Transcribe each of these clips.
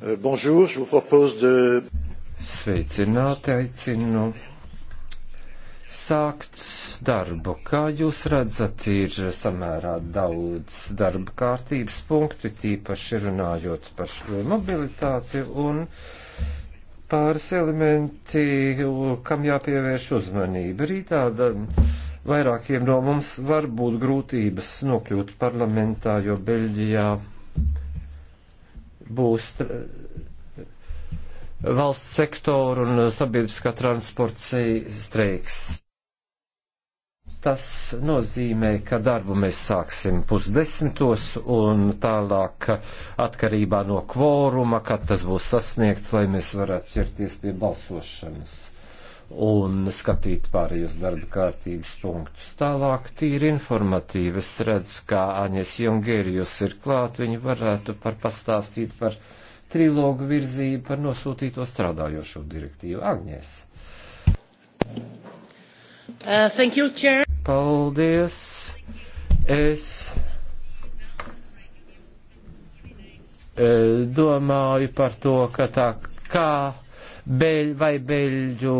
Euh, bonjour, je vous propose de. Sveicināti, aicinu sākt darbu. Kā jūs redzat, ir samērā daudz darba kārtības punktu, tīpaši runājot par šo mobilitāti un pāris elementi, kam jāpievērš uzmanība. Rītā vairākiem no mums var būt grūtības nokļūt parlamentā, jo Beļģijā būs valsts sektoru un sabiedriskā transporta streiks. Tas nozīmē, ka darbu mēs sāksim pusdesmitos un tālāk atkarībā no kvoruma, kad tas būs sasniegts, lai mēs varētu ķerties pie balsošanas un skatīt pārējos darba kārtības punktus. Tālāk tīri informatīvi es redzu, kā Aņes Jungērijus ir klāt, viņi varētu par pastāstīt par trilogu virzību, par nosūtīto strādājošo direktīvu. Agnēs. Uh, thank you, Chair. Paldies. Es uh, domāju par to, ka tā kā beļ, vai beļģu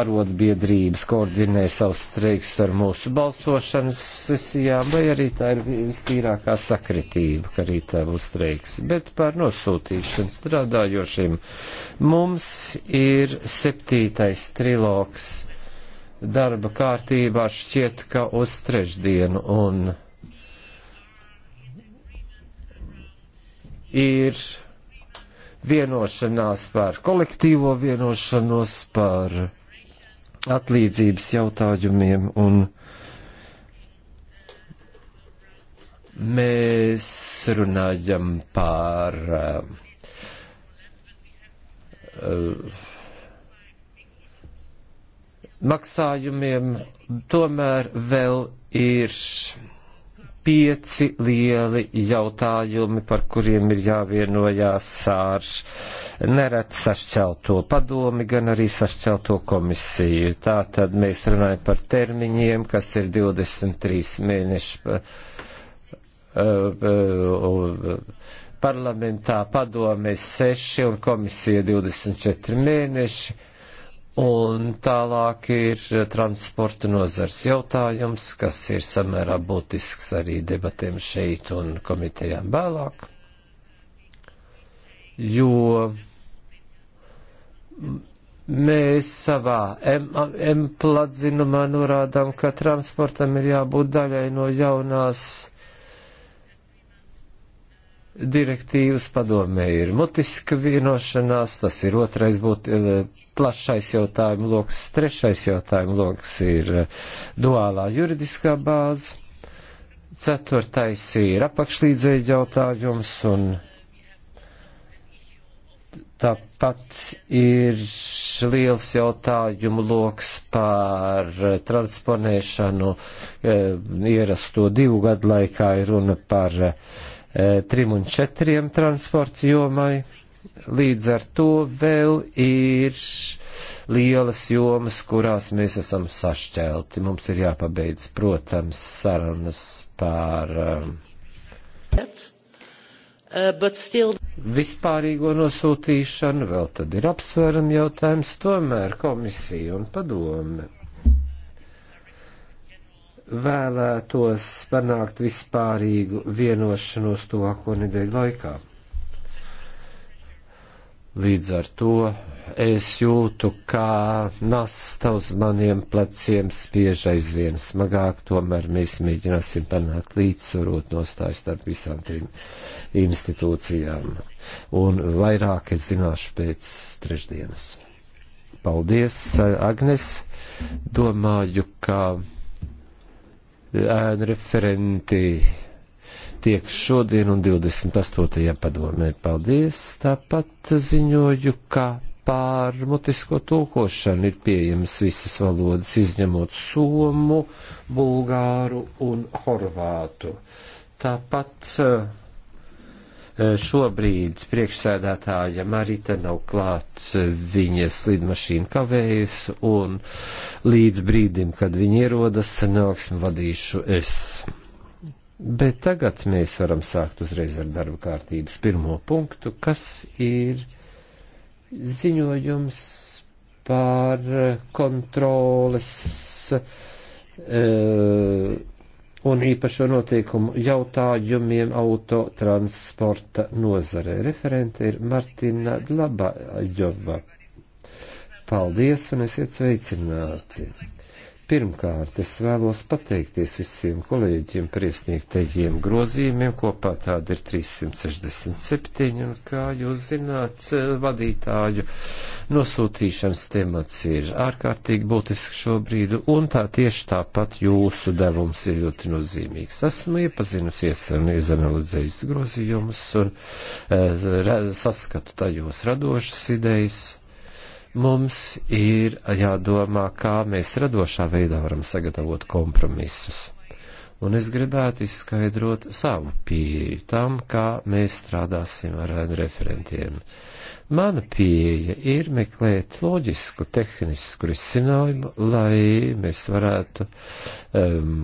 arotbiedrības koordinē savus streiks ar mūsu balsošanas sesijām, vai arī tā ir vistīrākā sakritība, ka arī tā būs streiks. Bet par nosūtīšanu strādājošiem mums ir septītais triloks darba kārtībā šķiet, ka uz trešdienu un ir vienošanās par kolektīvo vienošanos, par atlīdzības jautājumiem un mēs runājam par uh, maksājumiem, tomēr vēl ir pieci lieli jautājumi, par kuriem ir jāvienojās ar neret sašķelto padomi, gan arī sašķelto komisiju. Tā tad mēs runājam par termiņiem, kas ir 23 mēneši uh, uh, parlamentā padomēs 6 un komisija 24 mēneši Un tālāk ir transporta nozars jautājums, kas ir samērā būtisks arī debatēm šeit un komitejām vēlāk. Jo mēs savā empladzinumā norādām, ka transportam ir jābūt daļai no jaunās direktīvas padomē ir mutiska vienošanās, tas ir otrais būt e, plašais jautājumu lokus, trešais jautājumu lokus ir e, duālā juridiskā bāze, ceturtais ir apakšlīdzēju jautājums un tāpat ir liels jautājumu lokus par transponēšanu e, ierasto divu gadu laikā ir runa par uh, Eh, trim un četriem transporta jomai. Līdz ar to vēl ir lielas jomas, kurās mēs esam sašķelti. Mums ir jāpabeidz, protams, sarunas par um, still... vispārīgo nosūtīšanu, vēl tad ir apsveram jautājums, tomēr komisija un padome vēlētos panākt vispārīgu vienošanos tuvāko nedēļu laikā. Līdz ar to es jūtu, kā nasta uz maniem pleciem spiež aizvien smagāk, tomēr mēs mēģināsim panākt līdzsvarot nostāju starp visām trim institūcijām. Un vairāk es zināšu pēc trešdienas. Paldies, Agnes! Domāju, ka. Kā ēnu referenti tiek šodien un 28. padomē. Paldies! Tāpat ziņoju, ka pār mutisko tulkošanu ir pieejamas visas valodas, izņemot somu, bulgāru un horvātu. Tāpat uh, Eh, šobrīd priekšsēdētāja Marita nav klāts, eh, viņa slidmašīna kavējas, un līdz brīdim, kad viņa ierodas, sanāksmi vadīšu es. Bet tagad mēs varam sākt uzreiz ar darba kārtības pirmo punktu, kas ir ziņojums par eh, kontroles. Uh, un īpašo noteikumu jautājumiem autotransporta nozarē. Referente ir Martina Dlabajova. Paldies un esiet sveicināti! Pirmkārt, es vēlos pateikties visiem kolēģiem par iesniegtajiem grozījumiem, kopā tāda ir 367, un kā jūs zināt, vadītāju nosūtīšanas temats ir ārkārtīgi būtisks šobrīd, un tā tieši tāpat jūsu devums ir ļoti nozīmīgs. Esmu iepazinusies un izanalizējusi grozījumus, un e, saskatu tajos radošas idejas Mums ir jādomā, kā mēs radošā veidā varam sagatavot kompromisus. Un es gribētu izskaidrot savu pieeju tam, kā mēs strādāsim ar ēnu referentiem. Mana pieeja ir meklēt loģisku, tehnisku risinājumu, lai mēs varētu um,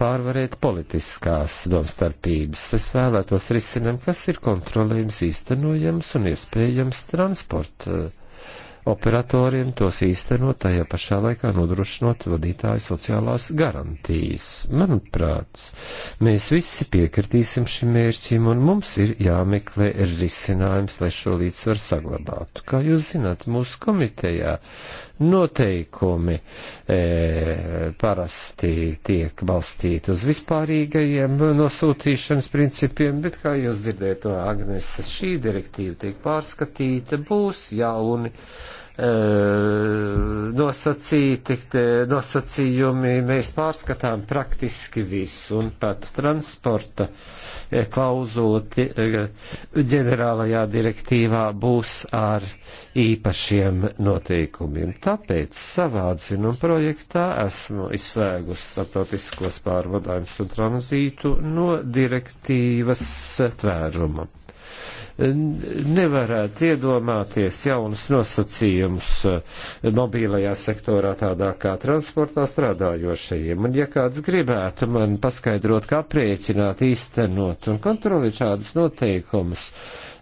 pārvarēt politiskās domstarpības. Es vēlētos risinājumu, kas ir kontrolējums, īstenojams un iespējams transporta operatoriem tos īstenot, tajā pašā laikā nodrošinot vadītāju sociālās garantijas. Manuprāt, mēs visi piekritīsim šim mērķim, un mums ir jāmeklē risinājums, lai šo līdzsvaru saglabātu. Kā jūs zināt, mūsu komitejā noteikumi e, parasti tiek balstīti uz vispārīgajiem nosūtīšanas principiem, bet, kā jūs dzirdējat no Agneses, šī direktīva tiek pārskatīta, būs jauni. Ja, nosacīti, nosacījumi, mēs pārskatām praktiski visu, un pat transporta klauzulti ģenerālajā direktīvā būs ar īpašiem noteikumiem. Tāpēc savā atzinuma projektā esmu izslēgusi starptautiskos pārvadājumus un tranzītu no direktīvas tvēruma nevarētu iedomāties jaunus nosacījumus eh, mobīlajā sektorā tādā kā transportā strādājošajiem. Un ja kāds gribētu man paskaidrot, kā aprēķināt, īstenot un kontrolēt šādus noteikumus,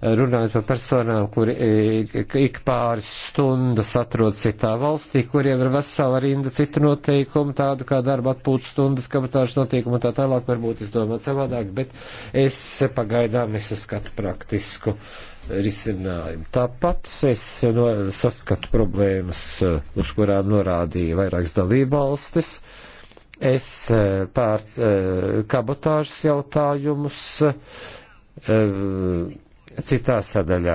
runājot par personām, kuri e, ik pāris stundas atrodas citā valstī, kuriem ir vesela rinda citu noteikumu, tādu kā darba atpūtas stundas, kabatāžas noteikumu un tā tālāk, varbūt es domāju savādāk, bet es pagaidām nesaskatu praktisku risinājumu. Tāpat es no, saskatu problēmas, uz kurām norādīja vairākas dalībvalstis. Es e, pār e, kabotāžas jautājumus. Uh, citā sadaļā.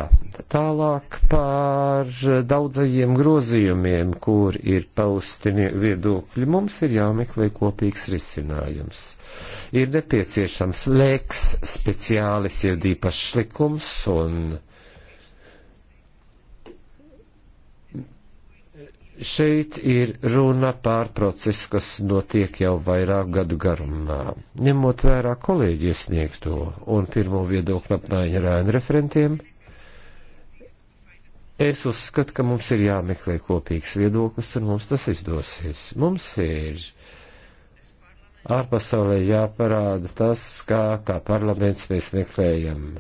Tālāk par daudzajiem grozījumiem, kur ir pausti viedokļi, mums ir jāmeklē kopīgs risinājums. Ir nepieciešams lēks speciālis, jeb īpašs likums, un Šeit ir runa pār procesu, kas notiek jau vairāk gadu garumā. Ņemot vērā kolēģi iesniegto un pirmo viedokļu apmaiņu ar ēnu referentiem, es uzskatu, ka mums ir jāmeklē kopīgs viedoklis un mums tas izdosies. Mums ir ārpasaulē jāparāda tas, kā, kā parlaments mēs meklējam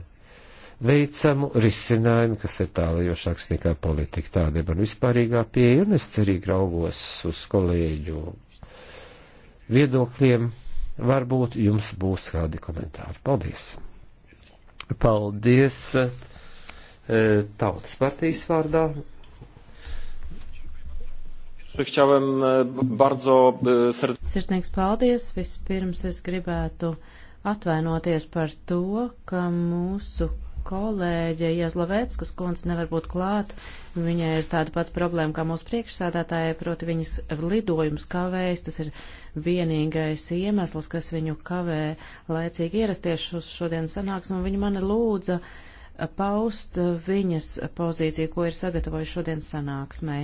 veicamu risinājumu, kas ir tālajošāks nekā politika. Tāda ir man vispārīgā pieeja, un es cerīgi raugos uz kolēģu viedokļiem. Varbūt jums būs kādi komentāri. Paldies! Paldies! Eh, Tautas partijas vārdā. Chciałem eh, bardzo eh, serdecznie. Sirsnīgs paldies. Vispirms es gribētu atvainoties par to, ka mūsu kolēģe Iezlovēckas kundze nevar būt klāt. Viņai ir tāda pati problēma kā mūsu priekšsādātājai, proti viņas lidojums kavējas. Tas ir vienīgais iemesls, kas viņu kavē laicīgi ierasties uz šodienas sanāksmu. Viņa mani lūdza paust viņas pozīciju, ko ir sagatavojuši šodienas sanāksmai.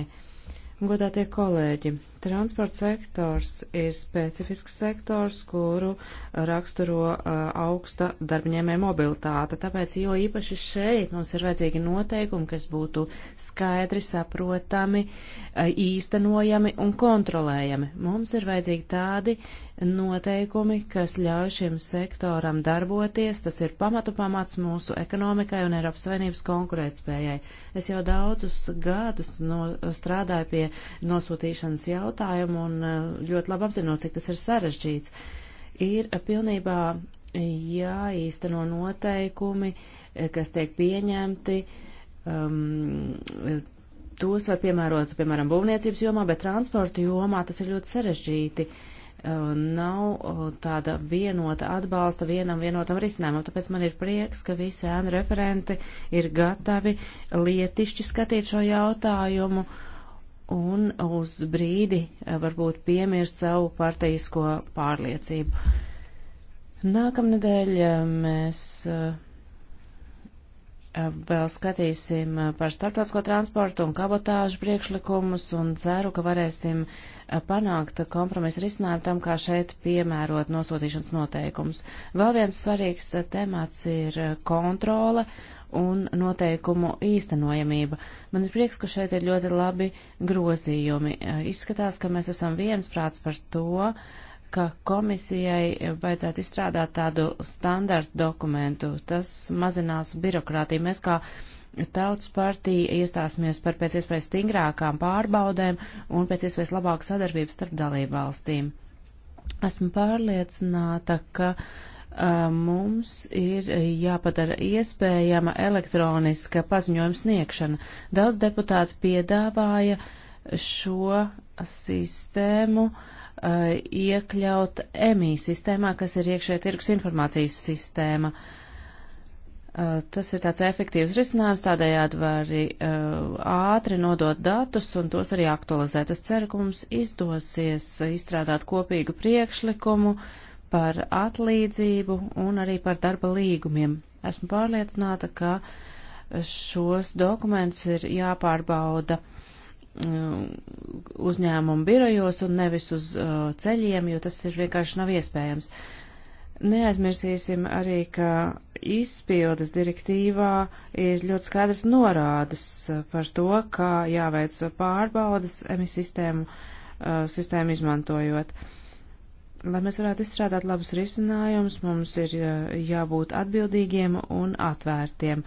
Godātie kolēģi, Transporta sektors ir specifisks sektors, kuru raksturo uh, augsta darbņēmē mobilitāte. Tāpēc jo īpaši šeit mums ir vajadzīgi noteikumi, kas būtu skaidri, saprotami, uh, īstenojami un kontrolējami. Mums ir vajadzīgi tādi noteikumi, kas ļauj šim sektoram darboties. Tas ir pamatu pamats mūsu ekonomikai un Eiropas Savienības konkurētspējai. Es jau daudzus gadus no, strādāju pie nosūtīšanas jautājumu jautājumu un e, ļoti labi apzinos, cik tas ir sarežģīts. Ir e, pilnībā jāīsteno noteikumi, e, kas tiek pieņemti. Um, tos var piemērot, piemēram, būvniecības jomā, bet transporta jomā tas ir ļoti sarežģīti. Uh, nav uh, tāda vienota atbalsta vienam vienotam risinājumam, tāpēc man ir prieks, ka visi ēnu referenti ir gatavi lietišķi skatīt šo jautājumu. Uh, un uz brīdi eh, varbūt piemirst savu partijasko pārliecību. Nākamnedēļ eh, mēs eh, vēl skatīsim par starptautisko transportu un kabotāžu priekšlikumus un ceru, ka varēsim panākt kompromisu risinājumu tam, kā šeit piemērot nosūtīšanas noteikumus. Vēl viens svarīgs temats ir kontrole un noteikumu īstenojamība. Man ir prieks, ka šeit ir ļoti labi grozījumi. E, izskatās, ka mēs esam viensprāts par to, ka komisijai vajadzētu izstrādāt tādu standartu dokumentu. Tas mazinās birokrātiju. Mēs kā tautas partija iestāsimies par pēc iespējas stingrākām pārbaudēm un pēc iespējas labāku sadarbību starp dalībvalstīm. Esmu pārliecināta, ka uh, mums ir jāpadara iespējama elektroniska paziņojuma sniegšana. Daudz deputāti piedāvāja šo sistēmu iekļaut EMI sistēmā, kas ir iekšē tirgus informācijas sistēma. Tas ir tāds efektīvs risinājums, tādējādi var arī ātri nodot datus un tos arī aktualizēt. Es ceru, ka mums izdosies izstrādāt kopīgu priekšlikumu, uh, par atlīdzību un arī par darba līgumiem. Esmu pārliecināta, ka šos dokumentus ir jāpārbauda mm, uzņēmumu birojos un nevis uz uh, ceļiem, jo tas ir vienkārši nav iespējams. Neaizmirsīsim arī, ka izpildes direktīvā ir ļoti skaidrs norādes uh, par to, kā jāveic pārbaudas emisistēmu uh, sistēmu izmantojot. Uh, lai mēs varētu izstrādāt labus risinājumus, mums ir jābūt atbildīgiem un atvērtiem.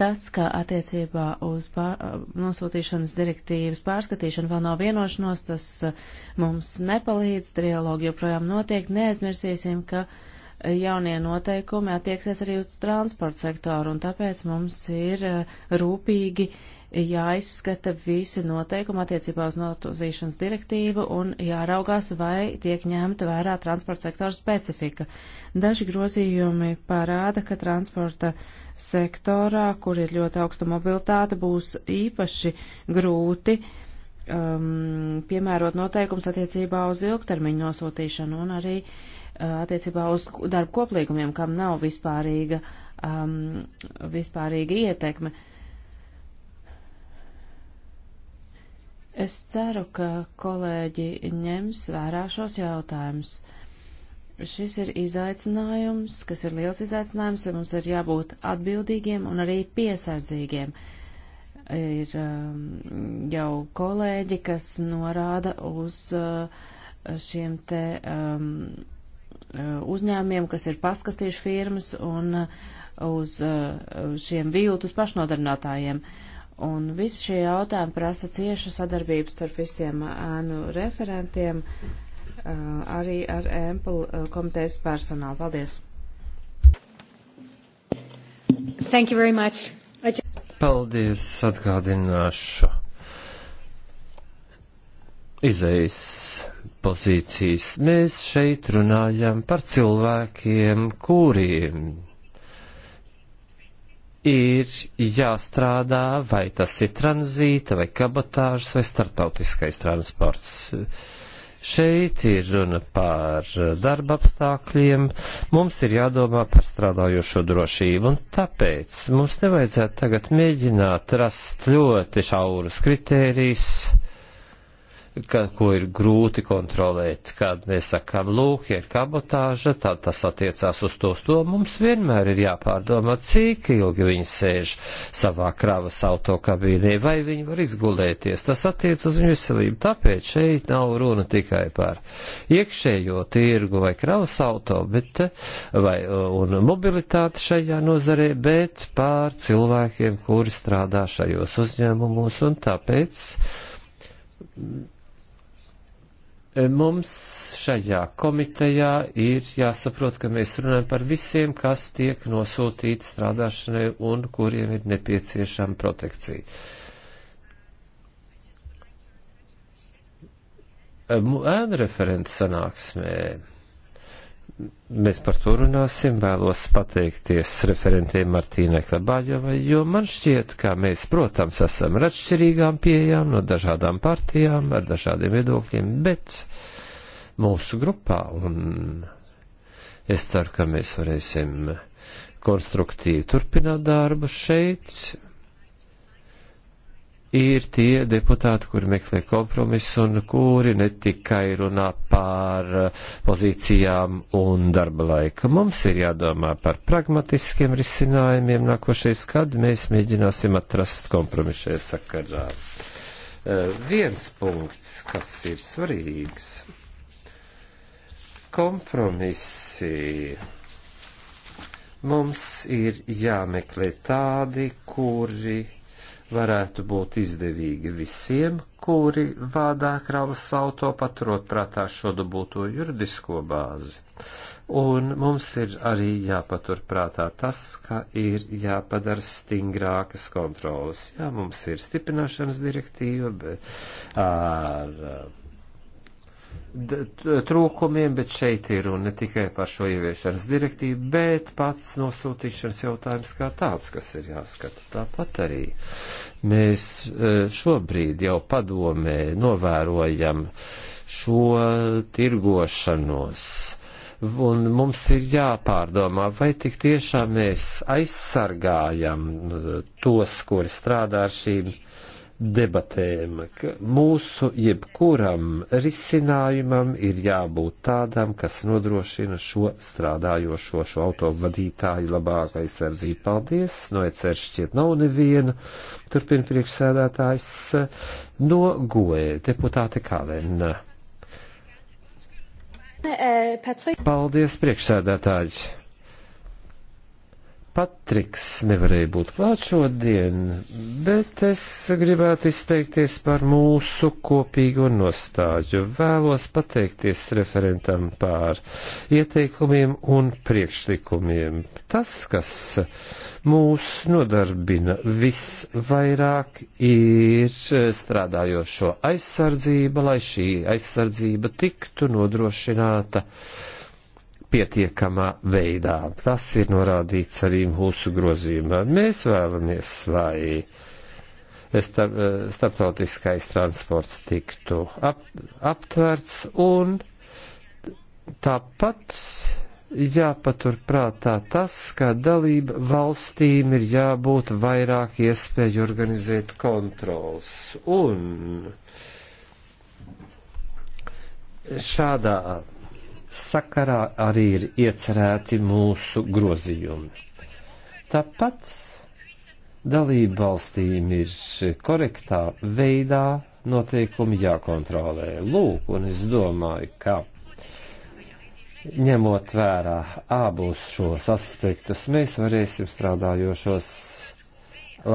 Tas, ka attiecībā uz pār, nosūtīšanas direktīvas pārskatīšanu vēl nav vienošanos, tas uh, mums nepalīdz, trialogi joprojām notiek, neaizmirsīsim, ka jaunie noteikumi attieksies arī uz transporta sektoru, un tāpēc mums ir uh, rūpīgi uh, jāizskata visi noteikumi attiecībā uz notozīšanas direktīvu un jāraugās, vai tiek ņemta vērā transporta sektora specifika. Daži grozījumi parāda, ka transporta sektorā, kur ir ļoti augsta mobilitāte, būs īpaši grūti um, piemērot noteikums attiecībā uz ilgtermiņu nosūtīšanu un arī uh, attiecībā uz darbu koplīgumiem, kam nav vispārīga, um, vispārīga ietekme. Uh, Es ceru, ka kolēģi ņems vērā šos jautājumus. Šis ir izaicinājums, kas ir liels izaicinājums, ja mums ir jābūt atbildīgiem un arī piesardzīgiem. Ir um, jau kolēģi, kas norāda uz uh, šiem te um, uh, uzņēmiem, kas ir paskastījuši firmas un uh, uz šiem viltus pašnodarbinātājiem. Uh, Un visi šie jautājumi prasa ciešu sadarbību starp visiem ēnu referentiem, arī ar EMPL komitejas personālu. Paldies! Thank you very much. Paldies, atgādināšu izējas pozīcijas. Mēs šeit runājam par cilvēkiem, kuriem ir jāstrādā, vai tas ir tranzīta, vai kabatāžas, vai startautiskais transports. Šeit ir runa par darba apstākļiem, mums ir jādomā par strādājošo drošību, un tāpēc mums nevajadzētu tagad mēģināt rast ļoti šaurus kritērijus, ka, ko ir grūti kontrolēt. Kad mēs sakām, lūk, ir kabotāža, tad tas attiecās uz to, to mums vienmēr ir jāpārdomā, cik ilgi viņi sēž savā kravas autokabīnē, vai viņi var izgulēties. Tas attiec uz viņu veselību, tāpēc šeit nav runa tikai par iekšējo tirgu vai kravas auto, bet, vai, un mobilitāti šajā nozarē, bet pār cilvēkiem, kuri strādā šajos uzņēmumos, un tāpēc Mums šajā komitejā ir jāsaprot, ka mēs runājam par visiem, kas tiek nosūtīti strādāšanai un kuriem ir nepieciešama protekcija. Ēnu referents sanāksmē mēs par to runāsim. Vēlos pateikties referentiem Martīnai Klabaļovai, jo man šķiet, ka mēs, protams, esam ar atšķirīgām pieejām no dažādām partijām, ar dažādiem viedokļiem, bet mūsu grupā, un es ceru, ka mēs varēsim konstruktīvi turpināt darbu šeit ir tie deputāti, kuri meklē kompromisu un kuri ne tikai runā par eh, pozīcijām un darba laika. Mums ir jādomā par pragmatiskiem risinājumiem nākošais, kad mēs mēģināsim atrast kompromisu šajā sakarā. Eh, viens punkts, kas ir svarīgs. Kompromisi mums ir jāmeklē tādi, kuri varētu būt izdevīgi visiem, kuri vādā kravas auto paturot prātā šo dubulto juridisko bāzi. Un mums ir arī jāpatur prātā tas, ka ir jāpadara stingrākas kontrolas. Jā, mums ir stiprināšanas direktīva, bet ar. Uh, trūkumiem, bet šeit ir un ne tikai par šo ieviešanas direktīvu, bet pats nosūtīšanas jautājums kā tāds, kas ir jāskata. Tāpat arī mēs e, šobrīd jau padomē novērojam šo tirgošanos. Un mums ir jāpārdomā, vai tik tiešām mēs aizsargājam e, tos, kuri strādā ar šīm uh, debatēm, ka mūsu jebkuram risinājumam ir jābūt tādam, kas nodrošina šo strādājošo, šo autovadītāju labāku aizsardzību. Paldies! No ECR šķiet nav neviena. Turpina priekšsēdētājs no GOE, deputāte Kalena. Eh, eh, Paldies, priekšsēdētāji! Patriks nevarēja būt klāt šodien, bet es gribētu izteikties par mūsu kopīgo nostāju. Vēlos pateikties referentam pār ieteikumiem un priekšlikumiem. Tas, kas mūs nodarbina visvairāk, ir strādājošo aizsardzība, lai šī aizsardzība tiktu nodrošināta pietiekamā veidā. Tas ir norādīts arī mūsu grozījumā. Mēs vēlamies, lai starp, starptautiskais transports tiktu ap, aptverts un tāpat jāpaturprātā tas, ka dalība valstīm ir jābūt vairāk iespēju organizēt kontrols. Un šādā sakarā arī ir iecerēti mūsu grozījumi. Tāpat dalību valstīm ir korektā veidā noteikumi jākontrolē. Lūk, un es domāju, ka ņemot vērā abus šos aspektus, mēs varēsim strādājošos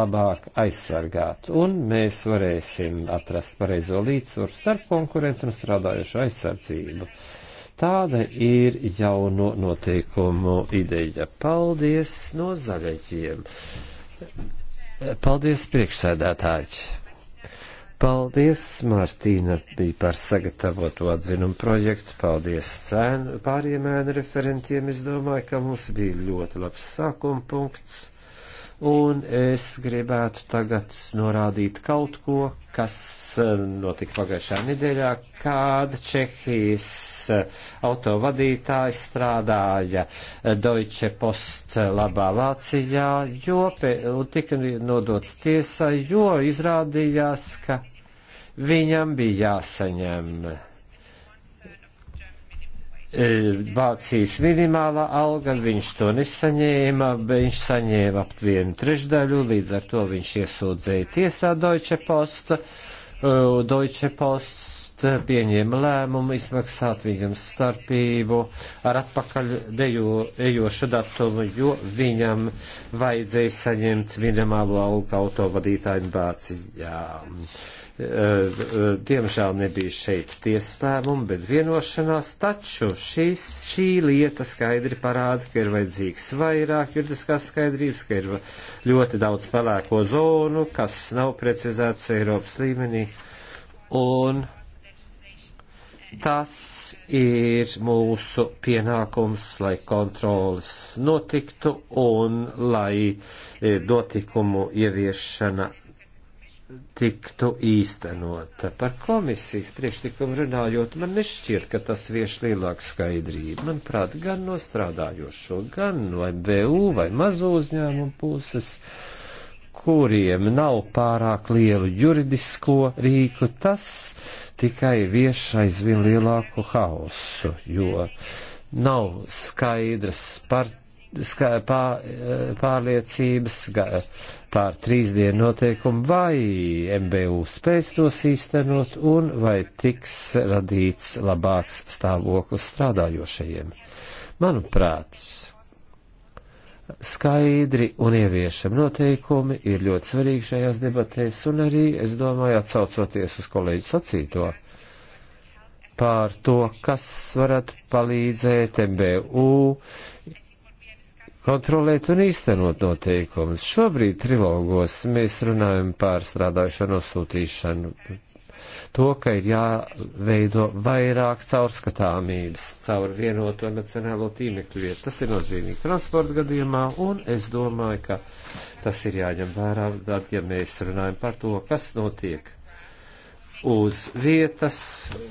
labāk aizsargāt, un mēs varēsim atrast pareizo līdzsvaru starp konkurenci un strādājošo aizsardzību. Uh, Tāda ir jauno noteikumu ideja. Paldies no zaļaģiem. Paldies priekšsēdētāji. Paldies, Mārtīna, bija par sagatavotu atzinumu projektu. Paldies cēnu, pāriem ēnu referentiem. Es domāju, ka mums bija ļoti labs sākuma punkts un es gribētu tagad norādīt kaut ko, kas eh, notika pagājušā nedēļā, kāda Čehijas eh, autovadītājs strādāja eh, Deutsche Post labā Vācijā, jo tika nodots tiesai, jo izrādījās, ka viņam bija jāsaņem E, Vācijas minimālā alga, viņš to nesaņēma, viņš saņēma aptvienu trešdaļu, līdz ar to viņš iesūdzēja tiesā Deutsche Post. E, Deutsche Post pieņēma lēmumu izmaksāt viņam starpību ar atpakaļ dejo, ejošu datumu, jo viņam vajadzēja saņemt minimālo algu autovadītājiem Vācijā. Uh, Eh, eh, diemžēl nebija šeit tiesas lēmuma, bet vienošanās, taču šis, šī lieta skaidri parāda, ka ir vajadzīgs vairāk juridiskās skaidrības, ka ir ļoti daudz pelēko zonu, kas nav precizēts Eiropas līmenī, un tas ir mūsu pienākums, lai kontrolas notiktu un lai eh, notikumu ieviešana tiktu īstenota. Par komisijas priekšlikumu runājot, man nešķir, ka tas vieš lielāku skaidrību. Manuprāt, gan no strādājošo, gan no MBU vai mazo uzņēmumu puses, kuriem nav pārāk lielu juridisko rīku, tas tikai vieš aizvien lielāku hausu, jo nav skaidras par Eh, pārliecības, pār trīs dienu noteikumu, vai MBU spēs tos īstenot un vai tiks radīts labāks stāvoklis strādājošajiem. Manuprāt, skaidri un ieviešam noteikumi ir ļoti svarīgi šajās debatēs un arī, es domāju, atsaucoties uz kolēģu sacīto pār to, kas varētu palīdzēt MBU kontrolēt un īstenot noteikumus. Šobrīd trilogos mēs runājam par strādājušanu nosūtīšanu. To, ka ir jāveido vairāk caurskatāmības caur vienoto nacionālo tīmekļu vietu, tas ir nozīmīgi transporta gadījumā, un es domāju, ka tas ir jāņem vērā, tad, ja mēs runājam par to, kas notiek uz vietas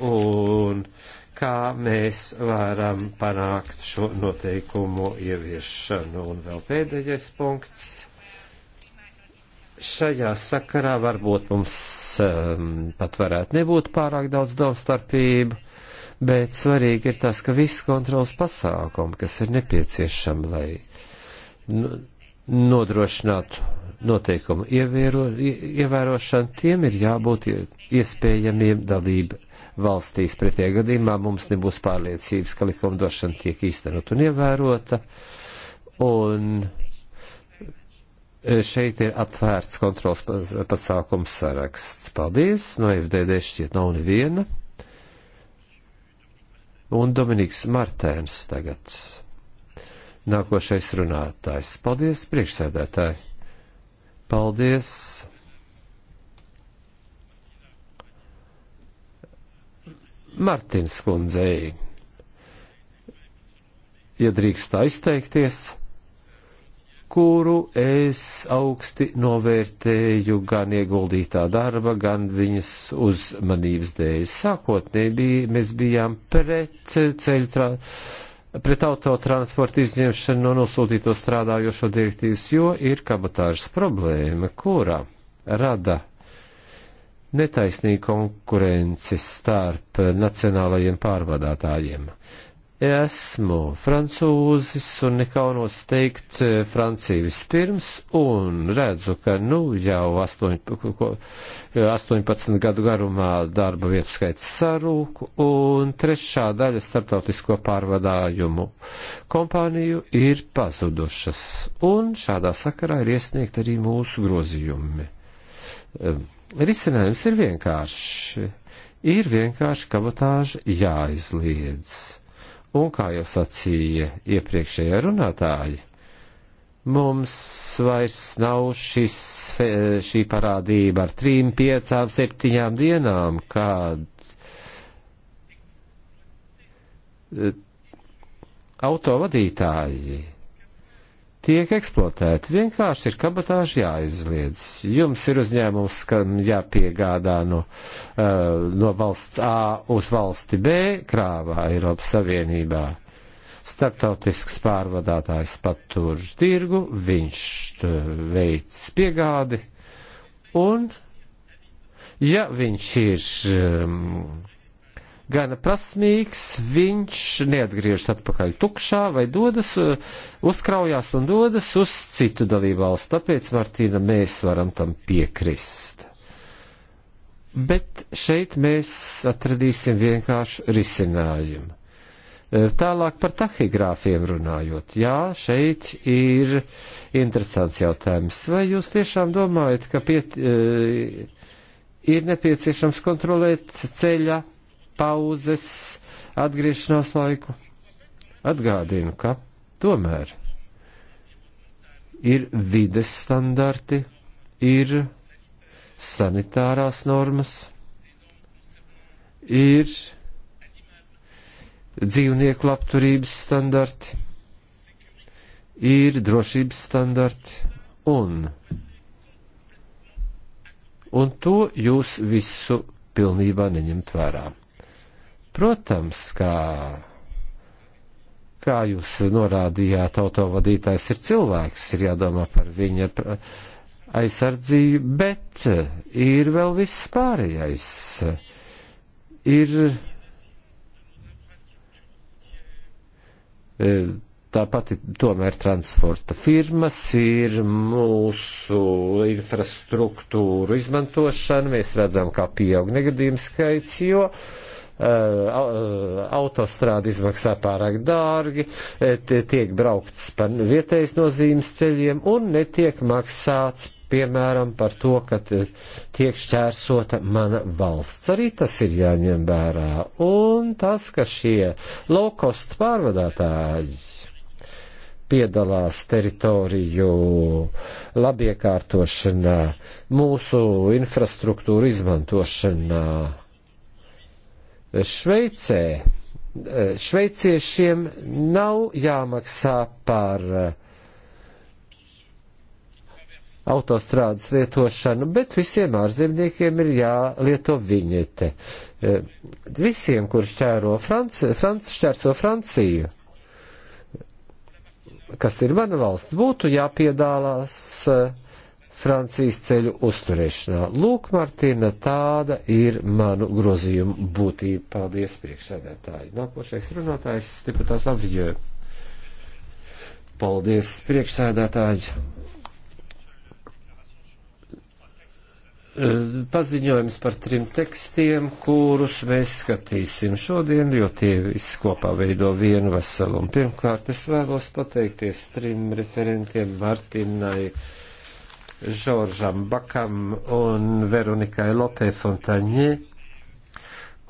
un uh, kā mēs varam panākt šo noteikumu ieviešanu. Un vēl pēdējais punkts. Šajā sakarā varbūt mums um, pat varētu nebūt pārāk daudz domstarpību, bet svarīgi ir tas, ka viss kontrols pasākumi, kas ir nepieciešami, lai nu, nodrošinātu noteikumu ievēro, ievērošanu, tiem ir jābūt iespējamiem dalību valstīs. Pretie gadījumā mums nebūs pārliecības, ka likumdošana tiek īstenot un ievērota. Un šeit ir atvērts kontrols pasākums saraksts. Paldies, no FDD šķiet nav neviena. Un Dominiks Martēns tagad. Nākošais runātājs. Paldies, priekšsēdētāji. Paldies. Martins kundzei. Ja drīkst aizteikties, kuru es augsti novērtēju gan ieguldītā darba, gan viņas uzmanības dēļ. Sākotnēji bija, mēs bijām pret ceļu, tra, pret autotransporta izņemšanu no nosūtīto strādājošo direktīvas, jo ir kabatāžas problēma, kura rada netaisnīga konkurence starp nacionālajiem pārvadātājiem. Esmu francūzis un nekaunos teikt eh, Francija vispirms un redzu, ka nu jau 8, 18 gadu garumā darba vietu skaits sarūk un trešā daļa starptautisko pārvadājumu kompāniju ir pazudušas un šādā sakarā ir iesniegt arī mūsu grozījumi. Um, Risinājums ir vienkārši. Ir vienkārši kabatāža jāizliedz. Un kā jau sacīja iepriekšējā runātāji, mums vairs nav šis, šī parādība ar trim, piecām, septiņām dienām, kad eh, autovadītāji tiek eksploatēti. Vienkārši ir kabatāži jāizliedz. Jums ir uzņēmums, kam jāpiegādā no, uh, no valsts A uz valsti B krāvā Eiropas Savienībā. Startautisks pārvadātājs patur tirgu, viņš eh, veic piegādi, un, ja viņš ir um, gana prasmīgs, viņš neatgriežas atpakaļ tukšā vai dodas, uh, uzkraujās un dodas uz citu dalībvalstu. Tāpēc, Martīna, mēs varam tam piekrist. Bet šeit mēs atradīsim vienkāršu risinājumu. Uh, tālāk par tahigrāfiem runājot. Jā, šeit ir interesants jautājums. Vai jūs tiešām domājat, ka piet, uh, ir nepieciešams kontrolēt ceļa pauzes atgriešanās laiku. Atgādinu, ka tomēr ir vides standarti, ir sanitārās normas, ir dzīvnieku labturības standarti, ir drošības standarti un. Un to jūs visu pilnībā neņemt vērā. Protams, kā, kā jūs norādījāt, autovadītājs ir cilvēks, ir jādomā par viņa aizsardzību, bet ir vēl viss pārējais. Ir e, Tāpat tomēr transporta firmas ir mūsu infrastruktūru izmantošana. Mēs redzam, kā pieaug negadījums skaits, jo uh, Eh, eh, autostrāda izmaksā pārāk dārgi, eh, tiek braukts pa vietējas nozīmes ceļiem un netiek maksāts, piemēram, par to, ka tiek šķērsota mana valsts. Arī tas ir jāņem vērā. Un tas, ka šie lokost pārvadātāji piedalās teritoriju labiekārtošanā, mūsu infrastruktūru izmantošanā, Šveicē eh, šveiciešiem nav jāmaksā par eh, autostrādes lietošanu, bet visiem ārzemniekiem ir jālieto viņete. Eh, visiem, kur šķēro Franci, Franci, šķērso Franciju, kas ir mana valsts, būtu jāpiedalās uh, Francijas ceļu uzturēšanā. Lūk, Martina, tāda ir manu grozījumu būtība. Paldies, priekšsēdētāji. Nākošais runātājs, deputāts Lavriģē. Paldies, priekšsēdētāji. E, paziņojums par trim tekstiem, kurus mēs skatīsim šodien, jo tie visi kopā veido vienu veselumu. Pirmkārt, es vēlos pateikties trim referentiem Martinai. Žoržam Bakam un Veronikai Lopē Fontaņē,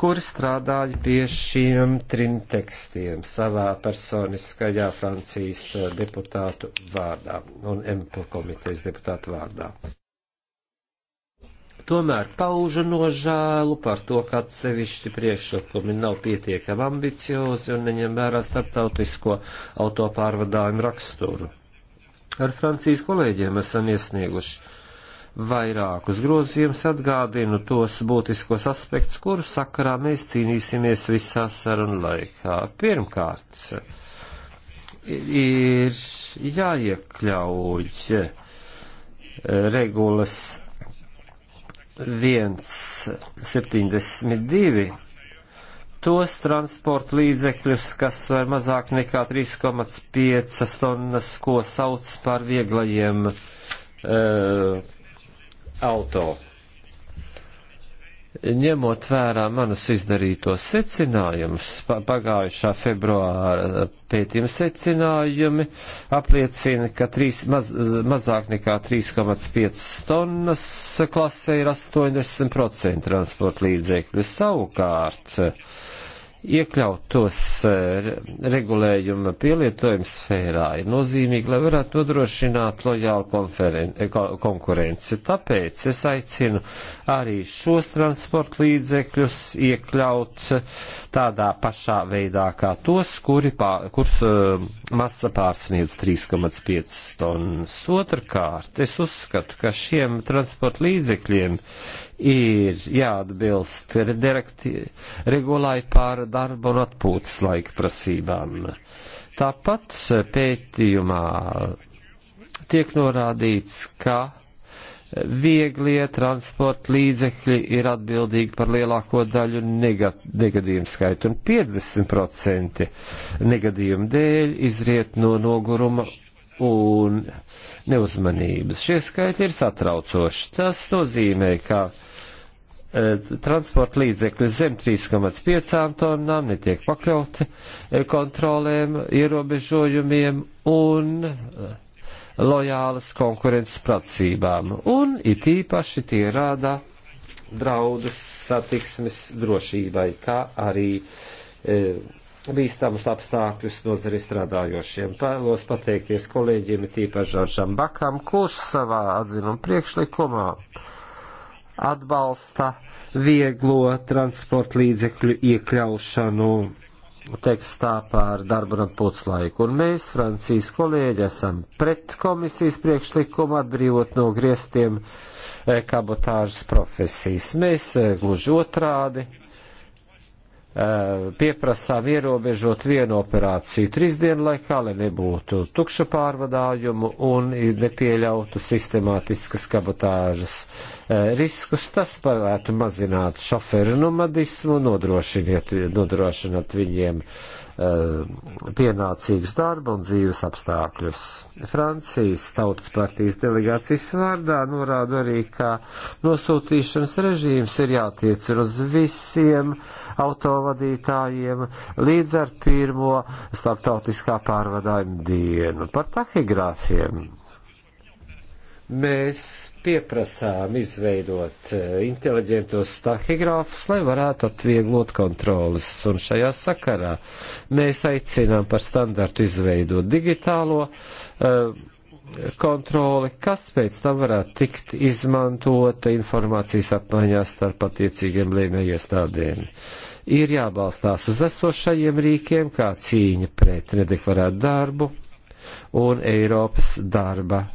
kuri strādāja pie šiem trim tekstiem savā personiskajā Francijas eh, deputātu vārdā un MPL komitejas deputātu vārdā. Tomēr paužu nožēlu par to, ka atsevišķi priekšlikumi nav pietiekami ambiciozi un neņem vērā starptautisko autopārvadājumu raksturu Ar Francijas kolēģiem esam iesnieguši vairākus grozījumus, atgādinu tos būtiskos aspektus, kuru sakarā mēs cīnīsimies visā sarunu laikā. Pirmkārt, ir jāiekļauj eh, regulas 172 tos transporta līdzekļus, kas var mazāk nekā 3,5 tonnas, ko sauc par vieglajiem uh, auto. Ņemot vērā manus izdarītos secinājumus, pagājušā februāra eh, pētījuma secinājumi apliecina, ka trīs, maz, mazāk nekā 3,5 tonnas klasē ir 80% transporta līdzekļu. Savukārt, uh, iekļaut tos eh, regulējuma pielietojuma sfērā ir nozīmīgi, lai varētu nodrošināt lojālu eh, konkurenci. Tāpēc es aicinu arī šos transporta līdzekļus iekļaut eh, tādā pašā veidā kā tos, kuri, pār, kurs masa pārsniedz 3,5 tonnas. Otrkārt, es uzskatu, ka šiem transporta līdzekļiem ir jāatbilst regulai pār darba un atpūtas laika prasībām. Tāpat pētījumā tiek norādīts, ka vieglie transporta līdzekļi ir atbildīgi par lielāko daļu negat, negadījumu skaitu, un 50% negadījumu dēļ izriet no noguruma un neuzmanības. Šie skaitļi ir satraucoši. Tas nozīmē, ka e, transporta līdzekļi zem 3,5 tonnām netiek pakļauti e, kontrolēm, ierobežojumiem un lojālas konkurences pracībām, un it īpaši tie rada draudus satiksmes drošībai, kā arī e, bīstamus apstākļus nozari strādājošiem. Pēlos pateikties kolēģiem, tīpaši Žoržam Bakam, kurš savā atzinuma priekšlikumā atbalsta vieglo transporta līdzekļu iekļaušanu tekstā par darbu un atpūtas laiku. Un mēs, Francijas kolēģi, esam pret komisijas priekšlikumu atbrīvot no griestiem eh, kabotāžas profesijas. Mēs eh, gluži otrādi Eh, pieprasām ierobežot vienu operāciju trīs dienu laikā, lai nebūtu tukša pārvadājumu un nepieļautu sistemātiskas kabatāžas eh, riskus. Tas varētu mazināt šoferu nomadismu, nodrošināt viņiem uh, Eh, pienācīgus darba un dzīves apstākļus. Francijas Tautas partijas delegācijas vārdā norāda arī, ka nosūtīšanas režīms ir jātiec uz visiem autovadītājiem līdz ar pirmo starptautiskā pārvadājuma dienu. Par tahigrāfiem mēs pieprasām izveidot eh, inteliģentos tahigrāfus, lai varētu atvieglot kontrolas. Un šajā sakarā mēs aicinām par standartu izveidot digitālo uh, kontroli, kas pēc tam varētu tikt izmantota informācijas apmaiņā starp attiecīgiem lēmējiestādēm. Ir jābalstās uz esošajiem rīkiem, kā cīņa pret nedeklarētu darbu un Eiropas darba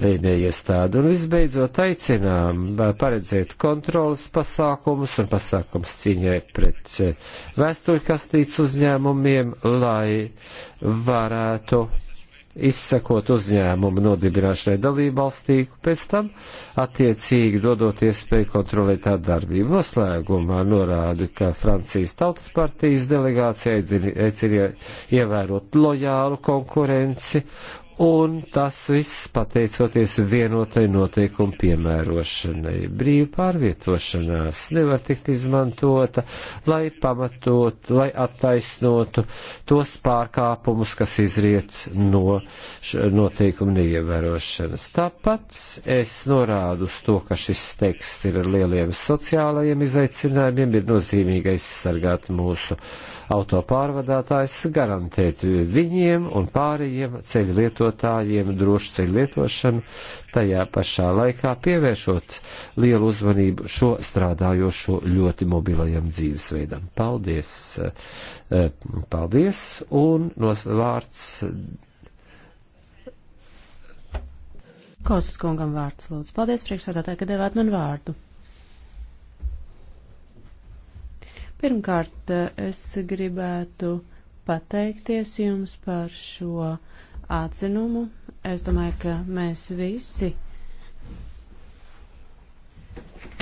lēmēja iestādi. Un visbeidzot aicinām paredzēt kontrolas pasākumus un pasākums cīņai pret vēstuļkastītes uzņēmumiem, lai varētu izsakot uzņēmumu nodibināšanai dalībvalstī, pēc tam attiecīgi dodot iespēju kontrolēt tā darbību. Noslēgumā norādu, ka Francijas Tautas partijas delegācija aicina ievērot lojālu konkurenci Un tas viss pateicoties vienotai noteikumu piemērošanai. Brīva pārvietošanās nevar tikt izmantota, lai pamatot, lai attaisnotu tos pārkāpumus, kas izriec no noteikumu neievērošanas. Tāpat es norādu uz to, ka šis teksts ir ar lieliem sociālajiem izaicinājumiem, ir nozīmīgi aizsargāt mūsu autopārvadātājs garantēt viņiem un pārējiem ceļu lietotājiem drošu ceļu lietošanu, tajā pašā laikā pievēršot lielu uzmanību šo strādājošo ļoti mobilajam dzīvesveidam. Paldies! Eh, paldies! Un nos vārds. Kosas kungam vārds, lūdzu. Paldies priekšsādātāji, ka devāt man vārdu. Pirmkārt, eh, es gribētu pateikties jums par šo atzinumu. Es domāju, ka mēs visi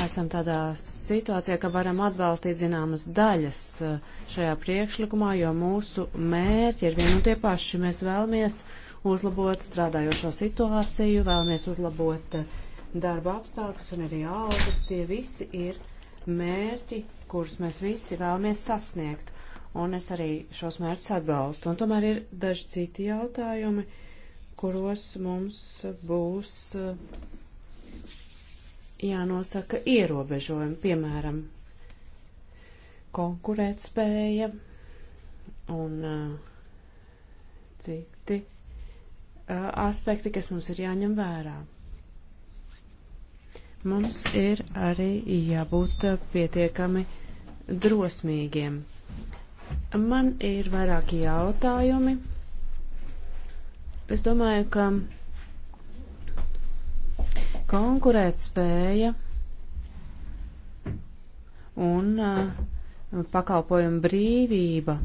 esam tādā situācijā, ka varam atbalstīt zināmas daļas eh, šajā priekšlikumā, jo mūsu mērķi ir vien un tie paši. Mēs vēlamies uzlabot strādājošo situāciju, vēlamies uzlabot eh, darba apstākļus un arī algas. Tie visi ir mērķi, kurus mēs visi vēlamies sasniegt, un es arī šos mērķus atbalstu. Un tomēr ir daži citi jautājumi, kuros mums būs eh, jānosaka ierobežojumi, piemēram, konkurētspēja un uh, citi uh, aspekti, kas mums ir jāņem vērā. Mums ir arī jābūt pietiekami drosmīgiem. Man ir vairāki jautājumi. Es domāju, ka konkurēt spēja un uh, pakalpojumu brīvība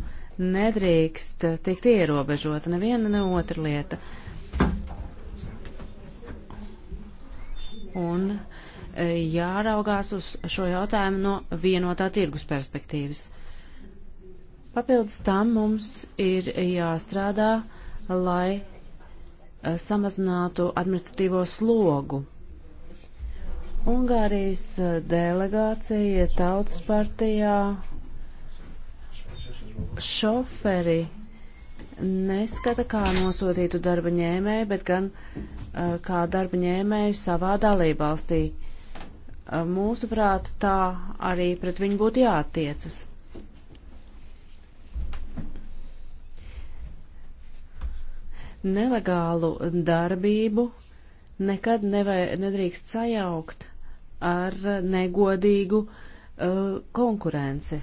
nedrīkst tikt ierobežota neviena ne otra lieta. Un uh, jāraugās uz šo jautājumu no vienotā tirgus perspektīvas. Papildus tam mums ir jāstrādā, lai e, samazinātu administratīvo slogu. Ungārijas e, delegācija tautas partijā šoferi neskata kā nosūtītu darba ņēmēju, bet gan e, kā darba ņēmēju savā dalībvalstī. valstī mūsuprāt, tā arī pret viņu būtu jāattiecas. Nelegālu darbību nekad nevai, nedrīkst sajaukt ar negodīgu uh, konkurenci.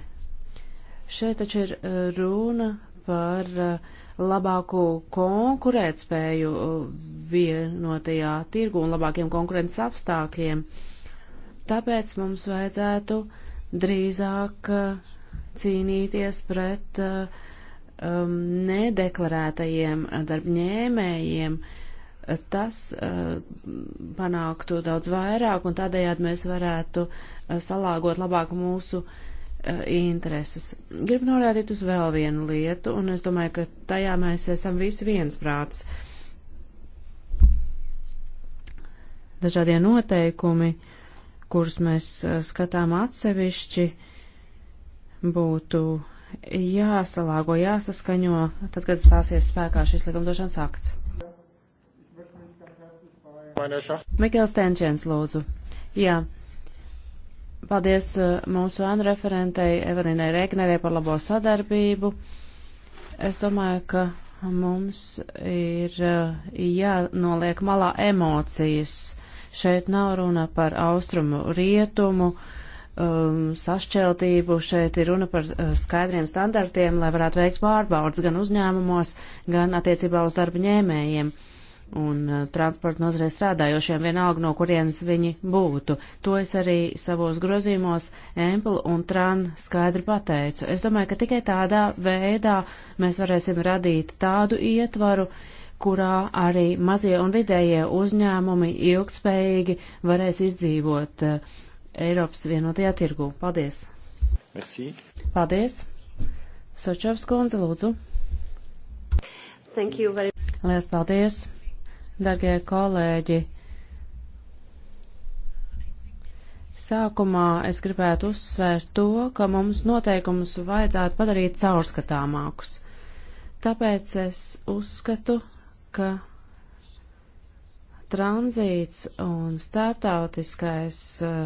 Šeit taču ir runa par uh, labāku konkurētspēju vienotajā tirgu un labākiem konkurences apstākļiem. Uh, Tāpēc mums vajadzētu drīzāk uh, cīnīties pret uh, um, nedeklarētajiem darbņēmējiem. Tas uh, panāktu daudz vairāk, un tādējādi mēs varētu uh, salāgot labāk mūsu uh, intereses. Gribu norādīt uz vēl vienu lietu, un es domāju, ka tajā mēs esam visi viensprāts. Dažādie noteikumi uh, kurus mēs skatām atsevišķi, būtu jāsalāgo, jāsaskaņo, tad, kad stāsies spēkā šis likumdošanas akts. Mikls Tenčēns, lūdzu. Jā. Paldies mūsu ēnu referentei Evelinai Rēknerē par labo sadarbību. Es domāju, ka mums ir jānoliek malā emocijas Šeit nav runa par austrumu rietumu um, sašķeltību, šeit ir runa par uh, skaidriem standartiem, lai varētu veikt pārbaudas gan uzņēmumos, gan attiecībā uz darba ņēmējiem un uh, transporta nozarē strādājošiem, vienalga no kurienes viņi būtu. To es arī savos grozījumos Empel un Tran skaidri pateicu. Es domāju, ka tikai tādā veidā mēs varēsim radīt tādu ietvaru, uh, kurā arī mazie un vidējie uzņēmumi ilgtspējīgi varēs izdzīvot eh, Eiropas vienotajā tirgū. Paldies! Merci. Paldies! Sočovs kundze, lūdzu! Thank you very much! Lielas paldies! Dargie kolēģi! Sākumā es gribētu uzsvērt to, ka mums noteikumus vajadzētu padarīt caurskatāmākus. Tāpēc es uzskatu, ka tranzīts un starptautiskais uh,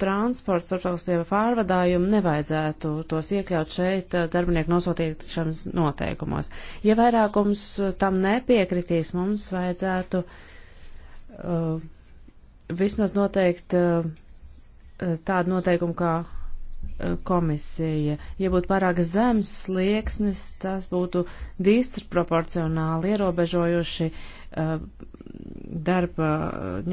transports, starptautiskie pārvadājumi nevajadzētu tos iekļaut šeit uh, darbinieku nosūtīšanas noteikumos. Ja vairākums eh, tam nepiekritīs, mums vajadzētu uh, vismaz noteikt tādu noteikumu kā Eh, komisija. Ja būtu pārāk zems slieksnis, tas būtu disproporcionāli ierobežojuši uh, darba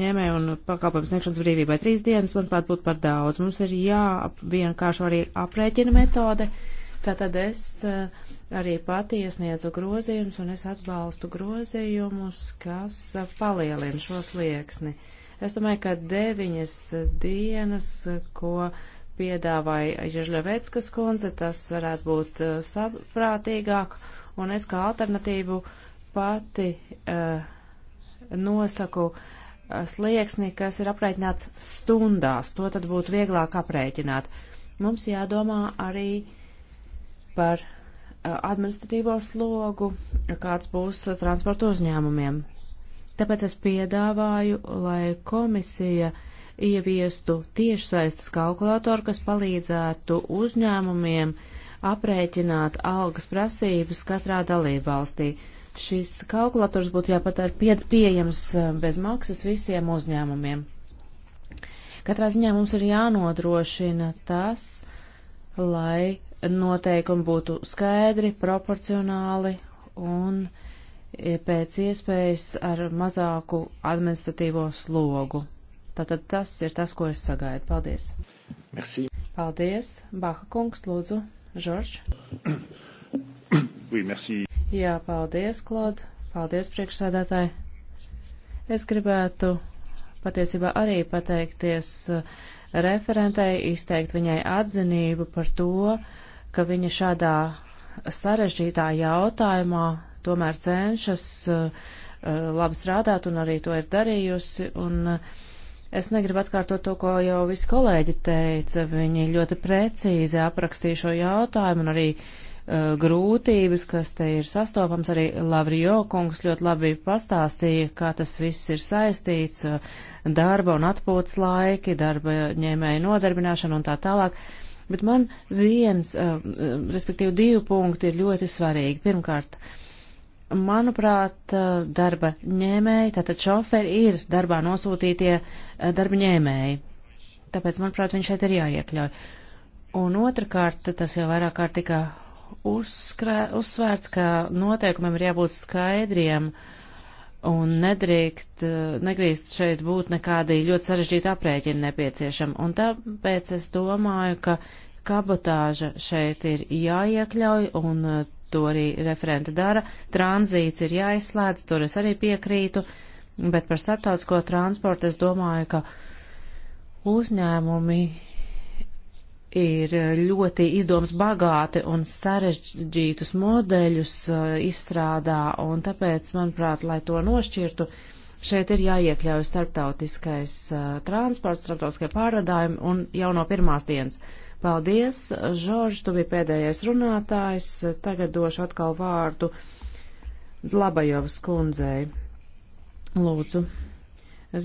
ņēmēju un pakalpojumu sniegšanas brīvībai. Trīs dienas, manuprāt, būtu par daudz. Mums ir jāvienkāršo arī aprēķina metode. Tātad es uh, arī pati iesniedzu grozījumus un es atbalstu grozījumus, kas uh, palielina šo slieksni. Es domāju, ka deviņas dienas, ko uh, piedāvāja Žežļaveckas kundze, tas varētu būt uh, saprātīgāk, un es kā alternatīvu pati uh, nosaku uh, slieksni, kas ir aprēķināts stundās, to tad būtu vieglāk aprēķināt. Mums jādomā arī par uh, administratīvo slogu, kāds būs transporta uzņēmumiem. Tāpēc es piedāvāju, lai komisija uh, ieviestu tiešsaistes kalkulātoru, kas palīdzētu uzņēmumiem aprēķināt algas prasības katrā dalībvalstī. Šis kalkulators būtu jāpat ar pie, pieejams eh, bez maksas visiem uzņēmumiem. Katrā ziņā mums ir jānodrošina tas, lai noteikumi būtu skaidri, proporcionāli un eh, pēc iespējas ar mazāku administratīvo slogu. Tātad tas ir tas, ko es sagaidu. Paldies. Merci. Paldies. Baha kungs, lūdzu. Žorž. oui, merci. Jā, paldies, Klod. Paldies, priekšsēdētāji. Es gribētu patiesībā arī pateikties uh, referentei, izteikt viņai atzinību par to, ka viņa šādā sarežģītā jautājumā tomēr cenšas uh, uh labi strādāt un arī to ir darījusi. Un, uh, Es negribu atkārtot to, ko jau visi kolēģi teica. Viņi ļoti precīzi aprakstīja šo jautājumu un arī uh, grūtības, kas te ir sastopams. Arī Lavrijo kungs ļoti labi pastāstīja, kā tas viss ir saistīts uh, - darba un atpūtas laiki, darba ņēmēja nodarbināšana un tā tālāk. Bet man viens, uh, respektīvi divi punkti ir ļoti svarīgi. Pirmkārt, uh, manuprāt, darba ņēmēji, tātad šoferi ir darbā nosūtītie eh, darba ņēmēji. Tāpēc, manuprāt, viņš šeit ir jāiekļauj. Un otrkārt, tas jau vairāk kārt tika uzskrē, uzsvērts, ka noteikumiem ir jābūt skaidriem un nedrīkst, eh, negrīst šeit būt nekādī ļoti sarežģīta aprēķina nepieciešama. Un tāpēc es domāju, ka kabotāža šeit ir jāiekļauj un eh, to arī referenta dara. Tranzīts ir jāizslēdz, tur es arī piekrītu, bet par starptautisko transportu es domāju, ka uzņēmumi ir ļoti izdoms bagāti un sarežģītus modeļus uh, izstrādā, un tāpēc, manuprāt, lai to nošķirtu, šeit ir jāiekļauj starptautiskais uh, transports, starptautiskie pārvadājumi un jau no pirmās dienas. Uh, Paldies, Žorž, tu bija pēdējais runātājs. Tagad došu atkal vārdu Labajovas kundzei. Lūdzu,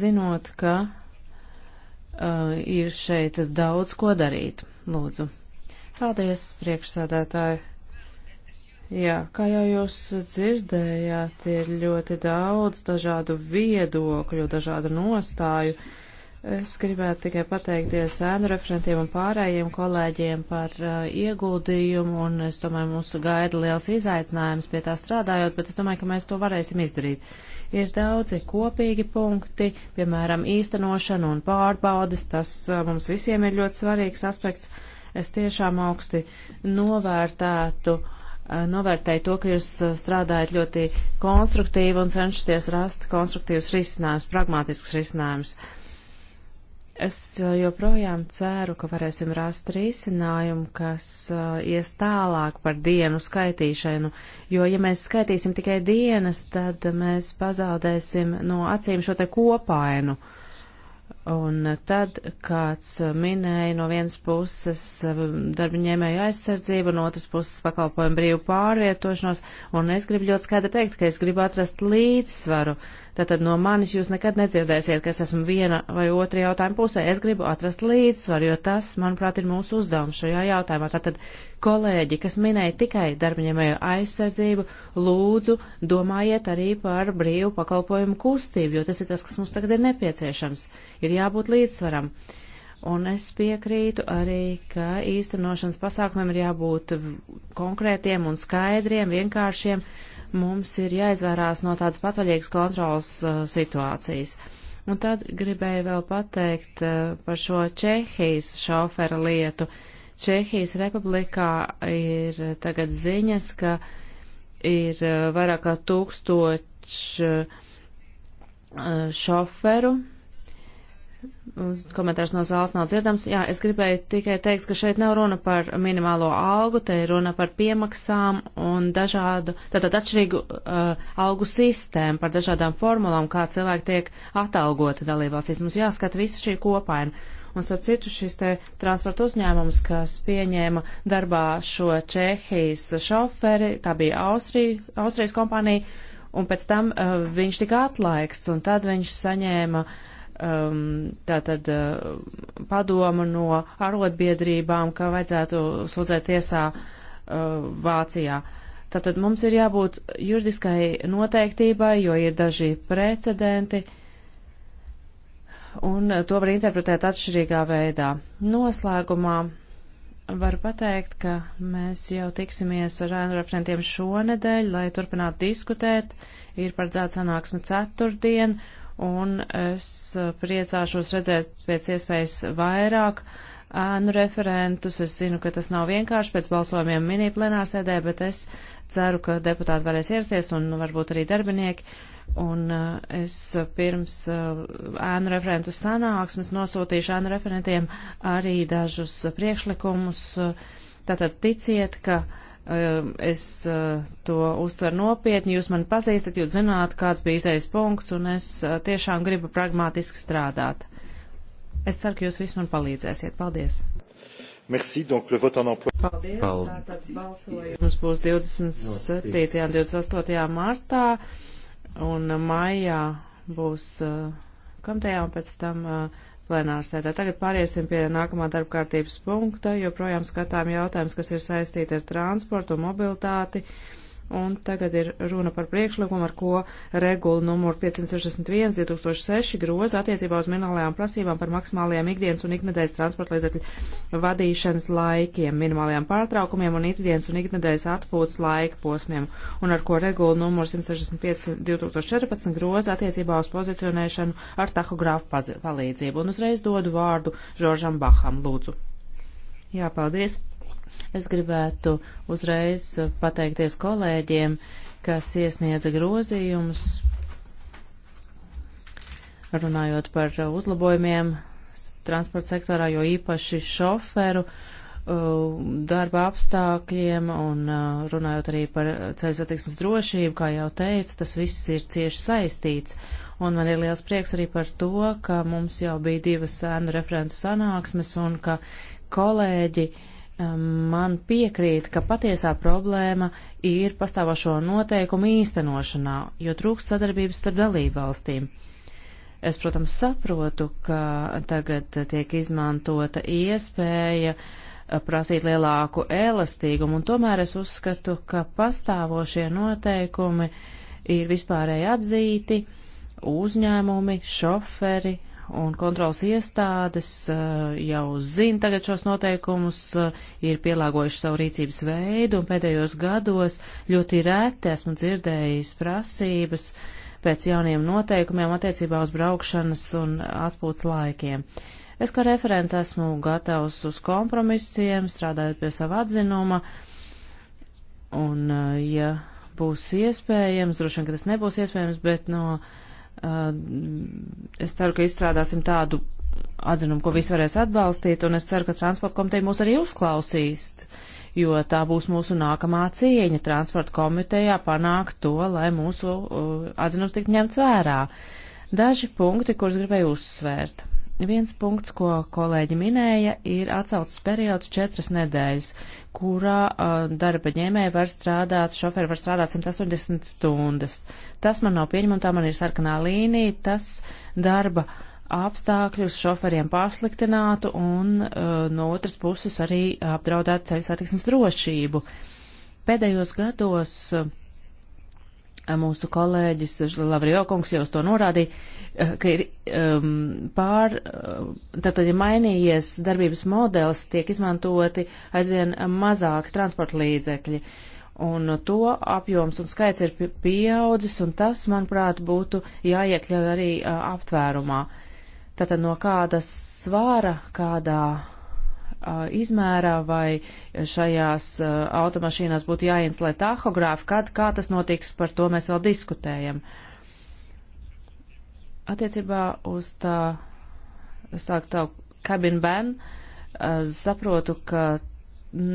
zinot, ka uh, ir šeit daudz ko darīt. Lūdzu. Paldies, priekšsādātāji. Jā, kā jau jūs dzirdējāt, ir ļoti daudz dažādu viedokļu, dažādu nostāju. Uh, Es gribētu tikai pateikties ēnu referentiem un pārējiem kolēģiem par uh, ieguldījumu, un es domāju, mūsu gaida liels izaicinājums pie tā strādājot, bet es domāju, ka mēs to varēsim izdarīt. Ir daudzi kopīgi punkti, piemēram, īstenošana un pārbaudes, tas uh, mums visiem ir ļoti svarīgs aspekts. Es tiešām augsti novērtētu uh, novērtēju to, ka jūs uh, strādājat ļoti konstruktīvi un cenšaties rast konstruktīvus risinājumus, pragmātiskus risinājumus. Es eh, joprojām ceru, ka varēsim rast risinājumu, kas uh, ies tālāk par dienu skaitīšanu, jo ja mēs skaitīsim tikai dienas, tad mēs pazaudēsim no acīm šo te kopainu, Un tad kāds minēja no vienas puses eh, darba ņēmēju aizsardzību, no otras puses pakalpojumu brīvu pārvietošanos, un es gribu ļoti skaidri teikt, ka es gribu atrast līdzsvaru. Tātad no manis jūs nekad nedzirdēsiet, ka es esmu viena vai otra jautājuma pusē. Es gribu atrast līdzsvaru, jo tas, manuprāt, ir mūsu uzdevums šajā jautājumā. Tātad kolēģi, kas minēja tikai darba ņēmēju aizsardzību, lūdzu domājiet arī par brīvu pakalpojumu kustību, jo tas ir tas, kas mums tagad ir nepieciešams. Ir ir jābūt līdzsvaram. Un es piekrītu arī, ka īstenošanas pasākumiem ir jābūt konkrētiem un skaidriem, vienkāršiem. Mums ir jāizvērās no tādas patvaļīgas kontrolas uh, situācijas. Un tad gribēju vēl pateikt uh, par šo Čehijas šofera lietu. Čehijas republikā ir tagad ziņas, ka ir uh, vairāk kā tūkstoši uh, šoferu, Komentārs no zāles nav dzirdams. Jā, es gribēju tikai teikt, ka šeit nav runa par minimālo algu, te ir runa par piemaksām un dažādu, tātad atšķirīgu uh, algu sistēmu, par dažādām formulām, kā cilvēki tiek atalgoti dalībvalstīs. Mums jāskata visu šī kopaina. Un, starp citu, šis te transporta uzņēmums, kas pieņēma darbā šo Čehijas šoferi, tā bija Austrija, Austrijas kompānija, un pēc tam uh, viņš tika atlaists, un tad viņš saņēma uh, um, tātad uh, padomu no arotbiedrībām, ka vajadzētu sūdzēt tiesā uh, Vācijā. Tātad mums ir jābūt juridiskai noteiktībai, jo ir daži precedenti, un to var interpretēt atšķirīgā veidā. Noslēgumā varu pateikt, ka mēs jau tiksimies ar ēnu referentiem šonedēļ, lai turpinātu diskutēt. Ir paredzēta sanāksme ceturtdien, un es priecāšos redzēt pēc iespējas vairāk ēnu referentus. Es zinu, ka tas nav vienkārši pēc balsojumiem mini plenārsēdē, bet es ceru, ka deputāti varēs ierasties un varbūt arī darbinieki. Un eh, es pirms eh, ēnu referentu sanāksmes nosūtīšu ēnu referentiem arī dažus priekšlikumus. Tātad ticiet, ka uh, Ehm, es eh, to uztveru nopietni, jūs mani pazīstat, jūs zināt, kāds bija izējas punkts, un es eh, tiešām gribu pragmātiski strādāt. Es ceru, ka jūs visi man palīdzēsiet. Paldies! Merci, donc le vote en emploi. Paldies, Paldies. tātad balsojums būs 27. un 28. martā, un maijā būs eh, komitejā, un pēc tam uh, plenārsētā. Tagad pāriesim pie nākamā darba kārtības punkta, jo projām skatām jautājums, kas ir saistīti ar transportu un mobilitāti. Uh, un tagad ir runa par priekšlikumu, ar ko regula numur 561 2006 groza attiecībā uz minimālajām prasībām par maksimālajiem ikdienas un iknedēļas transporta līdzekļu vadīšanas laikiem, minimālajām pārtraukumiem un ikdienas un iknedēļas atpūtas laika posmiem, un ar ko regula numur 165 2014 groza attiecībā uz pozicionēšanu ar tahogrāfu palīdzību. Un uzreiz dodu vārdu Žoržam Baham, lūdzu. Jā, paldies. Es gribētu uzreiz pateikties kolēģiem, kas iesniedza grozījumus, runājot par uzlabojumiem transporta sektorā, jo īpaši šoferu uh, darba apstākļiem un uh, runājot arī par ceļu satiksmes drošību, kā jau teicu, tas viss ir cieši saistīts. Un man ir liels prieks arī par to, ka mums jau bija divas sēnu referentu sanāksmes un ka kolēģi uh, man piekrīt, ka patiesā problēma ir pastāvošo noteikumu īstenošanā, jo trūkst sadarbības starp dalību valstīm. Es, protams, saprotu, ka tagad tiek izmantota iespēja eh, prasīt lielāku elastīgumu, un tomēr es uzskatu, ka pastāvošie noteikumi ir vispārēji atzīti, uzņēmumi, šoferi un kontrolas iestādes eh, jau zina tagad šos noteikumus, eh, ir pielāgojuši savu rīcības veidu, un pēdējos gados ļoti reti esmu dzirdējis prasības pēc jauniem noteikumiem attiecībā uz braukšanas un atpūtas laikiem. Es kā referents esmu gatavs uz kompromisiem, strādājot pie sava atzinuma, un, eh, ja būs iespējams, droši vien, ka tas nebūs iespējams, bet no. Uh, Es ceru, ka izstrādāsim tādu atzinumu, ko visi varēs atbalstīt, un es ceru, ka transporta komiteja mūs arī uzklausīs, jo tā būs mūsu nākamā cieņa transporta komitejā panākt to, lai mūsu atzinums tiktu ņemts vērā. Daži punkti, kurus gribēju uzsvērt. Viens punkts, ko kolēģi minēja, ir atsaucas periods četras nedēļas, kurā uh, darba ņēmēja var strādāt, šoferi var strādāt 180 stundas. Tas man nav pieņemam, tā man ir sarkanā līnija, tas darba apstākļus šoferiem pasliktinātu un uh, no otras puses arī apdraudētu ceļu satiksmes drošību. Pēdējos gados uh, Eh, mūsu kolēģis Lavrijokungs jau to norādīja, eh, ka ir um, pār, eh, tātad ir mainījies darbības modelis, tiek izmantoti aizvien mazāk transporta līdzekļi. Un to apjoms un skaits ir pieaudzis, un tas, manuprāt, būtu jāiekļauj arī uh, aptvērumā. Tātad no kāda svāra, kādā izmērā vai šajās automašīnās būtu jāinstalē tahogrāfi, kad kā tas notiks, par to mēs vēl diskutējam. Attiecībā uz tā sāktā cabin ban, saprotu, ka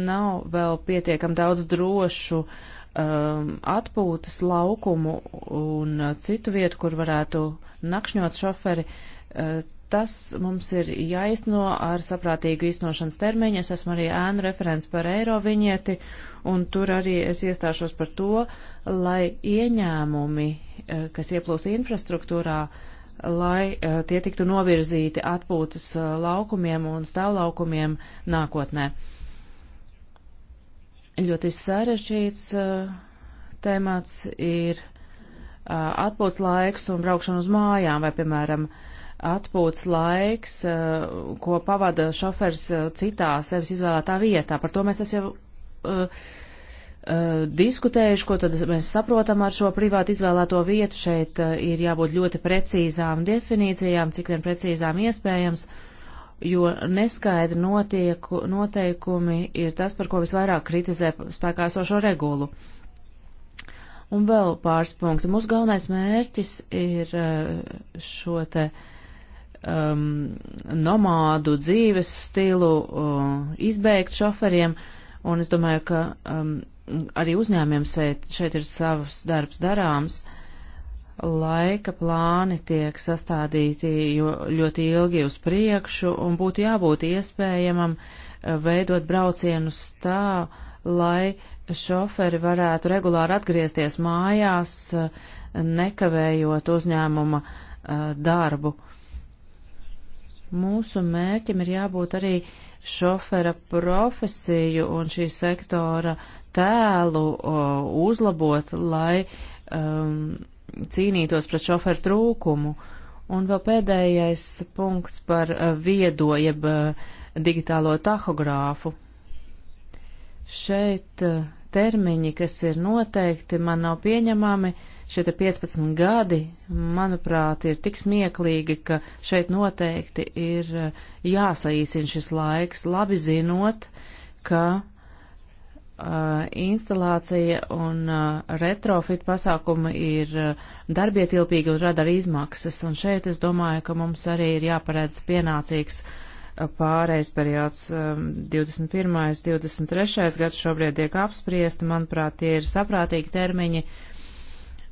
nav vēl pietiekam daudz drošu um, atpūtas laukumu un citu vietu, kur varētu nakšņot šoferi. Uh, tas mums ir jāizno ar saprātīgu iznošanas termiņu. Es esmu arī ēnu referents par eiro viņieti, un tur arī es iestāšos par to, lai ieņēmumi, eh, kas ieplūst infrastruktūrā, lai eh, tie tiktu novirzīti atpūtas eh, laukumiem un stāvlaukumiem nākotnē. Ļoti sarežģīts temats ir atpūtas laiks un braukšana uz mājām vai, piemēram, uh, atpūtas laiks, eh, ko pavada šofers eh, citā sevis izvēlētā vietā. Par to mēs esam jau uh, uh, diskutējuši, ko tad mēs saprotam ar šo privātu izvēlēto vietu. Šeit uh, ir jābūt ļoti precīzām definīcijām, cik vien precīzām iespējams, jo neskaidri notieku, noteikumi ir tas, par ko visvairāk kritizē spēkā esošo regulu. Un vēl pāris punkti. Mūsu galvenais mērķis ir šo te uh, um, nomādu dzīves stilu uh, izbeigt šoferiem, un es domāju, ka um, arī uzņēmiem šeit, šeit ir savs darbs darāms. Laika plāni tiek sastādīti jo, ļoti ilgi uz priekšu, un būtu jābūt iespējamam uh, veidot braucienus tā, lai šoferi varētu regulāri atgriezties mājās, uh, nekavējot uzņēmuma uh, darbu. Uh, Mūsu mērķim ir jābūt arī šofera profesiju un šī sektora tēlu o, uzlabot, lai um, cīnītos pret šoferu trūkumu. Un vēl pēdējais punkts par uh, viedo jeb uh, digitālo tahogrāfu. Šeit uh, termiņi, kas ir noteikti, man nav pieņemami. Uh, Šie te 15 gadi, manuprāt, ir tik smieklīgi, ka šeit noteikti ir eh, jāsaīsina šis laiks, labi zinot, ka Uh, instalācija un uh, retrofit pasākumi ir uh, darbietilpīgi un rada arī izmaksas. Un šeit es domāju, ka mums arī ir jāparedz pienācīgs pārējais periods 21. Ehm, 23. gads šobrīd tiek apspriesti. Manuprāt, tie ir saprātīgi termiņi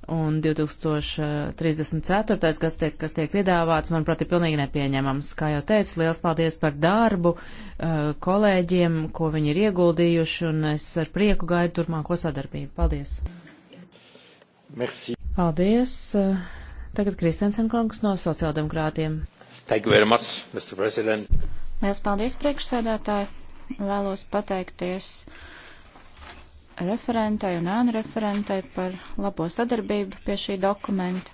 un 2034. gads, tiek, kas tiek piedāvāts, manuprāt, ir pilnīgi nepieņemams. Kā jau teicu, liels paldies par darbu uh, kolēģiem, ko viņi ir ieguldījuši, un es ar prieku gaidu turpmāko sadarbību. Paldies! Merci. Paldies! Uh, tagad Kristensen kungs no sociāldemokrātiem. Thank you very much, Mr. President. Liels paldies, priekšsēdētāji! Vēlos pateikties referentai un ēnu referentai par labo sadarbību pie šī dokumenta.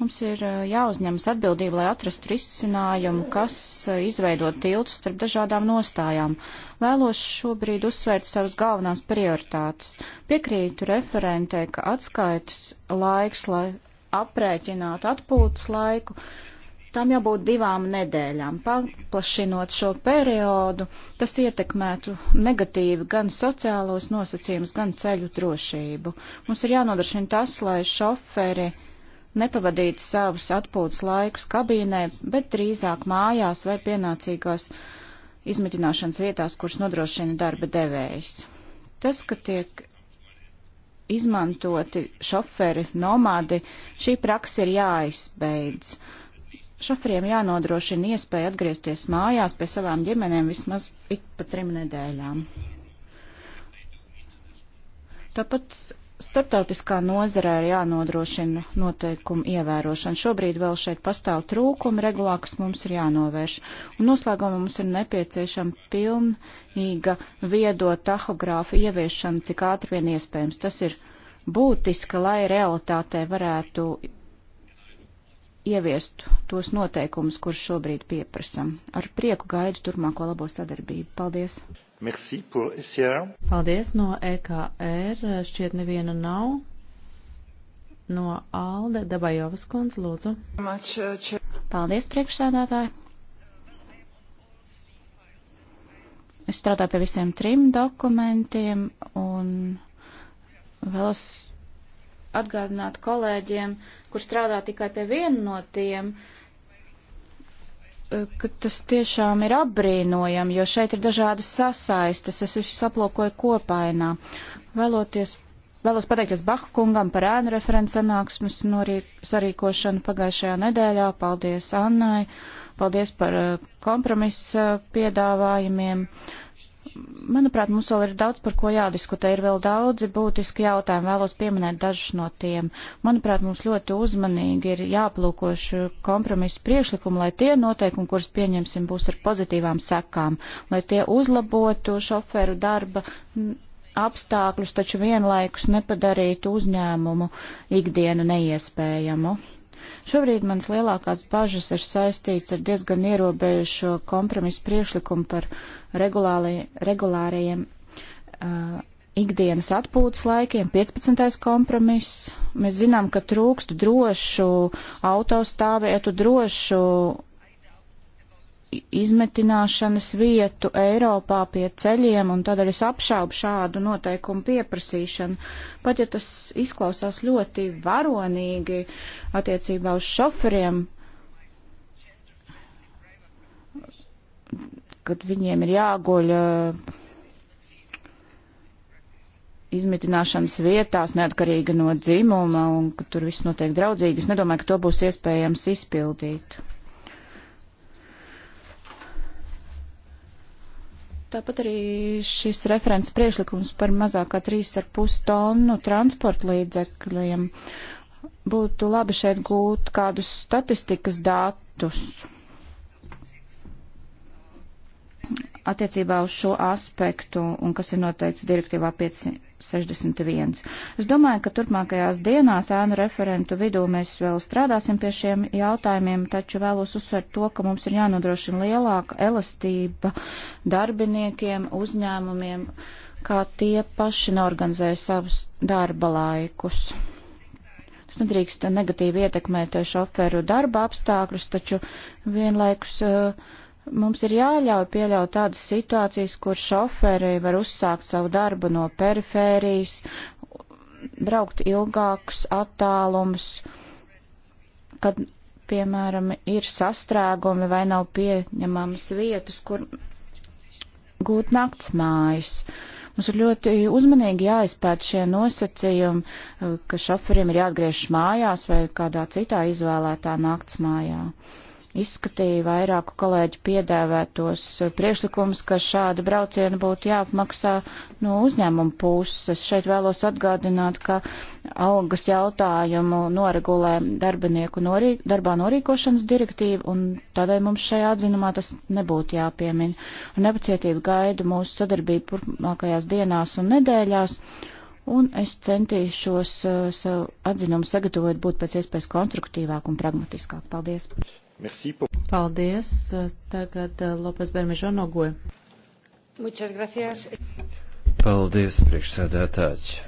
Mums ir jāuzņemas atbildība, lai atrastu risinājumu, kas izveidot tiltus starp dažādām nostājām. Vēlos šobrīd uzsvērt savas galvenās prioritātes. Piekrītu referentē, ka atskaitas laiks, lai aprēķinātu atpūtas laiku, uh, Tam jābūt divām nedēļām. Paplašinot šo periodu, tas ietekmētu negatīvi gan sociālos nosacījumus, gan ceļu drošību. Mums ir jānodrošina tas, lai šoferi nepavadītu savus atpūtas laikus kabīnē, bet drīzāk mājās vai pienācīgās izmitināšanas vietās, kuras nodrošina darba devējs. Tas, ka tiek izmantoti šoferi, nomādi, šī praksa ir jāizbeidz Šoferiem jānodrošina iespēja atgriezties mājās pie savām ģimenēm vismaz ik pa trim nedēļām. Tāpat starptautiskā nozarē ir jānodrošina noteikumu ievērošana. Šobrīd vēl šeit pastāv trūkumi regulā, kas mums ir jānovērš. Un noslēgumā mums ir nepieciešama pilnīga viedo tahogrāfu ieviešana, cik ātri vien iespējams. Tas ir būtiski, lai realitātē varētu ieviestu tos noteikumus, kurus šobrīd pieprasam. Ar prieku gaidu turpmāko labo sadarbību. Paldies! Merci pour SCR. Paldies no EKR. Šķiet neviena nav. No Alde Dabajovas kundz, lūdzu. Paldies, priekšsēdētāji. Es strādāju pie visiem trim dokumentiem un vēlos atgādināt kolēģiem, uh, kur strādā tikai pie viena no tiem, eh, ka tas tiešām ir apbrīnojami, jo šeit ir dažādas sasaistes, es visu aplūkoju kopainā. Vēloties, vēlos pateikties Bahu kungam par ēnu referents sanāksmes sarīkošanu pagājušajā nedēļā. Paldies Annai, paldies par eh, kompromisa piedāvājumiem. Uh, Manuprāt, mums vēl ir daudz par ko jādiskutē. Ir vēl daudzi būtiski jautājumi, vēlos pieminēt dažus no tiem. Manuprāt, mums ļoti uzmanīgi ir jāplūkoši kompromisu priekšlikumi, lai tie noteikumi, kurus pieņemsim, būs ar pozitīvām sekām, lai tie uzlabotu šoferu darba apstākļus, taču vienlaikus nepadarītu uzņēmumu ikdienu neiespējamu. Šobrīd manas lielākās bažas ir saistīts ar diezgan ierobežo kompromisu priekšlikumu par regulārajiem uh, ikdienas atpūtas laikiem, 15. kompromiss. Mēs zinām, ka trūkst drošu autostāvietu, drošu izmetināšanas vietu Eiropā pie ceļiem, un tādēļ es apšaubu šādu noteikumu pieprasīšanu. Pat ja tas izklausās ļoti varonīgi attiecībā uz šoferiem, kad viņiem ir jāguļ uh, izmitināšanas vietās, neatkarīgi no dzimuma, un ka tur viss notiek draudzīgi, es nedomāju, ka to būs iespējams izpildīt. Tāpat arī šis referents priešlikums par mazākā 3,5 tonu transporta līdzekļiem būtu labi šeit gūt kādus statistikas datus. attiecībā uz šo aspektu un kas ir noteikts direktīvā 561. Es domāju, ka turpmākajās dienās ēnu referentu vidū mēs vēl strādāsim pie šiem jautājumiem, taču vēlos uzsvert to, ka mums ir jānodrošina lielāka elastība darbiniekiem, uzņēmumiem, kā tie paši norganizē savus darba laikus. Tas nedrīkst negatīvi ietekmēt šoferu darba apstākļus, taču vienlaikus uh, Mums ir jāļauj pieļaut tādas situācijas, kur šoferi var uzsākt savu darbu no perifērijas, braukt ilgākus attālumus, kad, piemēram, ir sastrēgumi vai nav pieņemamas vietas, kur gūt nakts mājas. Mums ir ļoti uzmanīgi jāizpēt šie nosacījumi, ka šoferim ir jāatgriežas mājās vai kādā citā izvēlētā nakts mājā. Uh, izskatīja vairāku kolēģu piedāvētos priekšlikumus, ka šāda brauciena būtu jāapmaksā no uzņēmuma puses. Šeit vēlos atgādināt, ka algas jautājumu noregulē darbinieku norī, darbā norīkošanas direktīva, un tādēļ mums šajā atzinumā tas nebūtu jāpiemina. Ar nepacietību gaidu mūsu sadarbību turpmākajās dienās un nedēļās un es centīšos uh, savu atzinumu sagatavot būt pēc iespējas konstruktīvāk un pragmatiskāk. Paldies! Merci. Paldies. Tagad eh, Lopes Bermežo nogoja. Muchas gracias. Paldies, priekšsēdētāji.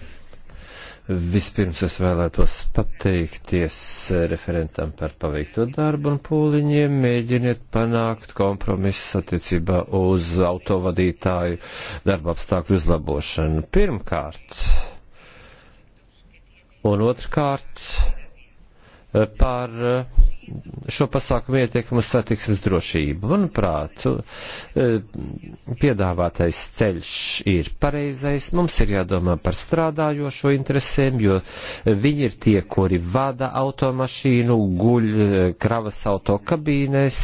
Vispirms es vēlētos pateikties eh, referentam par paveikto darbu un pūliņiem, mēģiniet panākt kompromisu attiecībā uz autovadītāju darba apstākļu uzlabošanu. Pirmkārt, un otrkārt, eh, par šo pasākumu ietekmu satiksmes drošību. Manuprāt, e, piedāvātais ceļš ir pareizais. Mums ir jādomā par strādājošo interesēm, jo viņi ir tie, kuri vada automašīnu, guļ e, kravas autokabīnēs,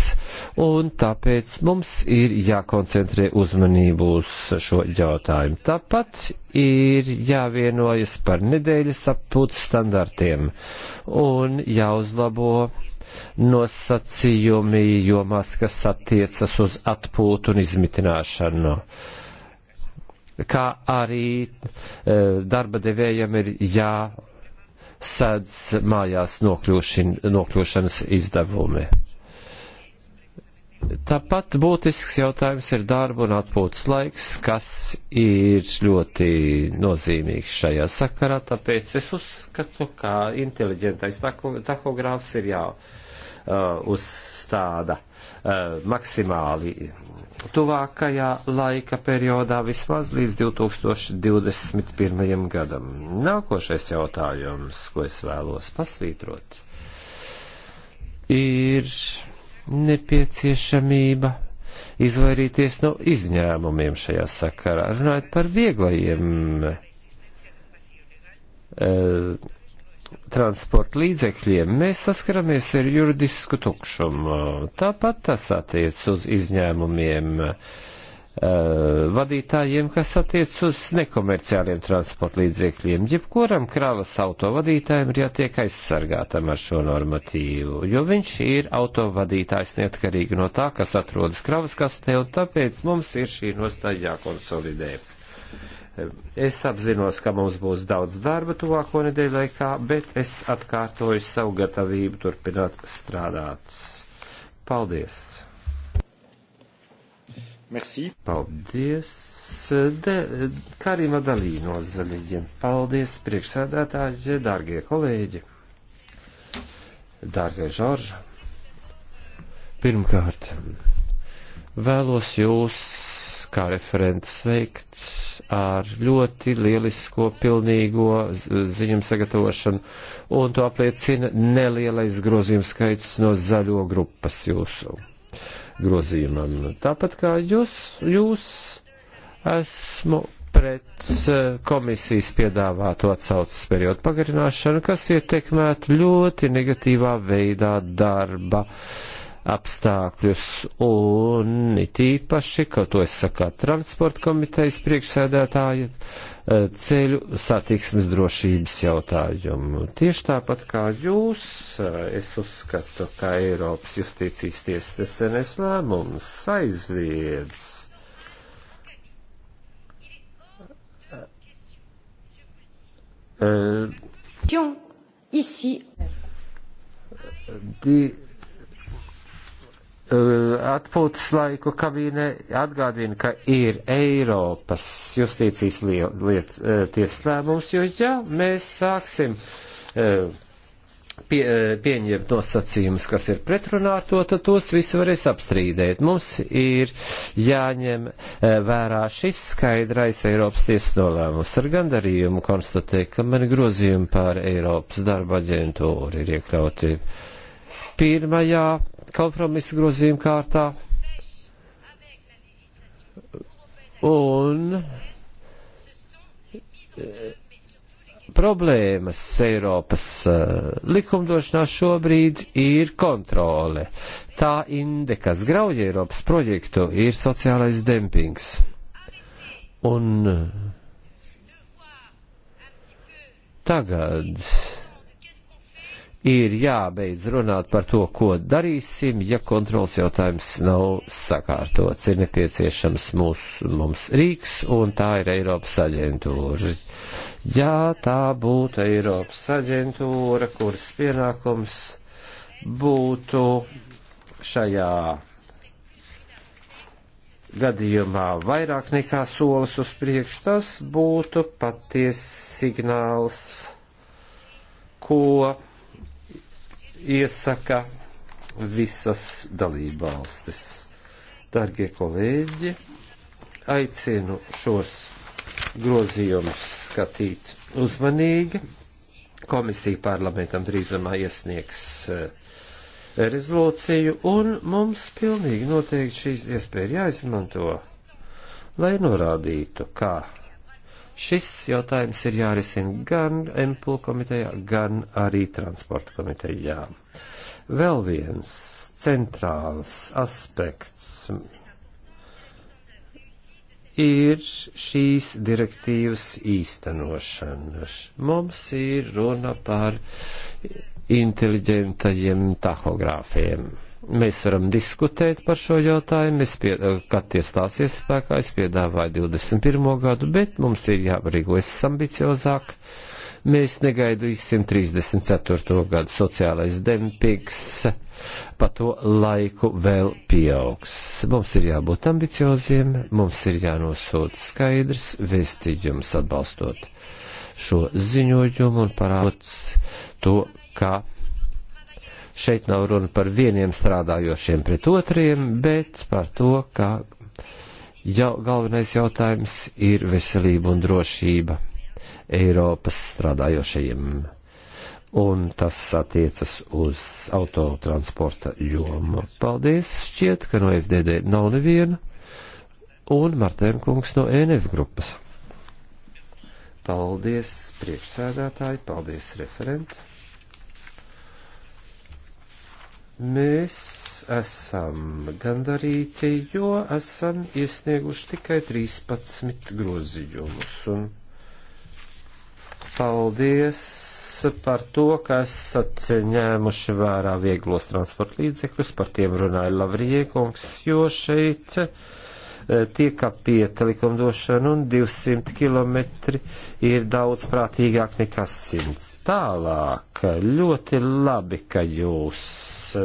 un tāpēc mums ir jākoncentrē uzmanību uz šo jautājumu. Tāpat ir jāvienojas par nedēļas aptūtas standartiem un jāuzlabo nosacījumi jomās, kas attiecas uz atpūtu un izmitināšanu kā arī e, darba devējiem ir jāsēdz mājās nokļūšanas izdevumi. Tāpat būtisks jautājums ir darba un atpūtas laiks, kas ir ļoti nozīmīgs šajā sakarā, tāpēc es uzskatu, ka inteliģentais tahogrāfs ir jā uh, uzstāda uh, maksimāli tuvākajā laika periodā vismaz līdz 2021. gadam. Nākošais jautājums, ko es vēlos pasvītrot, ir nepieciešamība izvairīties no izņēmumiem šajā sakarā. Runājot par vieglajiem e, transporta līdzekļiem, mēs saskaramies ar juridisku tukšumu. Tāpat tas attiec uz izņēmumiem. E, Eh, vadītājiem, kas attiec uz nekomerciāliem transporta līdzekļiem. Jebkuram kravas autovadītājiem ir jātiek aizsargātam ar šo normatīvu, jo viņš ir autovadītājs neatkarīgi no tā, kas atrodas kravas kastē, un tāpēc mums ir šī nostāja jākonsolidē. Eh, es apzinos, ka mums būs daudz darba tuvāko nedēļu laikā, bet es atkārtoju savu gatavību turpināt strādāt. Paldies! Merci. Paldies. De, Karima Dalī no zaļajiem. Paldies, priekšsēdētāji, dārgie kolēģi. Dārgie Žorža. Pirmkārt, vēlos jūs kā referentu sveikt ar ļoti lielisko, pilnīgo ziņu sagatavošanu, un to apliecina nelielais grozījums skaits no zaļo grupas jūsu grozījumam. Tāpat kā jūs, jūs esmu pret eh, komisijas piedāvāto atsaucas periodu pagarināšanu, kas ietekmētu ļoti negatīvā veidā darba uh, apstākļus, un it īpaši, ka to es sakā transporta komitejas priekšsēdētāja, e, ceļu satiksmes drošības jautājumu. Tieši tāpat kā jūs, e, es uzskatu, ka Eiropas justīcijas tiesas senes lēmums aizliedz e, Ici. Di, Eh, atpūtas laiku kabīnē atgādina, ka ir Eiropas justīcijas lietas eh, tiesas lēmums, jo ja mēs sāksim eh, pie, pieņemt nosacījumus, kas ir pretrunā ar to, tad tos visi varēs apstrīdēt. Mums ir jāņem vērā šis skaidrais Eiropas tiesas nolēmums. Ar gandarījumu konstatēju, ka mani grozījumi pār Eiropas darba aģentūru ir iekļauti pirmajā kompromisa grozījuma kārtā. Un eh, problēmas Eiropas eh, likumdošanā šobrīd ir kontrole. Tā inde, kas grauj Eiropas projektu, ir sociālais dempings. Un eh, tagad ir jābeidz runāt par to, ko darīsim, ja kontrols jautājums nav sakārtots. Ir nepieciešams mūs, mums Rīgs, un tā ir Eiropas aģentūra. Jā, tā būtu Eiropas aģentūra, kuras pienākums būtu šajā gadījumā vairāk nekā solis uz priekšu, tas būtu paties signāls, ko iesaka visas dalībvalstis. Dargie kolēģi, aicinu šos grozījumus skatīt uzmanīgi. Komisija parlamentam drīzumā iesniegs eh, rezolūciju, un mums pilnīgi noteikti šīs iespējas jāizmanto, lai norādītu, kā Šis jautājums ir jārisina gan MPL komitejā, gan arī transporta komitejā. Vēl viens centrāls aspekts ir šīs direktīvas īstenošana. Mums ir runa par inteliģentajiem tahogrāfiem. Mēs varam diskutēt par šo jautājumu, es pie, kad tie stāsies spēkā, es piedāvāju 21. gadu, bet mums ir jāparīgojas ambiciozāk. Mēs negaidīsim 34. gadu sociālais dempings, pa to laiku vēl pieaugs. Mums ir jābūt ambicioziem, mums ir jānosūta skaidrs vēstījums atbalstot šo ziņojumu un parādot to, kā. Ka Šeit nav runa par vieniem strādājošiem pret otriem, bet par to, ka jau, galvenais jautājums ir veselība un drošība Eiropas strādājošajiem un tas attiecas uz autotransporta jomu. Paldies! Šķiet, ka no FDD nav neviena, un Martēna kungs no ENF grupas. Paldies, priekšsēdētāji, paldies, referenti! Mēs esam gandarīti, jo esam iesnieguši tikai 13 grozījumus. Un paldies par to, ka esat ņēmuši vērā vieglos transporta līdzekļus, par tiem runāja Lavriekungs, jo šeit uh, Eh, tiek apieta likumdošana un 200 km ir daudz prātīgāk nekā 100. Tālāk ļoti labi, ka jūs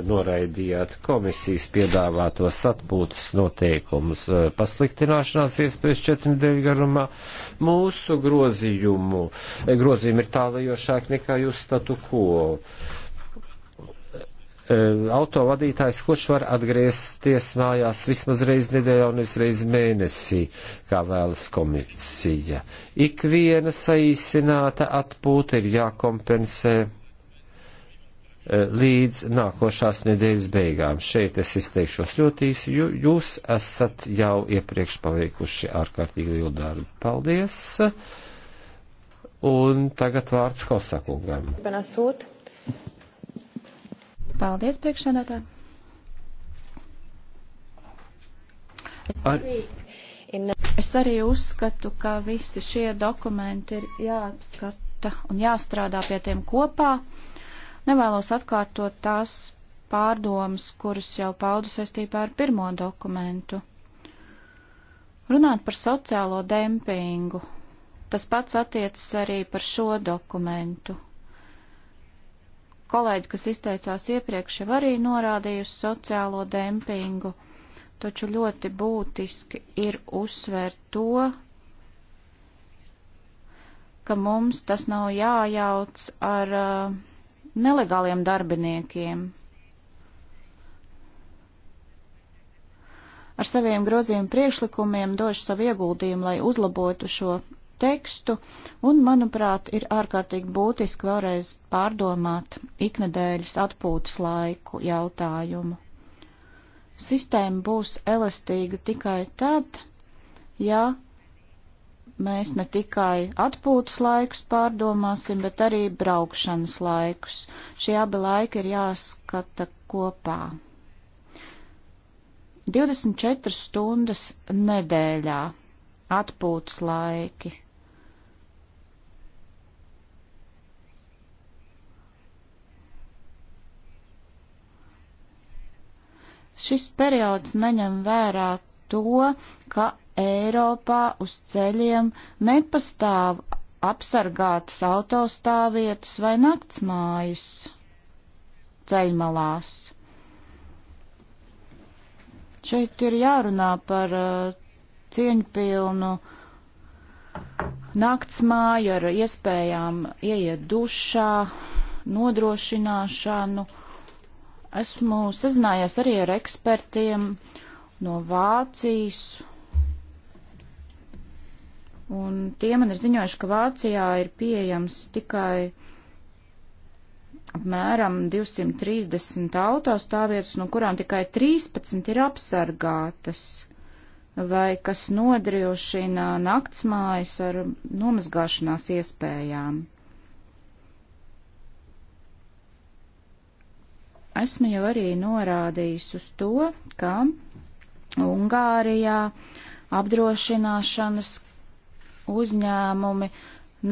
noraidījāt komisijas piedāvātos atpūtas noteikumus eh, pasliktināšanās iespējas 49 garumā. Mūsu grozījumu, eh, grozījumi ir tālajošāk nekā jūs statu quo E, autovadītājs, kurš var atgriezties mājās vismaz reizi nedēļā un nevis reizi mēnesī, kā vēlas komisija. Ikviena saīsināta atpūta ir jākompensē e, līdz nākošās nedēļas beigām. Šeit es izteikšos ļoti īsi, jo jūs esat jau iepriekš paveikuši ārkārtīgi lielu darbu. Paldies! Un tagad vārds Kosakungam. Benasūt. Paldies, priekšsēdētā. Es arī, es arī uzskatu, ka visi šie dokumenti ir jāapskata un jāstrādā pie tiem kopā. Nevēlos atkārtot tās pārdomas, kuras jau paudu saistībā ar pirmo dokumentu. Runāt par sociālo dempingu. Tas pats attiecas arī par šo dokumentu. Kolēģi, kas izteicās iepriekš, jau arī norādīja uz sociālo dempingu, taču ļoti būtiski ir uzsvērt to, ka mums tas nav jājauc ar uh, nelegāliem darbiniekiem. Ar saviem grozījumu priekšlikumiem došu savu ieguldījumu, lai uzlabotu šo tekstu, un, manuprāt, ir ārkārtīgi būtiski vēlreiz pārdomāt iknedēļas atpūtas laiku jautājumu. Sistēma būs elastīga tikai tad, ja mēs ne tikai atpūtas laikus pārdomāsim, bet arī braukšanas laikus. Šie abi laiki ir jāskata kopā. 24 stundas nedēļā atpūtas laiki. Šis periods neņem vērā to, ka Eiropā uz ceļiem nepastāv apsargātas autostāvvietas vai naktsmājas ceļmalās. Šeit ir jārunā par uh, cieņpilnu naktsmāju ar iespējām ieiet dušā, nodrošināšanu. Uh, Esmu sazinājies arī ar ekspertiem no Vācijas, un tie man ir ziņojuši, ka Vācijā ir pieejams tikai apmēram 230 autostāvvietas, no kurām tikai 13 ir apsargātas vai kas nodrošina naktsmājas ar nomazgāšanās iespējām. esmu jau arī norādījis uz to, ka Ungārijā apdrošināšanas uzņēmumi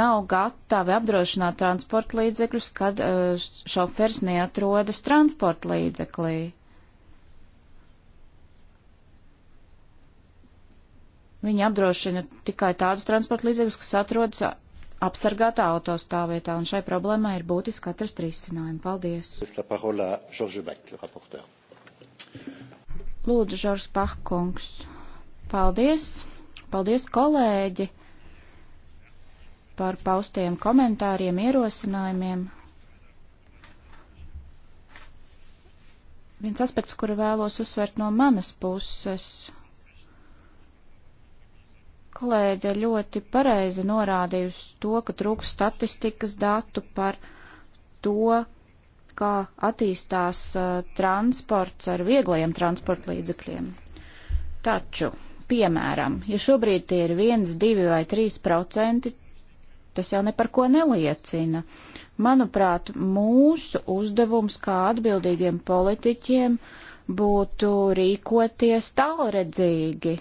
nav gatavi apdrošināt transporta līdzekļus, kad uh, šofers neatrodas transporta līdzeklī. Viņi apdrošina tikai tādus transporta līdzekļus, kas atrodas apsargāta autostāvvietā, un šai problēmai ir būtiski atrast risinājumu. Paldies! Lūdzu, Žors Pahkungs. Paldies! Paldies, kolēģi, par paustiem komentāriem, ierosinājumiem. Viens aspekts, kuru vēlos uzsvērt no manas puses kolēģi ļoti pareizi norādījusi to, ka trūks statistikas datu par to, kā attīstās uh, transports ar vieglajiem transporta līdzekļiem. Taču, piemēram, ja šobrīd tie ir 1, 2 vai 3 procenti, tas jau ne par ko neliecina. Manuprāt, mūsu uzdevums kā atbildīgiem politiķiem būtu rīkoties tālredzīgi,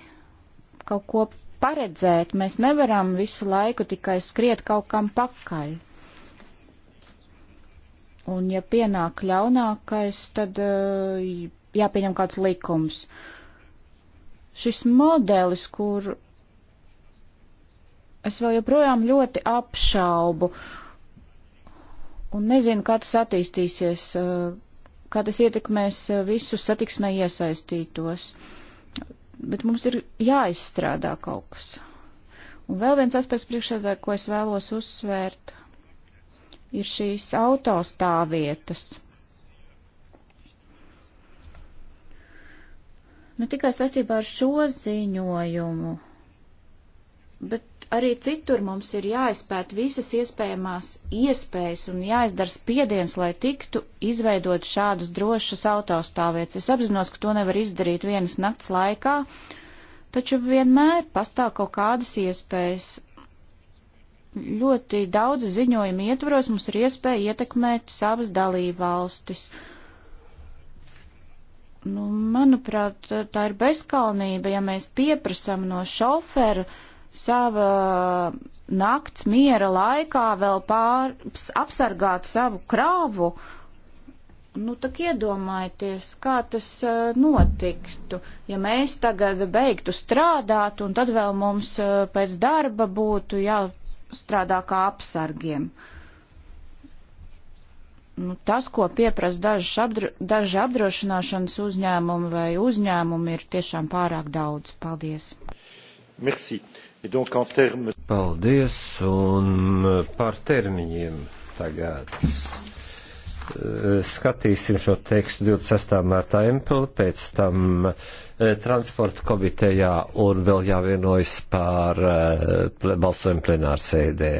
kaut ko paredzēt. Mēs nevaram visu laiku tikai skriet kaut kam pakaļ. Un ja pienāk ļaunākais, tad eh, jāpieņem kāds likums. Šis modelis, kur es vēl joprojām ļoti apšaubu un nezinu, kā tas attīstīsies, eh, kā tas ietekmēs eh, visus satiksmē iesaistītos. Uh, bet mums ir jāizstrādā kaut kas. Un vēl viens aspekts priekšsēdē, ko es vēlos uzsvērt, ir šīs autostāvvietas. Ne tikai saistībā ar šo ziņojumu, bet arī citur mums ir jāizpēt visas iespējamās iespējas un jāizdara spiediens, lai tiktu izveidot šādas drošas autostāvvietas. Es apzinos, ka to nevar izdarīt vienas nakts laikā, taču vienmēr pastāv kaut kādas iespējas. Ļoti daudzu ziņojumu ietvaros mums ir iespēja ietekmēt savas dalībvalstis. Nu, manuprāt, tā ir bezkalnība, ja mēs pieprasam no šofera uh, sava nakts miera laikā vēl pār, apsargāt savu krāvu, nu tak iedomājieties, kā tas uh, notiktu, ja mēs tagad beigtu strādāt un tad vēl mums uh, pēc darba būtu jāstrādā kā apsargiem. Nu, tas, ko pieprasa daži, apdro, daži apdrošināšanas uzņēmumi vai uzņēmumi, ir tiešām pārāk daudz. Paldies! Merci. Paldies, un eh, par termiņiem tagad eh, skatīsim šo tekstu 26. mārtā Empel, pēc tam eh, transporta komitejā un vēl jāvienojas par balsojumu plenārsēdē.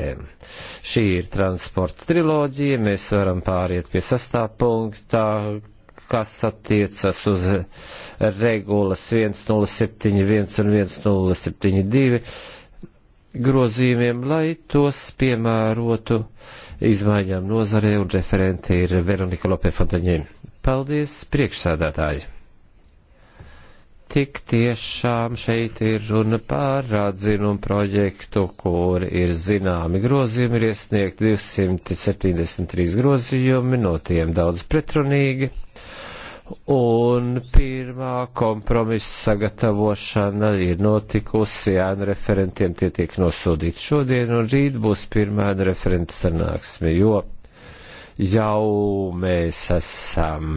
Šī ir transporta triloģija, mēs varam pāriet pie sastā punktā, kas attiecas uz regulas 1071 un 1072 grozījumiem, lai tos piemērotu izmaiņām nozarē, un referenti ir Veronika Lope Fontaņē. Paldies, priekšsādātāji! tik tiešām šeit ir runa par atzinumu projektu, kur ir zināmi grozījumi, ir iesniegt 273 grozījumi, no tiem daudz pretrunīgi. Un pirmā kompromisa sagatavošana ir notikusi ēnu referentiem, tie tiek nosūtīti šodien, un rīt būs pirmā ēnu referenta sanāksme, jo jau mēs esam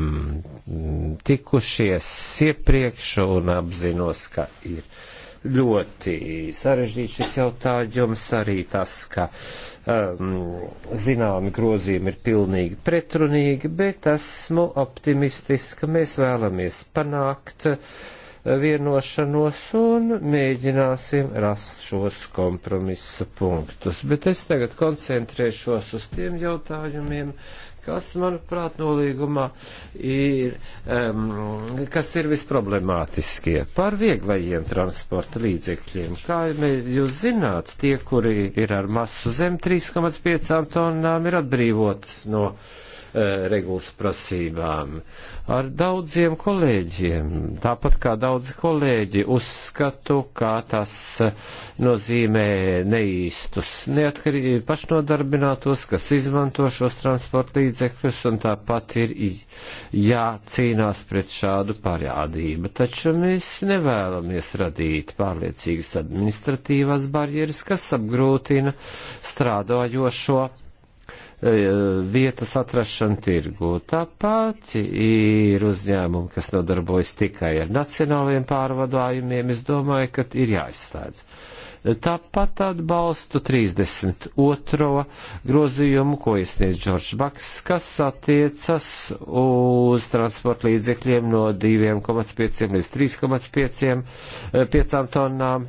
tikušies iepriekš un apzinos, ka ir ļoti sarežģīts šis jautājums, arī tas, ka um, zināmi grozījumi ir pilnīgi pretrunīgi, bet esmu optimistisks, ka mēs vēlamies panākt uh, vienošanos un mēģināsim rast šos kompromisa punktus. Bet es tagad koncentrēšos uz tiem jautājumiem, kas, manuprāt, nolīgumā ir, um, kas ir visproblemātiskie. Par vieglajiem transporta līdzekļiem. Kā jūs zināt, tie, kuri ir ar masu zem 3,5 tonnām, ir atbrīvotas no uh, Eh, regulas prasībām. Ar daudziem kolēģiem, tāpat kā daudzi kolēģi, uzskatu, ka tas eh, nozīmē neīstus neatkarīgi pašnodarbinātos, kas izmanto šos transporta līdzekļus, un tāpat ir jācīnās pret šādu parādību. Taču mēs nevēlamies radīt pārliecīgas administratīvās barjeras, kas apgrūtina strādājošo E, vietas atrašanu tirgu. Tāpat ir uzņēmumi, kas nodarbojas tikai ar nacionāliem pārvadājumiem. Es domāju, ka ir jāizslēdz. Tāpat atbalstu 32. grozījumu, ko iesniedz Džordžs Baks, kas attiecas uz transporta līdzekļiem no 2,5 līdz 3,5 e, tonnām.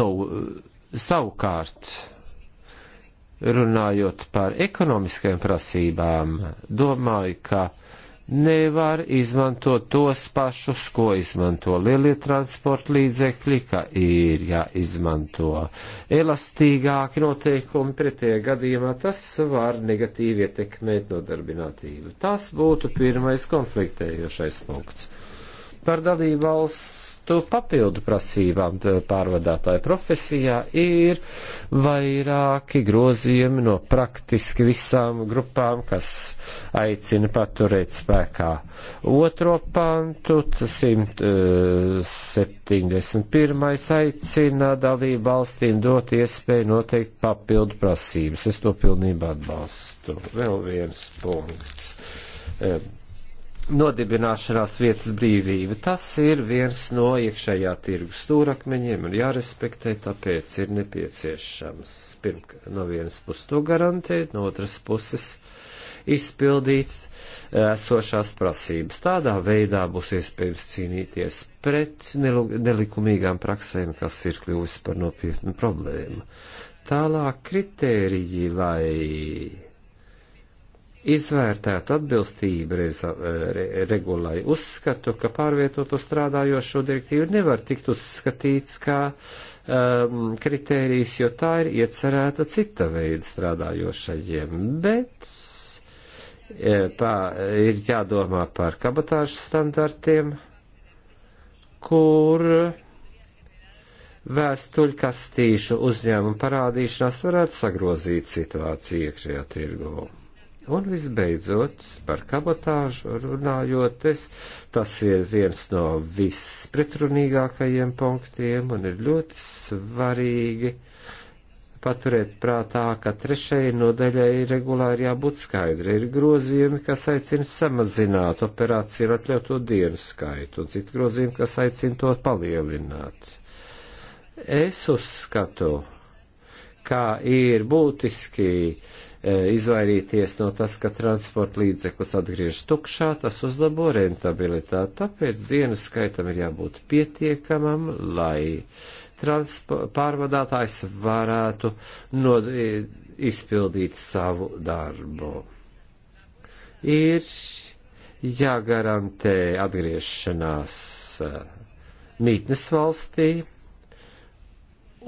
Nu, savukārt runājot par ekonomiskajām prasībām, domāju, ka nevar izmantot tos pašus, ko izmanto lielie transporta līdzekļi, ka ir jāizmanto elastīgāki noteikumi, pretējā gadījumā tas var negatīvi ietekmēt nodarbinātību. Tas būtu pirmais konfliktējošais punkts. Par dalību valsts atbilstu papildu prasībām pārvadātāja profesijā, ir vairāki grozījumi no praktiski visām grupām, kas aicina paturēt spēkā otro pantu, 171. E, aicina dalību valstīm dot iespēju noteikt papildu prasības. Es to pilnībā atbalstu. Vēl viens punkts e, nodibināšanās vietas brīvība. Tas ir viens no iekšējā tirgus stūrakmeņiem un jārespektē, tāpēc ir nepieciešams pirmk no vienas puses to garantēt, no otras puses izpildīt eh, esošās prasības. Tādā veidā būs iespējams cīnīties pret nelikumīgām praksēm, kas ir kļuvis par nopietnu problēmu. Tālāk kritēriji, lai izvērtētu atbilstību reza, eh, re, regulai. Uzskatu, ka pārvietoto strādājošo direktīvu nevar tikt uzskatīts kā um, kritērijs, jo tā ir iecerēta cita veida strādājošajiem, bet eh, pā, ir jādomā par kabatāžu standartiem, kur vēstuļkastīšu uzņēmumu parādīšanās varētu sagrozīt situāciju iekšējā tirgū. Un visbeidzot, par kabotāžu runājot, es, tas ir viens no vispretrunīgākajiem punktiem un ir ļoti svarīgi paturēt prātā, ka trešajai nodaļai regulāri jābūt skaidri. Ir grozījumi, kas aicina samazināt operāciju ar atļautu dienu skaitu, un citi grozījumi, kas aicina to palielināt. Es uzskatu, kā ir būtiski uh, E, izvairīties no tas, ka transporta līdzeklis atgriež tukšā, tas uzlabo rentabilitāti. Tāpēc dienas skaitam ir jābūt pietiekamam, lai pārvadātājs varētu no, e, izpildīt savu darbu. Ir jāgarantē atgriešanās e, mītnes valstī,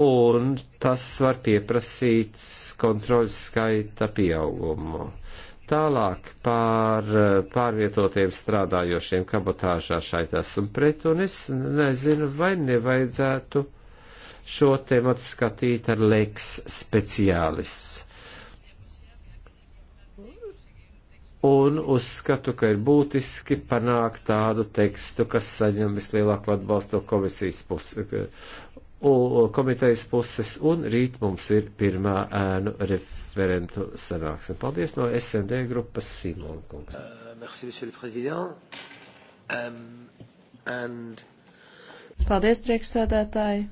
un tas var pieprasīt kontroļu skaita pieaugumu. Tālāk par pārvietotiem strādājošiem kabotāžā šeit esmu pret, un es nezinu, vai nevajadzētu šo tematu skatīt ar leks speciālists. Un uzskatu, ka ir būtiski panākt tādu tekstu, kas saņem vislielāko atbalstu komisijas puses komitejas puses, un rīt mums ir pirmā ēnu referentu sanāksme. Paldies no SND grupas Simona kungs. Uh, merci, monsieur le président. Um, and... Paldies, priekšsēdētāji.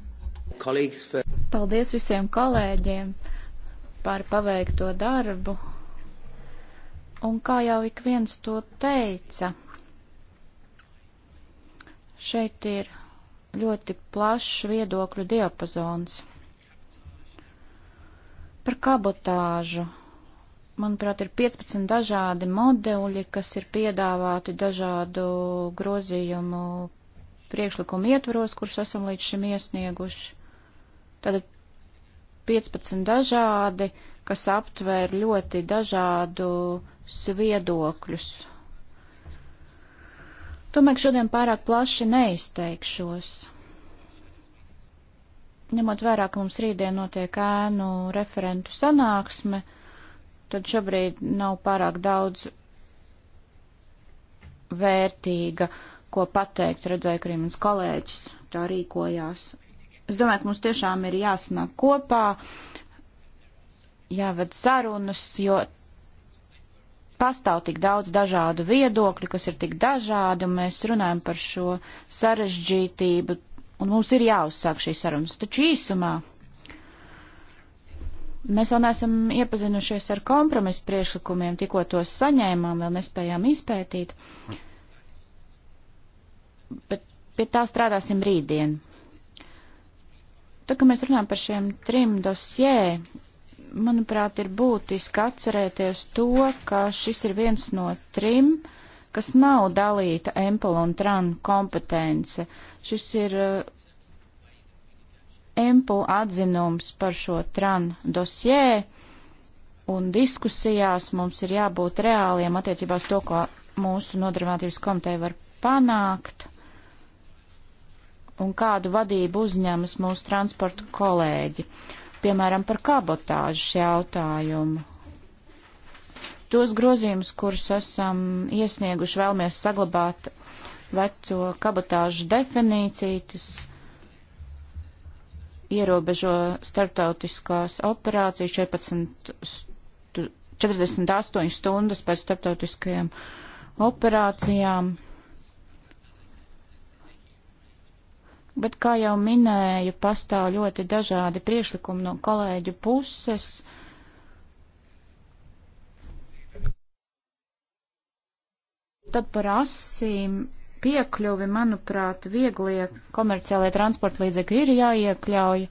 For... Paldies visiem kolēģiem par paveikto darbu. Un kā jau ik viens to teica, šeit ir ļoti plašs viedokļu diapazons. Par kabotāžu. Manuprāt, ir 15 dažādi modeļi, kas ir piedāvāti dažādu grozījumu priekšlikumu ietvaros, kurus esam līdz šim iesnieguši. Tātad 15 dažādi, kas aptver ļoti dažādu viedokļus Domāju, ka šodien pārāk plaši neizteikšos. Ņemot vērā, ka mums rītdien notiek ēnu referentu sanāksme, tad šobrīd nav pārāk daudz vērtīga, ko pateikt. Redzēju, ka arī mans kolēģis tā rīkojās. Es domāju, ka mums tiešām ir jāsanāk kopā, jāved sarunas, jo pastāv tik daudz dažādu viedokļu, kas ir tik dažādi, un mēs runājam par šo sarežģītību, un mums ir jāuzsāk šī sarunas. Taču īsumā mēs vēl neesam iepazinušies ar kompromisu priekšlikumiem, tikko tos saņēmām, vēl nespējām izpētīt. Bet pie tā strādāsim rītdien. Tā kā mēs runājam par šiem trim dosjē, manuprāt, ir būtiski atcerēties to, ka šis ir viens no trim, kas nav dalīta Empel un Tran kompetence. Šis ir eh, Empel atzinums par šo Tran dosjē, un diskusijās mums ir jābūt reāliem attiecībās to, ko mūsu nodarbinātības komiteja var panākt un kādu vadību uzņemas mūsu transporta kolēģi. Uh, piemēram, par kabotāžas jautājumu. Tos grozījumus, kurus esam iesnieguši, vēlamies saglabāt veco kabotāžu definīciju, tas ierobežo starptautiskās operācijas 14, 48 stundas pēc starptautiskajām operācijām. bet, kā jau minēju, pastāv ļoti dažādi priešlikumi no kolēģu puses. Tad par asīm piekļuvi, manuprāt, vieglie komerciālie transporta līdzekļi ir jāiekļauj.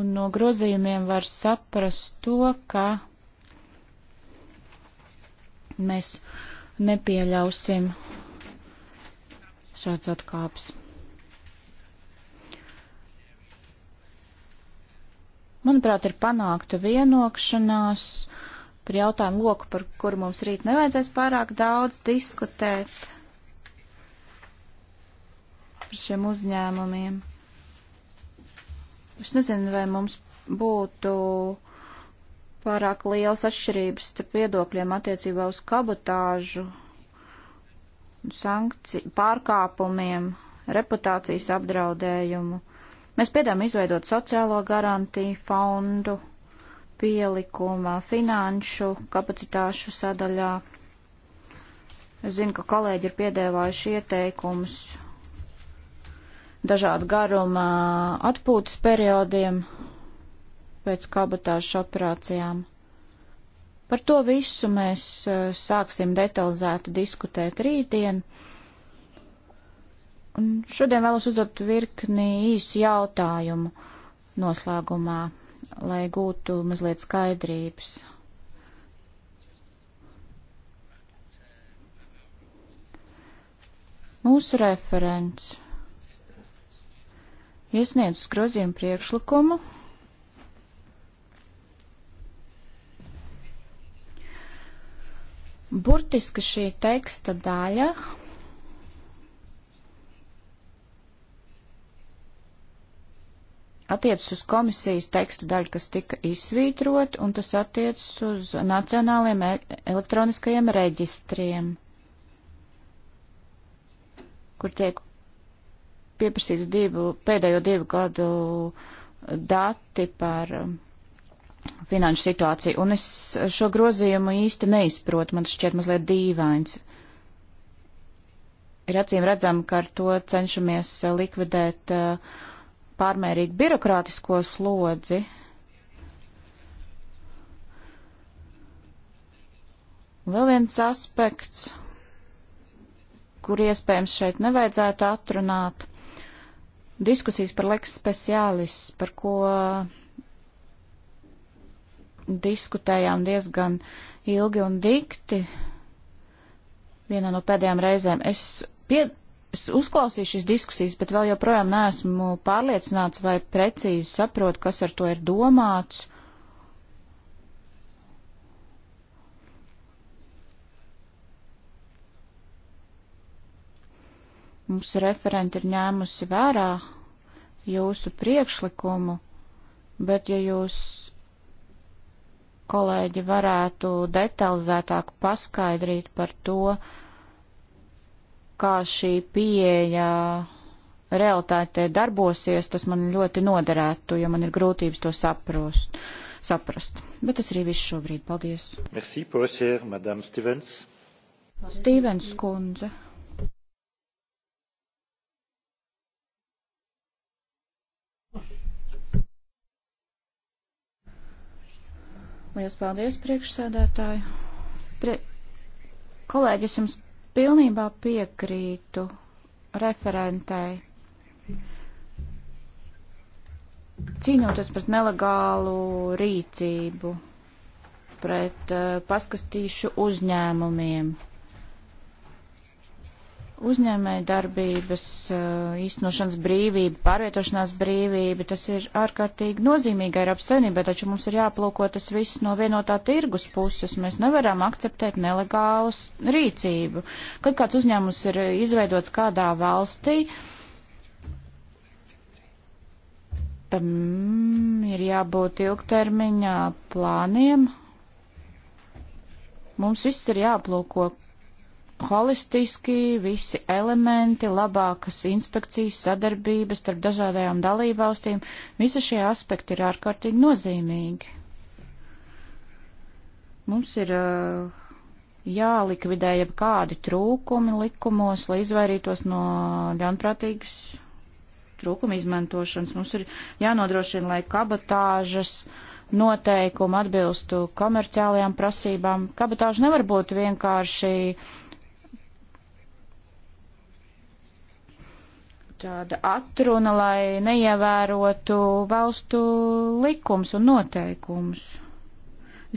Un no grozījumiem var saprast to, ka mēs nepieļausim šāds atkāps. Manuprāt, ir panākta vienokšanās par jautājumu loku, par kuru mums rīt nevajadzēs pārāk daudz diskutēt par šiem uzņēmumiem. Es nezinu, vai mums būtu pārāk liels atšķirības starp viedokļiem attiecībā uz kabotāžu sankci, pārkāpumiem, reputācijas apdraudējumu. Mēs piedām izveidot sociālo garantiju fondu, pielikuma, finanšu kapacitāšu sadaļā. Es zinu, ka kolēģi ir piedēvājuši ieteikumus dažādu garuma atpūtas periodiem pēc kabatāšu operācijām. Par to visu mēs eh, sāksim detalizētu diskutēt rītdien. Un šodien vēlos uzdot virkni īsu jautājumu noslēgumā, lai gūtu mazliet skaidrības. Mūsu referents iesniedz grozījumu priekšlikumu Burtiski šī teksta daļa attiecas uz komisijas teksta daļu, kas tika izsvītrot, un tas attiecas uz nacionāliem e elektroniskajiem reģistriem, kur tiek pieprasīts divu, pēdējo divu gadu dati par um, finanšu situāciju, un es šo grozījumu īsti neizprotu, man šķiet mazliet dīvains. Ir acīm redzam, ka ar to cenšamies eh, likvidēt eh, pārmērīgi birokrātisko slodzi. Vēl viens aspekts, kur iespējams šeit nevajadzētu atrunāt, diskusijas par leks speciālis, par ko diskutējām diezgan ilgi un dikti. Vienā no pēdējām reizēm es, pie, es uzklausīju šīs diskusijas, bet vēl joprojām neesmu pārliecināts vai precīzi saprotu, kas ar to ir domāts. Mums referenti ir ņēmusi vērā jūsu priekšlikumu, bet ja jūs kolēģi varētu detalizētāk paskaidrīt par to, kā šī pieeja realitātē darbosies, tas man ļoti noderētu, jo man ir grūtības to saprast. saprast. Bet tas arī viss šobrīd. Paldies. Merci, posier, Madame Stevens. Stevens kundze. Lielas paldies, priekšsēdētāji. Pre... Kolēģis jums pilnībā piekrītu referentei. Cīnoties pret nelegālu rīcību, pret uh, paskastīšu uzņēmumiem, uzņēmēja darbības, eh, īstenošanas brīvība, pārvietošanās brīvība, tas ir ārkārtīgi nozīmīgi Eiropas Savienībai, taču mums ir jāplūko tas viss no vienotā tirgus puses. Mēs nevaram akceptēt nelegālus rīcību. Kad kāds uzņēmums ir izveidots kādā valstī, tam ir jābūt ilgtermiņā plāniem. Mums viss ir jāplūko, holistiski visi elementi, labākas inspekcijas sadarbības starp dažādajām dalībvalstīm, visi šie aspekti ir ārkārtīgi nozīmīgi. Mums ir uh, jālikvidē jau kādi trūkumi likumos, lai izvairītos no ļaunprātīgas trūkuma izmantošanas. Mums ir jānodrošina, lai kabatāžas noteikumi atbilstu komerciālajām prasībām. Kabatāža nevar būt vienkārši uh, tāda atruna, lai neievērotu valstu likums un noteikums.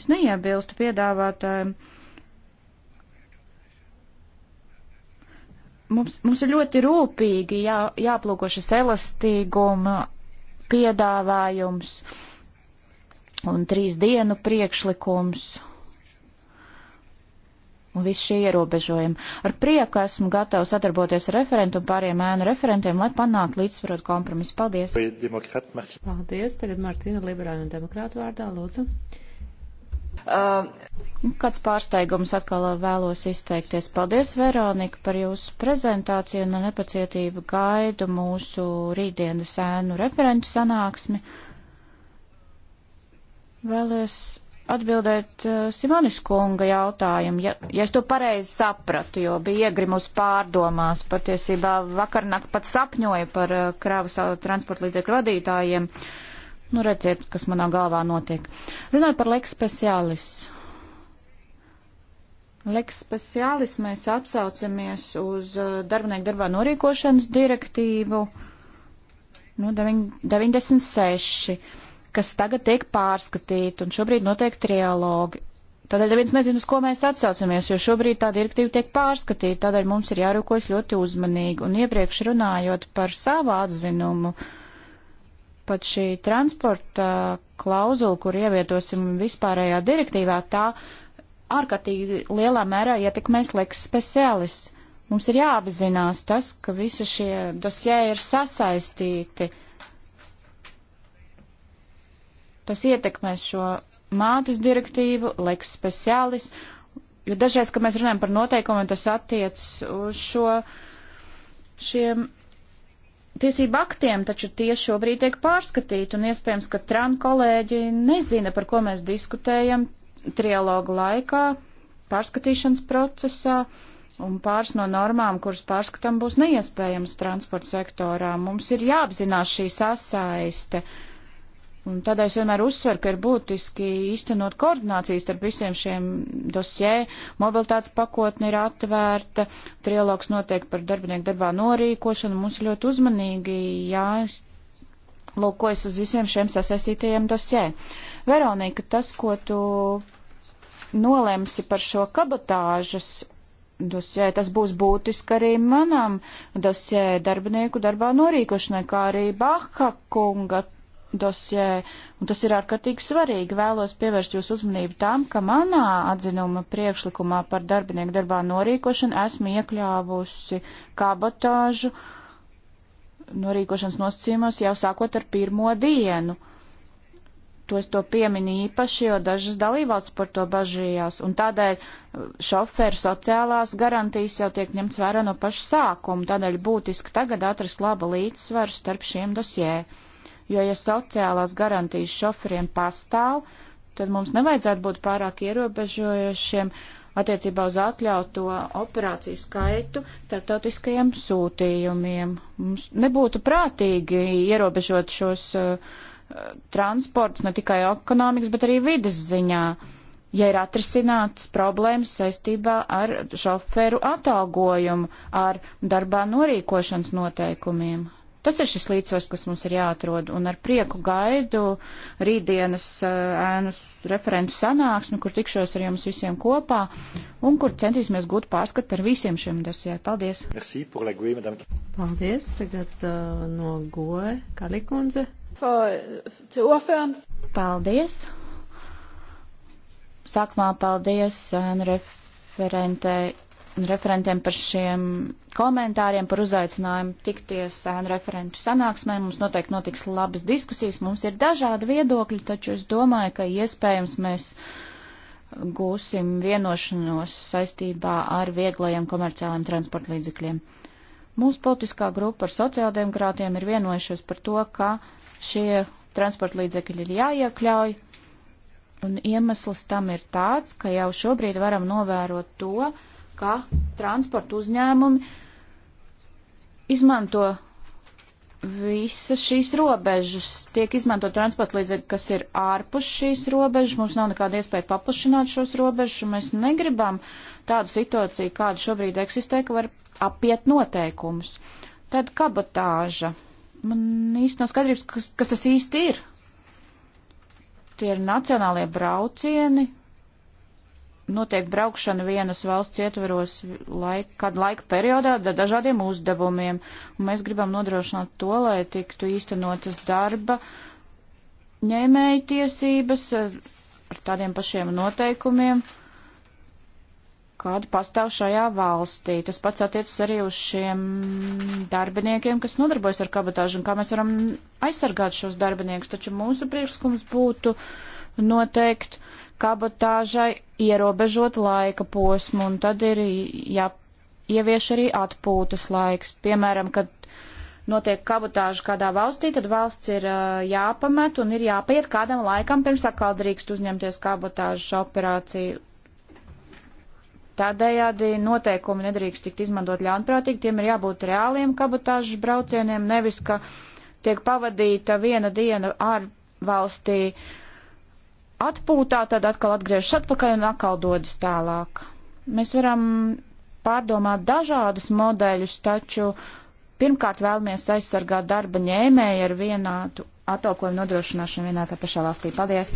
Es neiebilstu piedāvātājiem. Mums, mums ir ļoti rūpīgi jā, jāplūko šis elastīguma piedāvājums un trīs dienu priekšlikums un visi šie ierobežojumi. Ar prieku esmu gatavs sadarboties ar referentu un pāriem ēnu referentiem, lai panāktu līdzsvarot kompromisu. Paldies! Paldies! Tagad Martina Liberāna un demokrāta vārdā, lūdzu. Uh. Kāds pārsteigums atkal vēlos izteikties. Paldies, Veronika, par jūsu prezentāciju un nepacietību gaidu mūsu rītdienas ēnu referentu sanāksmi. Vēlos atbildēt uh, Simonis kunga jautājumu, ja, ja es to pareizi sapratu, jo bija iegrimus pārdomās. Patiesībā vakarnāk pat sapņoju par uh, eh, krāvas transporta līdzekļu vadītājiem. Nu, redziet, kas manā galvā notiek. Runāju par leks speciālis. Leks speciālis mēs atsaucamies uz uh, darbinieku darbā norīkošanas direktīvu. Nu, 96 kas tagad tiek pārskatīta, un šobrīd notiek trialogi. Tādēļ neviens nezina, uz ko mēs atsaucamies, jo šobrīd tā direktīva tiek pārskatīta, tādēļ mums ir jārīkojas ļoti uzmanīgi. Un iepriekš runājot par savu atzinumu, pat šī transporta klauzula, kur ievietosim vispārējā direktīvā, tā ārkārtīgi lielā mērā ietekmēs leks speciālis. Mums ir jāapzinās tas, ka visi šie dosē ir sasaistīti. Uh, tas ietekmēs šo mātes direktīvu, leks speciālis, jo dažreiz, kad mēs runājam par noteikumiem, tas attiec uz šo, šiem tiesību aktiem, taču tie šobrīd tiek pārskatīti, un iespējams, ka tran kolēģi nezina, par ko mēs diskutējam trialogu laikā, pārskatīšanas procesā, un pāris no normām, kuras pārskatām, būs neiespējams transporta sektorā. Mums ir jāapzinās šī sasaiste. Uh, Un tādēļ es vienmēr uzsveru, ka ir būtiski īstenot koordināciju starp visiem šiem dosjē. Mobiltātes pakotne ir atvērta, trialogs notiek par darbinieku darbā norīkošanu. Mums ir ļoti uzmanīgi jālūkojas uz visiem šiem sasaistītajiem dosjē. Veronika, tas, ko tu nolēmsi par šo kabatāžas dosjē, tas būs būtiski arī manam dosjē darbinieku darbā norīkošanai, kā arī Baha kunga dosjē, un tas ir ārkārtīgi svarīgi. Vēlos pievērst jūsu uzmanību tam, ka manā atzinuma priekšlikumā par darbinieku darbā norīkošanu esmu iekļāvusi kabotāžu norīkošanas nosacījumos jau sākot ar pirmo dienu. To es to pieminu īpaši, jo dažas dalībvalsts par to bažījās, un tādēļ uh, šoferu sociālās garantijas jau tiek ņemts vērā no paša sākuma, tādēļ būtiski tagad atrast laba līdzsvaru starp šiem dosjē. Jo, ja sociālās garantijas šoferiem pastāv, tad mums nevajadzētu būt pārāk ierobežojošiem attiecībā uz atļautu operāciju skaitu starptautiskajiem sūtījumiem. Mums nebūtu prātīgi ierobežot šos uh, transports ne tikai ekonomikas, bet arī vidas ziņā, ja ir atrisināts problēmas saistībā ar šoferu atalgojumu, ar darbā norīkošanas noteikumiem. Tas ir šis līdzsvars, kas mums ir jāatrod, un ar prieku gaidu rītdienas eh, ēnus referentu sanāksmi, kur tikšos ar jums visiem kopā, un kur centīsimies gūt pārskat par visiem šiem dosijai. Paldies! Merci pour la goe, madame. Paldies, tagad uh, no goe, Kalikundze. Paldies! Sākumā paldies referentei un referentiem par šiem komentāriem, par uzaicinājumu tikties ēnu referentu sanāksmē. Mums noteikti notiks labas diskusijas, mums ir dažādi viedokļi, taču es domāju, ka iespējams mēs gūsim vienošanos saistībā ar vieglajiem komerciāliem transporta līdzekļiem. Mūsu politiskā grupa ar sociāldemokrātiem ir vienojušies par to, ka šie transporta līdzekļi ir jāiekļauj, un iemesls tam ir tāds, ka jau šobrīd varam novērot to, ka transporta uzņēmumi izmanto visas šīs robežas. Tiek izmanto transporta līdzekļi, kas ir ārpus šīs robežas. Mums nav nekāda iespēja paplašināt šos robežas, un mēs negribam tādu situāciju, kāda šobrīd eksistē, ka var apiet noteikumus. Tad kabatāža. Man īsti nav skaidrības, kas, kas tas īsti ir. Tie ir nacionālie braucieni, notiek braukšana vienas valsts ietveros laik, kādu laiku periodā da dažādiem uzdevumiem, un mēs gribam nodrošināt to, lai tiktu īstenotas darba ņēmēja tiesības eh, ar tādiem pašiem noteikumiem, kāda pastāv šajā valstī. Tas pats attiecas arī uz šiem darbiniekiem, kas nodarbojas ar kabatāžu, un kā mēs varam aizsargāt šos darbiniekus, taču mūsu priekšlikums būtu noteikt, uh, kabotāžai ierobežot laika posmu, un tad ir jāievieš arī atpūtas laiks. Piemēram, kad notiek kabotāža kādā valstī, tad valsts ir uh, jāpamet un ir jāpiet kādam laikam pirms atkal drīkst uzņemties kabotāžas operāciju. Tādējādi noteikumi nedrīkst tikt izmantot ļaunprātīgi, tiem ir jābūt reāliem kabotāžas braucieniem, nevis, ka tiek pavadīta viena diena ārvalstī. Ar atpūtā, tad atkal atgriežas atpakaļ un atkal dodas tālāk. Mēs varam pārdomāt dažādus modeļus, taču pirmkārt vēlamies aizsargāt darba ņēmēju ar vienādu atalgojumu nodrošināšanu vienā tā pašā valstī. Paldies!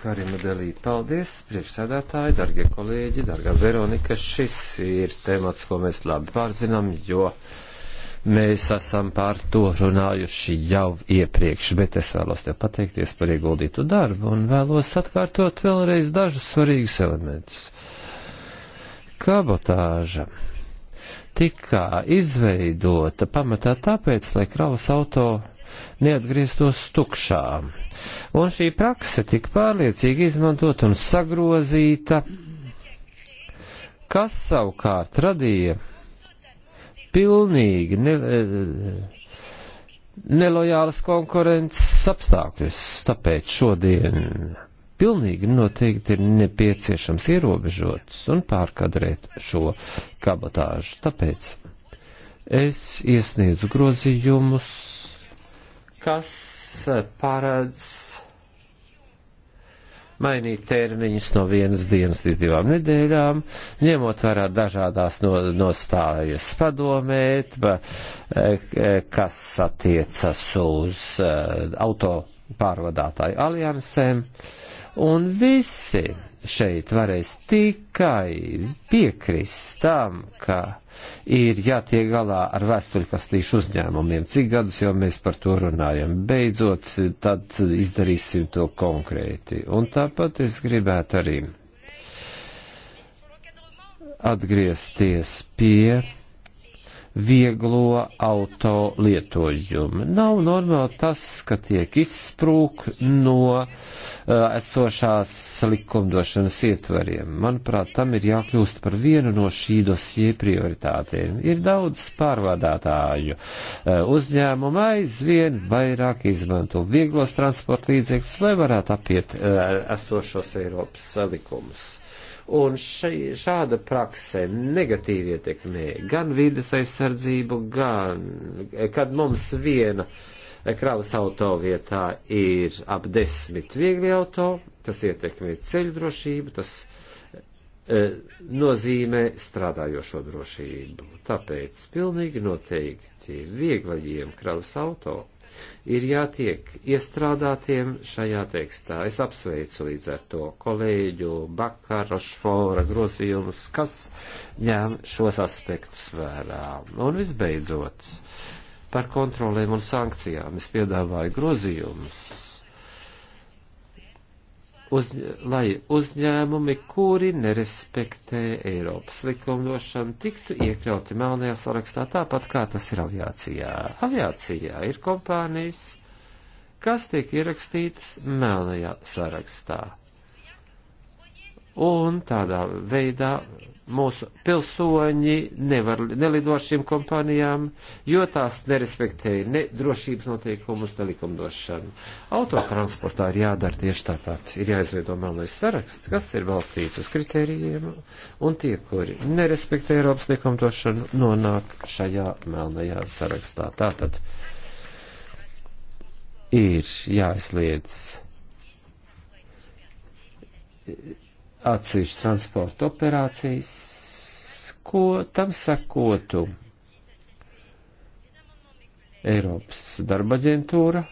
Karina Delī, paldies, priekšsēdētāji, dargie kolēģi, dargā Veronika, šis ir temats, ko mēs labi pārzinām, jo. Uh, Mēs esam par to runājuši jau iepriekš, bet es vēlos tev pateikties par ieguldītu darbu un vēlos atkārtot vēlreiz dažus svarīgus elementus. Kabotāža tika izveidota pamatā tāpēc, lai kravas auto neatgrieztos tukšā. Un šī prakse tika pārliecīgi izmantot un sagrozīta, kas savukārt radīja pilnīgi ne, nelojālas konkurences apstākļus. Tāpēc šodien pilnīgi noteikti ir nepieciešams ierobežot un pārkadrēt šo kabatāžu. Tāpēc es iesniedzu grozījumus, kas eh, paredz mainīt termiņus no vienas dienas līdz divām nedēļām, ņemot vērā dažādās no, nostājas padomēt, e, e, kas attiecas uz e, auto pārvadātāju aliansēm. Uh, Un visi šeit varēs tikai piekrist tam, ka ir jātiek galā ar vēstuļkastīšu uzņēmumiem. Cik gadus jau mēs par to runājam? Beidzot, tad izdarīsim to konkrēti. Un tāpat es gribētu arī atgriezties pie vieglo auto lietojumu. Nav normāli tas, ka tiek izsprūk no uh, esošās likumdošanas ietvariem. Manuprāt, tam ir jākļūst par vienu no šī dosie prioritātēm. Ir daudz pārvadātāju. Uh, uzņēmuma aizvien vairāk izmanto vieglos transporta līdzekļus, lai varētu apiet uh, esošos Eiropas likumus un šai, šāda prakse negatīvi ietekmē gan vides aizsardzību, gan, kad mums viena kravas auto vietā ir ap desmit viegli auto, tas ietekmē ceļu drošību, tas e, nozīmē strādājošo drošību. Tāpēc pilnīgi noteikti vieglajiem kravas auto ir jātiek iestrādātiem šajā tekstā. Es apsveicu līdz ar to kolēģu Bakara, Šfora grozījumus, kas ņem šos aspektus vērā. Un visbeidzot, par kontrolēm un sankcijām es piedāvāju grozījumus uz, lai uzņēmumi, kuri nerespektē Eiropas likumdošanu, tiktu iekļauti melnajā sarakstā tāpat kā tas ir aviācijā. Aviācijā ir kompānijas, kas tiek ierakstītas melnajā sarakstā. Un tādā veidā mūsu pilsoņi nevar nelido ar šīm kompānijām, jo tās nerespektēja ne drošības noteikumus, ne likumdošanu. Autotransportā ir jādara tieši tāpat. Ir jāizveido melnais saraksts, kas ir balstīts uz kritērijiem, un tie, kuri nerespektē Eiropas likumdošanu, nonāk šajā melnajā sarakstā. Tātad ir jāizliedz atsevišķas transporta operācijas, ko tam sekotu Eiropas darba aģentūra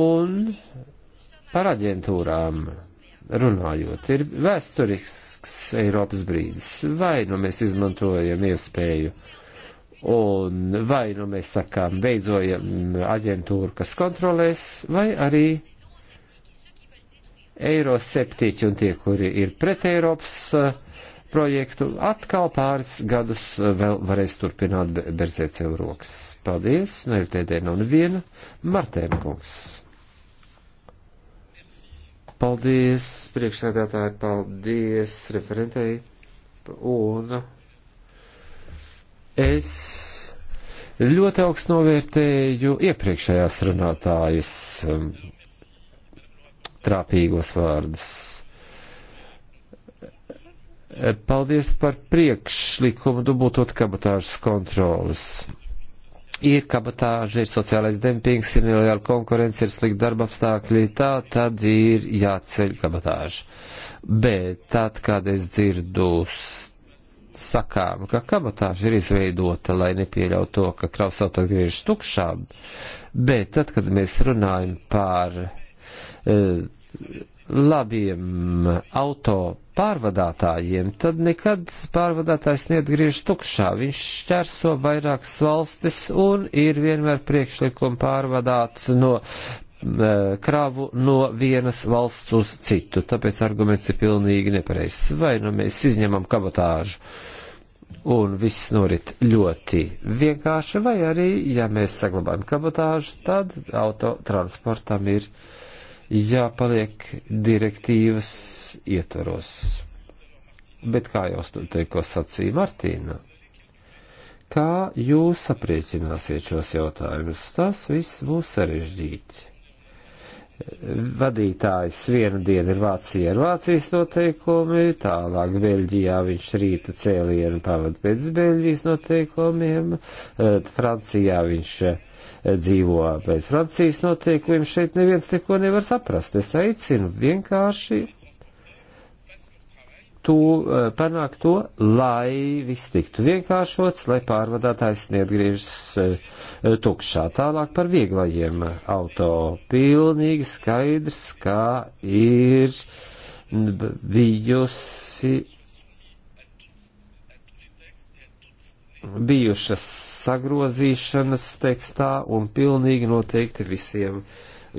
un par aģentūrām runājot, ir vēsturisks Eiropas brīdis. Vai nu mēs izmantojam iespēju, un vai nu mēs sakām, beidzojam aģentūru, kas kontrolēs, vai arī eiro septiņi un tie, kuri ir pret Eiropas eh, projektu, atkal pāris gadus eh, vēl varēs turpināt berzēt sev rokas. Paldies, neļutēdē nav neviena, Martēna kungs. Paldies, priekšsēdētāji, paldies referentei. Un es ļoti augstu novērtēju iepriekšējās runātājas um, trāpīgos vārdus. Paldies par priekšlikumu dubultot kabatāžas kontrolas. Ir kabatāža, ir sociālais dempings, ir nelojāla konkurence, ir slikti darba apstākļi, tā tad ir jāceļ kabatāža. Bet tad, kad es dzirdu sakām, ka kabatāža ir izveidota, lai nepieļautu to, ka kravs autogriežas tukšām, bet tad, kad mēs runājam par E, labiem auto pārvadātājiem, tad nekad pārvadātājs neatgriež tukšā. Viņš šķērso vairākas valstis un ir vienmēr priekšlikumi pārvadāts no e, kravu no vienas valsts uz citu. Tāpēc arguments ir pilnīgi nepareizs. Vai nu mēs izņemam kabotāžu un viss norit ļoti vienkārši, vai arī, ja mēs saglabājam kabotāžu, tad autotransportam ir jāpaliek direktīvas ietvaros. Bet kā jau teiko sacīja Martīna, kā jūs aprieķināsiet šos jautājumus, tas viss būs sarežģīti. Vadītājs vienu dienu ir Vācija ar Vācijas noteikumi, tālāk Beļģijā viņš rīta cēlienu pavad pēc Beļģijas noteikumiem, Francijā viņš uh, dzīvo pēc Francijas noteikumiem, šeit neviens neko nevar saprast. Es aicinu vienkārši to, eh, panākt to, lai viss tiktu vienkāršots, lai pārvadātājs neatgriežas eh, tukšā. Tālāk par vieglajiem auto. Pilnīgi skaidrs, kā ir bijusi bijušas sagrozīšanas tekstā un pilnīgi noteikti visiem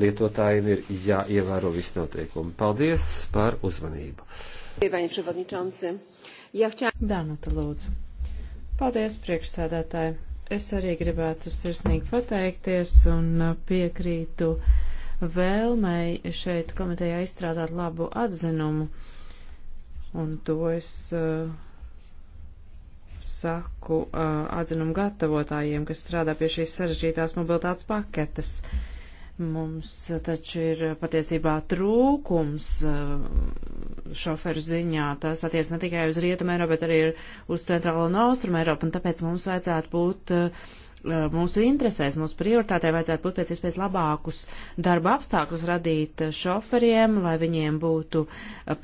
lietotājiem ir jāievēro visi noteikumi. Paldies par uzmanību. Danuta lūdzu. Paldies, priekšsēdētāji. Es arī gribētu sirsnīgi pateikties un piekrītu vēlmei šeit komitejā izstrādāt labu atzinumu. Un to es uh, saku uh, atzinumu gatavotājiem, kas strādā pie šīs sarežģītās mobilitātes paketes. Mums uh, taču ir uh, patiesībā trūkums uh, šoferu ziņā. Tas attiec ne tikai uz Rietumu Eiropu, bet arī uz Centrālo un Austrumu Eiropu, un tāpēc mums vajadzētu būt mūsu interesēs, mūsu prioritātē vajadzētu būt pēc iespējas labākus darba apstākļus radīt šoferiem, lai viņiem būtu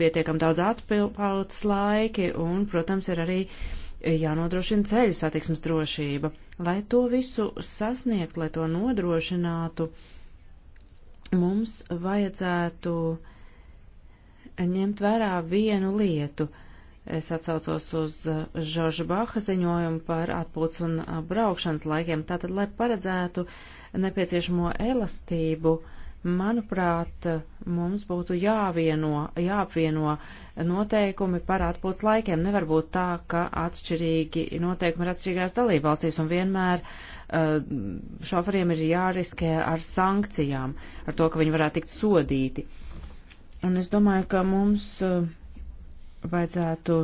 pietiekam daudz atpildes laiki, un, protams, ir arī uh, jānodrošina ceļu satiksmes drošība. Lai to visu sasniegt, lai to nodrošinātu, mums vajadzētu ņemt vērā vienu lietu. Es atsaucos uz uh, Žorža Baha ziņojumu par atpūts un uh, braukšanas laikiem, tātad, lai paredzētu nepieciešamo elastību uh, Manuprāt, mums būtu jāvieno, jāapvieno noteikumi par atpūtas laikiem. Nevar būt tā, ka atšķirīgi noteikumi ir atšķirīgās dalībvalstīs un vienmēr eh, šoferiem ir jāriskē ar sankcijām, ar to, ka viņi varētu tikt sodīti. Un es domāju, ka mums eh, vajadzētu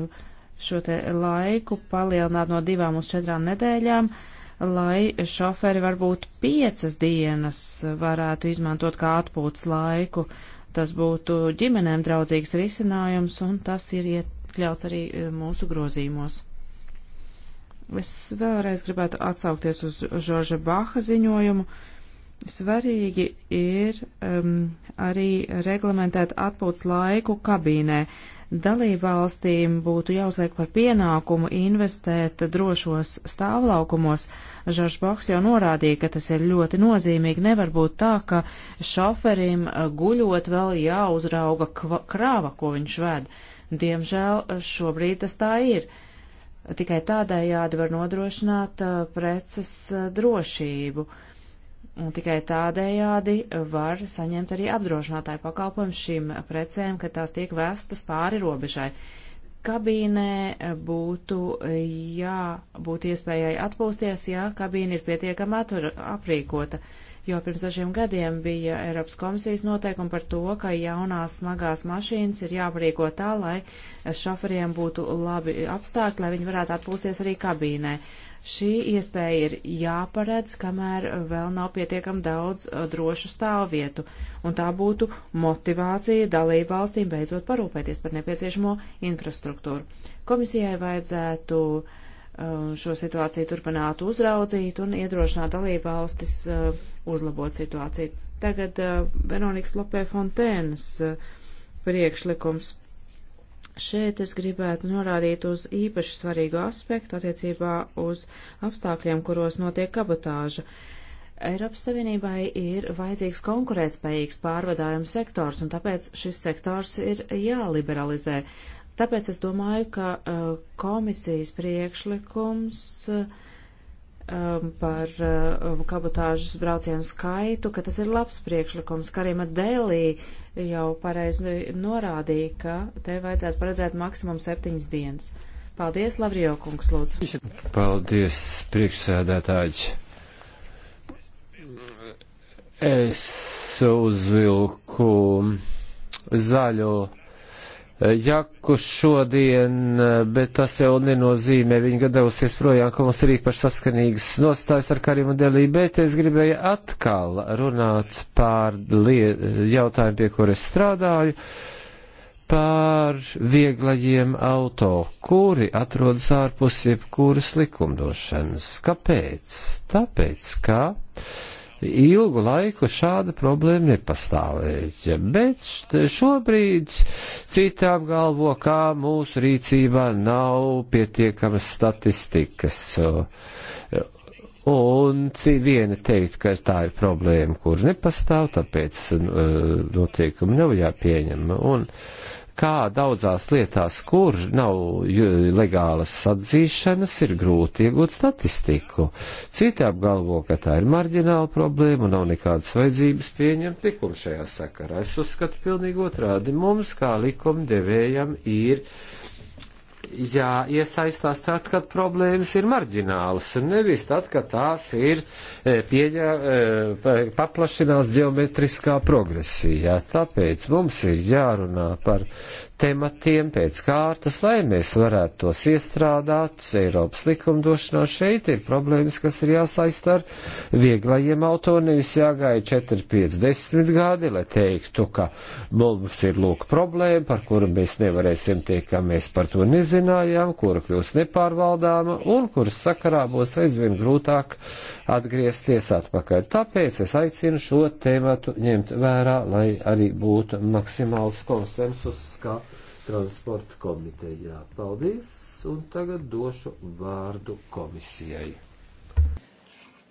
šo te laiku palielināt no divām uz četrām nedēļām. Uh, lai šoferi varbūt piecas dienas varētu izmantot kā atpūtas laiku. Tas būtu ģimenēm draudzīgs risinājums, un tas ir iekļauts arī e, mūsu grozīmos. Es vēlreiz gribētu atsaukties uz Žorža Baha ziņojumu. Svarīgi ir um, arī reglamentēt atpūtas laiku kabīnē. Uh, dalībvalstīm būtu jāuzliek par pienākumu investēt drošos stāvlaukumos. Žoržs Boks jau norādīja, ka tas ir ļoti nozīmīgi. Nevar būt tā, ka šoferim eh, guļot vēl jāuzrauga krāva, ko viņš ved. Diemžēl šobrīd tas tā ir. Tikai tādējādi var nodrošināt eh, preces eh, drošību. Uh, Un tikai tādējādi var saņemt arī apdrošinātāju pakalpojumu šīm precēm, kad tās tiek vestas pāri robežai. Kabīnē eh, būtu eh, jābūt iespējai atpūsties, ja kabīna ir pietiekami aprīkota, jo pirms dažiem gadiem bija Eiropas komisijas noteikumi par to, ka jaunās smagās mašīnas ir jāaprīko tā, lai šoferiem būtu labi apstākļi, lai viņi varētu atpūsties arī kabīnē. Uh, Šī iespēja ir jāparedz, kamēr vēl nav pietiekam daudz uh, drošu stāvvietu, un tā būtu motivācija dalību valstīm beidzot parūpēties par nepieciešamo infrastruktūru. Komisijai vajadzētu uh, šo situāciju turpināt uzraudzīt un iedrošināt dalību valstis uh, uzlabot situāciju. Tagad Veronikas Lopē Fontēnas priekšlikums Šeit es gribētu norādīt uz īpaši svarīgu aspektu attiecībā uz apstākļiem, kuros notiek kabotāža. Eiropas Savienībai ir vajadzīgs konkurētspējīgs pārvadājuma sektors, un tāpēc šis sektors ir jāliberalizē. Tāpēc es domāju, ka uh, komisijas priekšlikums uh, um, par um, kabotāžas braucienu skaitu, ka tas ir labs priekšlikums. Karima Delī jau pareizi norādīja, ka te vajadzētu paredzēt maksimum septiņas dienas. Paldies, Lavrijo kungs, lūdzu. Paldies, priekšsēdētāji. Es uzvilku zaļo jaku šodien, bet tas jau nenozīmē, viņi gadavusies projām, ka mums ir īpaši saskanīgas nostājas ar Karimu Delī, bet es gribēju atkal runāt pār jautājumu, pie kur es strādāju, pār vieglajiem auto, kuri atrodas ārpus jebkuras likumdošanas. Kāpēc? Tāpēc, ka. Kā ilgu laiku šāda problēma nepastāvēja, bet šobrīd citām galvo, kā mūsu rīcībā nav pietiekamas statistikas. Un viena teikt, ka tā ir problēma, kur nepastāv, tāpēc uh, notiekumi nav jāpieņem. Un, uh, kā daudzās lietās, kur nav legālas atzīšanas, ir grūti iegūt statistiku. Citi apgalvo, ka tā ir marģināla problēma un nav nekādas vajadzības pieņemt likumu šajā sakarā. Es uzskatu pilnīgi otrādi. Mums, kā likumdevējam, ir jāiesaistās tad, kad problēmas ir marģinālas, un nevis tad, kad tās ir e, pieņa, e, paplašinās geometriskā progresijā. Tāpēc mums ir jārunā par tematiem pēc kārtas, lai mēs varētu tos iestrādāt Eiropas likumdošanā. Šeit ir problēmas, kas ir jāsaist ar vieglajiem auto, nevis jāgāja 4, 5, 10 gadi, lai teiktu, ka mums ir lūk problēma, par kuru mēs nevarēsim teikt, ka mēs par to nezinājām, kura kļūs nepārvaldāma un kuras sakarā būs aizvien grūtāk atgriezties atpakaļ. Tāpēc es aicinu šo tēmatu ņemt vērā, lai arī būtu maksimāls konsensus kā transporta komitejā. Paldies, un tagad došu vārdu komisijai.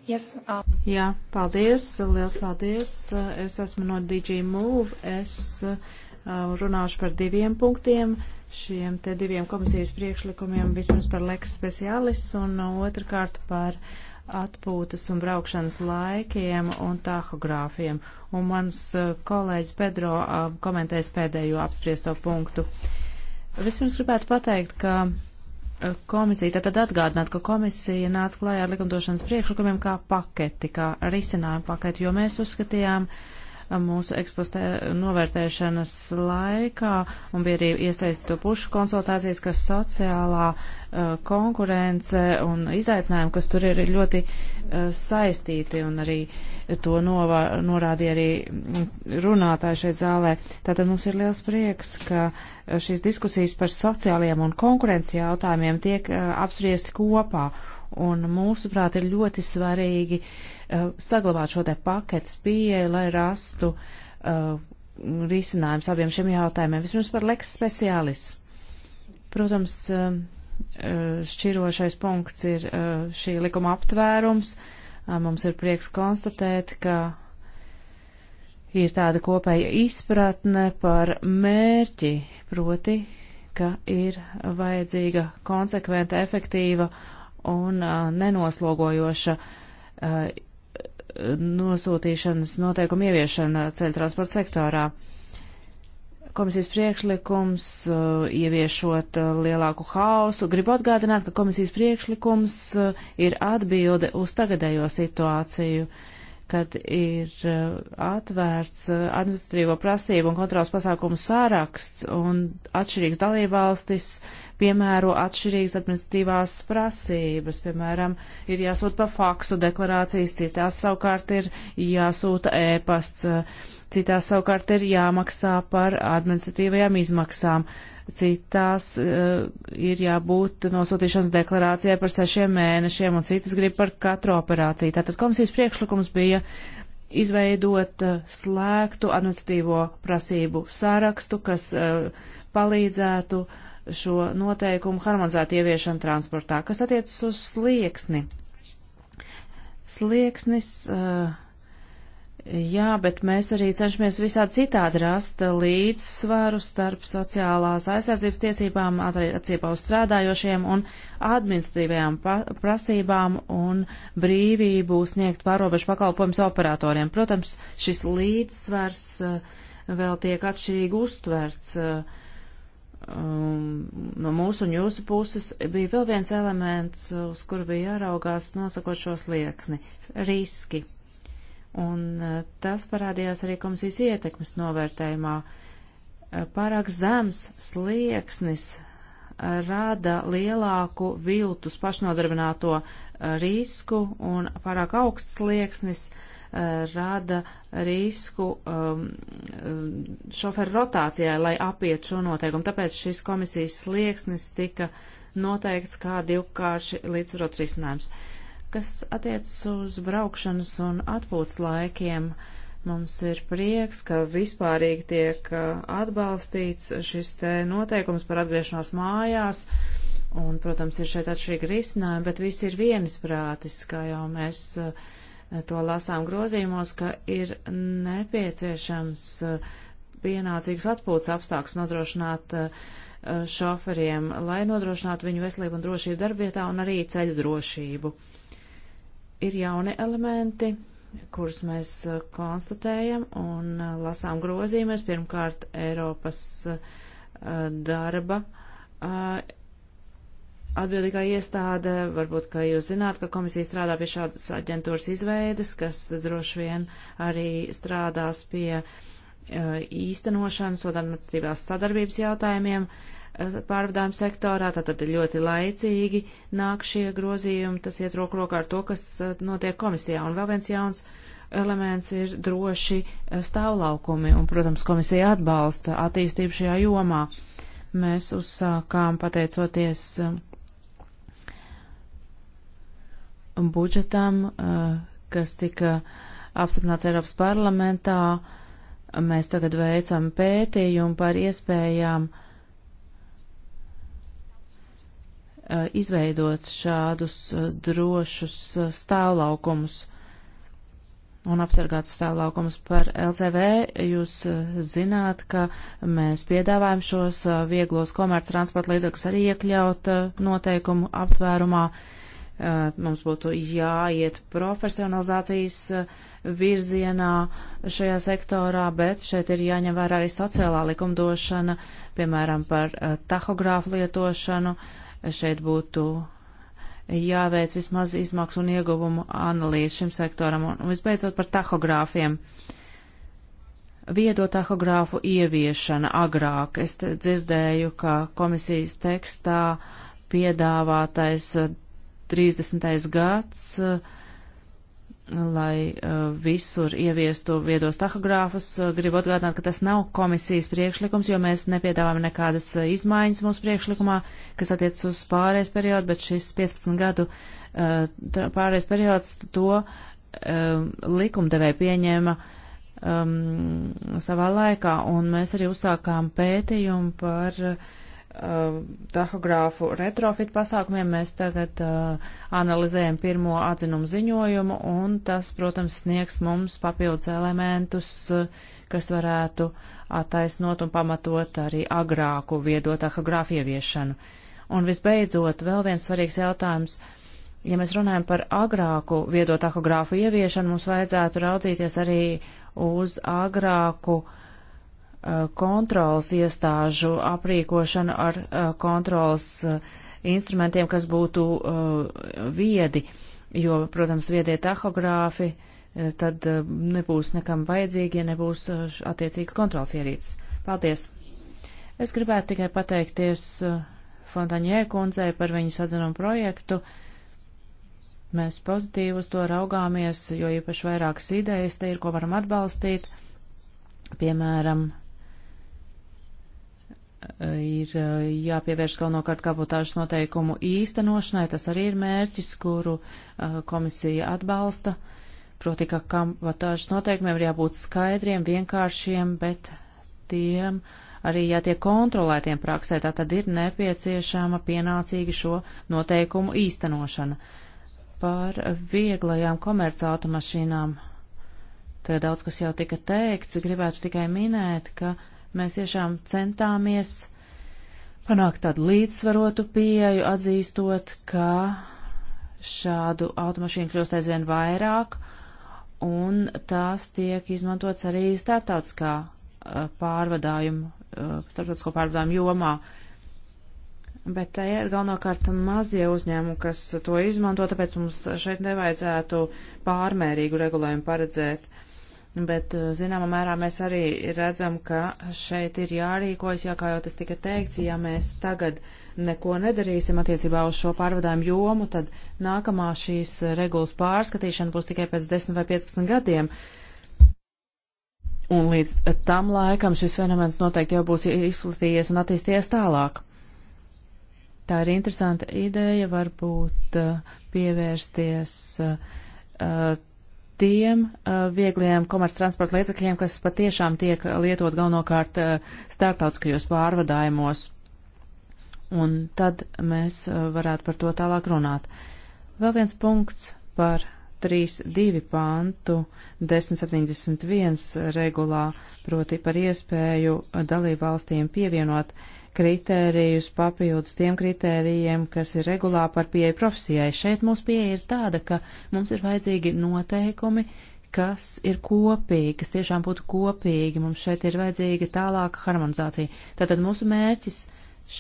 Yes, uh... Jā, paldies, liels paldies. Es esmu no DG Move. Es uh, runāšu par diviem punktiem, šiem te diviem komisijas priekšlikumiem, vispirms par leks speciālis un otrkārt par uh, atpūtas un braukšanas laikiem un tahogrāfiem. Un mans e, kolēģis Pedro e, komentēs pēdējo apspriesto punktu. Vispirms gribētu pateikt, ka e, komisija, tad atgādināt, ka komisija nāca klājā ar likumdošanas priekšlikumiem kā paketi, kā risinājumu paketi, jo mēs uzskatījām, uh, mūsu ekspostē novērtēšanas laikā un bija arī iesaistīto pušu konsultācijas, ka sociālā uh, konkurence un izaicinājumi, kas tur ir ļoti uh, saistīti un arī to novā, norādīja arī runātāji šeit zālē. Tātad mums ir liels prieks, ka uh, šīs diskusijas par sociālajiem un konkurences jautājumiem tiek uh, apspriesti kopā. Un mūsuprāt ir ļoti svarīgi uh, Uh, saglabāt šo te paketes pieeju, lai rastu uh, risinājums abiem šiem jautājumiem. Vispirms par leks speciālis. Protams, um, uh, šķirošais punkts ir uh, šī likuma aptvērums. Mums ir prieks konstatēt, ka ir tāda kopēja izpratne par mērķi, proti, ka ir vajadzīga konsekventa, efektīva un uh, nenoslogojoša uh, nosūtīšanas noteikumu ieviešana ceļu transporta sektorā. Komisijas priekšlikums uh, ieviešot uh, lielāku hausu. Gribu atgādināt, ka komisijas priekšlikums uh, ir atbilde uz tagadējo situāciju, kad ir uh, atvērts uh, administratīvo prasību un kontrolas pasākumu sāraksts un atšķirīgs dalībvalstis uh, piemēro atšķirīgas administratīvās prasības. Piemēram, ir jāsūta pa faksu deklarācijas, citās savukārt ir jāsūta ēpasts, citās savukārt ir jāmaksā par administratīvajām izmaksām. Citās uh, ir jābūt nosūtīšanas deklarācijai par sešiem mēnešiem, un citas grib par katru operāciju. Tātad komisijas priekšlikums bija izveidot eh, slēgtu administratīvo prasību sārakstu, kas uh, palīdzētu šo noteikumu harmonizētu ieviešanu transportā. Kas attiecas uz slieksni? Slieksnis, uh, jā, bet mēs arī cenšamies visā citādi rast līdzsvaru starp sociālās aizsardzības tiesībām, attiecībā uz strādājošiem un administratīvajām prasībām un brīvību sniegt pārobežu pakalpojumus operatoriem. Protams, šis līdzsvars uh, vēl tiek atšķirīgi uztverts. Uh, um, no mūsu un jūsu puses bija vēl viens elements, uz kuru bija jāraugās nosakot šo slieksni - riski. Un uh, tas parādījās arī komisijas ietekmes novērtējumā. Uh, pārāk zems slieksnis uh, rada lielāku viltus pašnodarbināto uh, risku un pārāk augsts slieksnis uh, rada risku um, šoferu rotācijai, lai apiet šo noteikumu. Tāpēc šis komisijas slieksnis tika noteikts kā divkārši līdzsvarots risinājums. Kas attiecas uz braukšanas un atpūtas laikiem, mums ir prieks, ka vispārīgi tiek uh, atbalstīts šis te noteikums par atgriešanos mājās. Un, protams, ir šeit atšķirīgi risinājumi, bet visi ir vienisprātis, kā jau mēs uh, to lasām grozījumos, ka ir nepieciešams uh, pienācīgs atpūtas apstākļus nodrošināt uh, uh, šoferiem, lai nodrošinātu viņu veselību un drošību darbvietā un arī ceļu drošību. Ir jauni elementi, kurus mēs konstatējam un lasām grozījumies. Pirmkārt, Eiropas darba atbildīgā iestāde, varbūt, ka jūs zināt, ka komisija strādā pie šādas aģentūras izveides, kas droši vien arī strādās pie uh, īstenošanas un administratīvās sadarbības jautājumiem uh, pārvadājuma sektorā, tātad ļoti laicīgi nāk šie grozījumi, tas iet roku rokā ar to, kas uh, notiek komisijā. Un vēl viens jauns elements ir droši stāvlaukumi, un, protams, komisija atbalsta attīstību šajā jomā. Mēs uzsākām pateicoties budžetam, eh, kas tika apstiprināts Eiropas parlamentā, mēs tagad veicam pētījumu par iespējām eh, izveidot šādus eh, drošus stāvlaukumus un apsargāts stāvlaukums par LCV. Jūs zināt, ka mēs piedāvājam šos vieglos komerc transporta līdzekļus arī iekļaut noteikumu aptvērumā. Uh, mums būtu jāiet profesionalizācijas virzienā šajā sektorā, bet šeit ir jāņem vērā arī sociālā likumdošana, piemēram, par tahogrāfu lietošanu. Šeit būtu jāveic vismaz izmaksu un ieguvumu analīze šim sektoram. Un visbeidzot par tahogrāfiem. Viedo tahogrāfu ieviešana agrāk. Es dzirdēju, ka komisijas tekstā piedāvātais 30. gads, eh, lai eh, visur ieviestu viedos tahogrāfus. Eh, gribu atgādināt, ka tas nav komisijas priekšlikums, jo mēs nepiedāvājam nekādas izmaiņas mūsu priekšlikumā, kas attiec uz pārējais periodu, bet šis 15 gadu pārējais periods to likumdevēja pieņēma um, savā laikā, un mēs arī uzsākām pētījumu par uh, Uh, tahogrāfu retrofit pasākumiem mēs tagad uh, analizējam pirmo atzinumu ziņojumu, un tas, protams, sniegs mums papildus elementus, uh, kas varētu attaisnot un pamatot arī agrāku viedo tahogrāfu ieviešanu. Un visbeidzot, vēl viens svarīgs jautājums. Ja mēs runājam par agrāku viedo tahogrāfu ieviešanu, mums vajadzētu raudzīties arī uz agrāku uh, Uh, kontrolas iestāžu aprīkošanu ar uh, kontrolas uh, instrumentiem, kas būtu viedi, jo, protams, viedie tahogrāfi tad nebūs nekam vajadzīgi, ja nebūs attiecīgas kontrolas ierīces. Paldies! Es gribētu tikai pateikties Fontaņē kundzei par viņas atzinumu projektu. Mēs pozitīvi uz to raugāmies, jo īpaši vairākas idejas te ir, ko varam atbalstīt. Piemēram, ir e, jāpievērš galvenokārt kabotāžas noteikumu īstenošanai. Tas arī ir mērķis, kuru e, komisija atbalsta. Proti, ka kabotāžas noteikumiem ir jābūt skaidriem, vienkāršiem, bet tiem arī jātiek kontrolētiem praksē. Tā tad ir nepieciešama pienācīga šo noteikumu īstenošana. Par vieglajām komercautomašīnām. Te daudz kas jau tika teikts, gribētu tikai minēt, ka uh, Mēs tiešām centāmies panākt tādu līdzsvarotu pieeju, atzīstot, ka šādu automašīnu kļūst aizvien vairāk, un tās tiek izmantots arī starptautiskā pārvadājumu, starptautisko pārvadājumu jomā. Bet te ir galvenokārt mazie uzņēmumi, kas to izmanto, tāpēc mums šeit nevajadzētu pārmērīgu regulējumu paredzēt. Uh, bet eh, zināmā mērā mēs arī redzam, ka šeit ir jārīkojas, jo, kā jau tas tika teikts, ja mēs tagad neko nedarīsim attiecībā uz šo pārvadājumu jomu, tad nākamā šīs regulas pārskatīšana būs tikai pēc 10 vai 15 gadiem. Un līdz tam laikam šis fenomens noteikti jau būs izplatījies un attīstījies tālāk. Tā ir interesanta ideja, varbūt eh, pievērsties uh, tiem uh, viegliem komerctransporta līdzekļiem, kas patiešām tiek lietot galvenokārt uh, starptautiskajos pārvadājumos. Un tad mēs uh, varētu par to tālāk runāt. Vēl viens punkts par 3.2 pantu 1071 regulā, proti par iespēju dalību valstīm pievienot uh, kritērijus papildus tiem kritērijiem, kas ir regulā par pieeju profesijai. Šeit mūsu pieeja ir tāda, ka mums ir vajadzīgi noteikumi, kas ir kopīgi, kas tiešām būtu kopīgi. Mums šeit ir vajadzīga tālāka harmonizācija. Tātad mūsu mērķis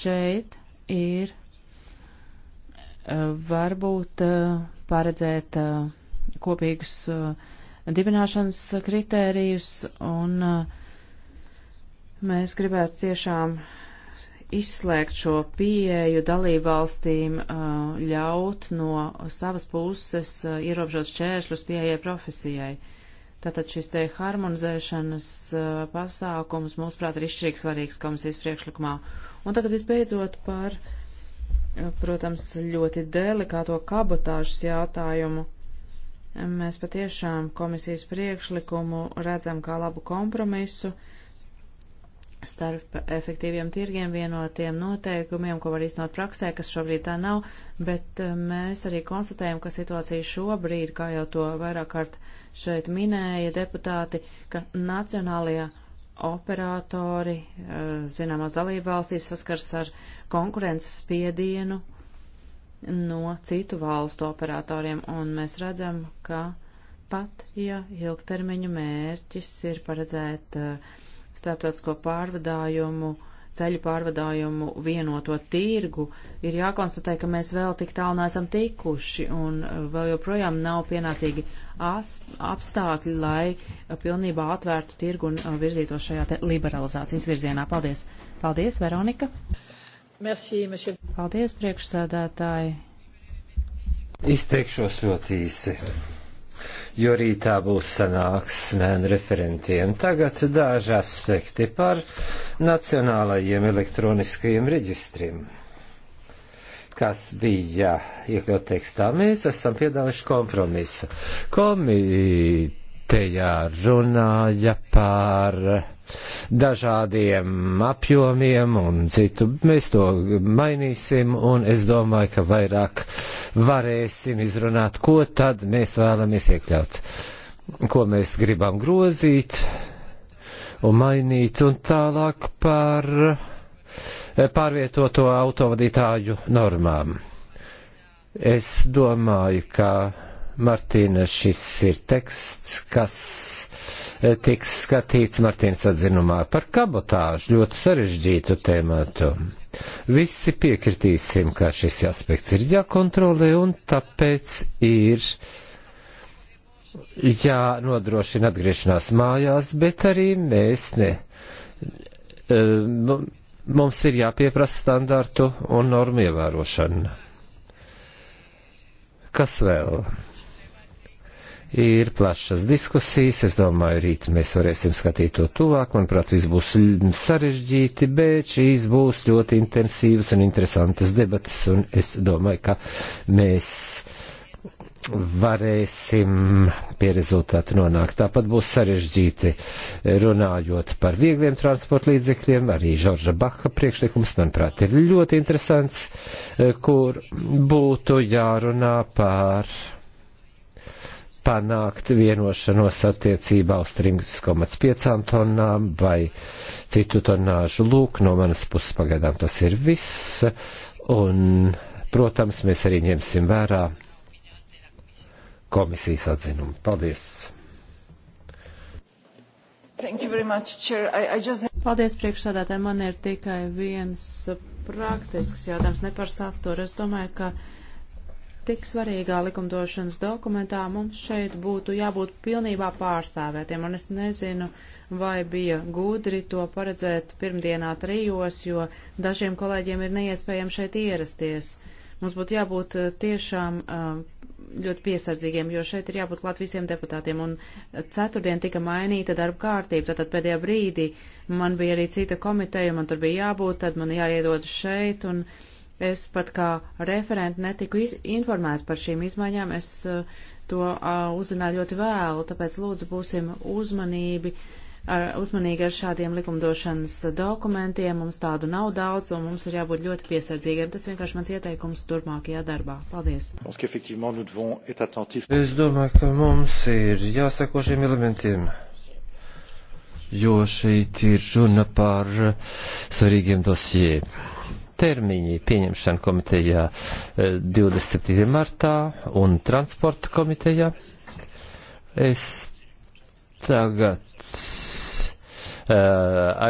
šeit ir eh, varbūt eh, paredzēt eh, kopīgus dibināšanas kritērijus un mēs gribētu tiešām izslēgt šo pieeju dalībvalstīm, uh, ļaut no savas puses uh, ierobežot šķēršļus pieejai profesijai. Tātad šis te harmonizēšanas uh, pasākums, mūsuprāt, ir izšķirīgi svarīgs komisijas priekšlikumā. Un tagad visbeidzot par, protams, ļoti delikāto kabotāžas jautājumu. Mēs patiešām komisijas priekšlikumu redzam kā labu kompromisu. Uh, starp efektīviem tirgiem, vienotiem noteikumiem, ko var iznot praksē, kas šobrīd tā nav, bet eh, mēs arī konstatējam, ka situācija šobrīd, kā jau to vairāk kārt šeit minēja deputāti, ka nacionālajā operatori eh, zināmās dalībvalstīs saskars ar konkurences spiedienu no citu valstu operatoriem, un mēs redzam, ka pat, ja ilgtermiņu mērķis ir paredzēt uh, starptautisko pārvadājumu, ceļu pārvadājumu vienoto tirgu, ir jākonstatē, ka mēs vēl tik tālu neesam tikuši un uh, vēl joprojām nav pienācīgi apstākļi, lai uh, pilnībā atvērtu tirgu un uh, virzītos šajā liberalizācijas virzienā. Paldies! Paldies, Veronika! Merci, monsieur. Paldies, priekšsēdētāji! Izteikšos ļoti īsi jo rītā būs sanāksme un referentiem. Tagad daži aspekti par nacionālajiem elektroniskajiem reģistriem kas bija iekļaut tekstā. Mēs esam piedāvājuši kompromisu. Komitejā runāja par dažādiem apjomiem un citu. Mēs to mainīsim un es domāju, ka vairāk varēsim izrunāt, ko tad mēs vēlamies iekļaut, ko mēs gribam grozīt un mainīt un tālāk par pārvietoto autovadītāju normām. Es domāju, ka Martīna, šis ir teksts, kas eh, tiks skatīts Martīnas atzinumā par kabotāžu, ļoti sarežģītu tēmatu. Visi piekritīsim, ka šis aspekts ir jākontrolē un tāpēc ir jānodrošina atgriešanās mājās, bet arī mēs ne. Eh, mums ir jāpieprasa standartu un normu ievērošana. Kas vēl? ir plašas diskusijas. Es domāju, rīt mēs varēsim skatīt to tuvāk. Manuprāt, viss būs sarežģīti, bet šīs būs ļoti intensīvas un interesantas debatas, un es domāju, ka mēs varēsim pie rezultātu nonākt. Tāpat būs sarežģīti runājot par viegliem transporta līdzekļiem. Arī Žorža Baha priekšlikums, manuprāt, ir ļoti interesants, e, kur būtu jārunā par panākt vienošanos attiecībā uz 3,5 tonnām vai citu tonnāžu. Lūk, no manas puses pagaidām tas ir viss. Un, protams, mēs arī ņemsim vērā komisijas atzinumu. Paldies! Much, Chair. I, I just... Paldies, priekšsādātāji. Man ir tikai viens praktisks jautājums, ne par saturu. Es domāju, ka tik svarīgā likumdošanas dokumentā mums šeit būtu jābūt pilnībā pārstāvētiem, un es nezinu, vai bija gudri to paredzēt pirmdienā trijos, jo dažiem kolēģiem ir neiespējami šeit ierasties. Mums būtu jābūt eh, tiešām eh, ļoti piesardzīgiem, jo šeit ir jābūt klāt visiem deputātiem. Un ceturtdien tika mainīta darba kārtība, tātad pēdējā brīdī man bija arī cita komiteja, man tur bija jābūt, tad man jāiedod šeit. Un, uh, Es pat kā referenti netiku informēta par šīm izmaiņām. Es uh, to uh, uzzināju ļoti vēlu, tāpēc lūdzu būsim uzmanībi. Ar, uzmanīgi ar šādiem likumdošanas dokumentiem mums tādu nav daudz, un mums ir jābūt ļoti piesardzīgiem. Tas vienkārši mans ieteikums turpmākajā darbā. Paldies! Es domāju, ka mums ir jāsako šiem elementiem jo šeit ir runa par svarīgiem dosijiem termiņi pieņemšana komitejā 27. Eh, martā un transporta komitejā. Es tagad eh,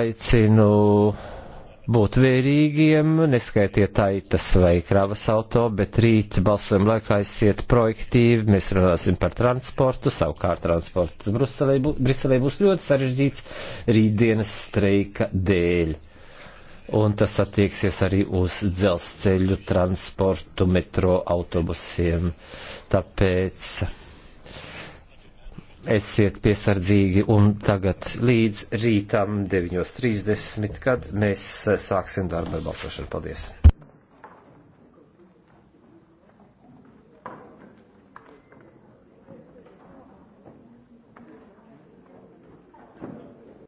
aicinu būt vērīgiem, neskaitiet taitas vai kravas auto, bet rīt balsojuma laikā esiet projektīvi, mēs runāsim par transportu, savukārt transports Briselē būs ļoti sarežģīts rītdienas streika dēļ un tas attieksies arī uz dzelzceļu, transportu, metro, autobusiem. Tāpēc esiet piesardzīgi un tagad līdz rītam 9.30, kad mēs sāksim darbu ar balsošanu. Paldies!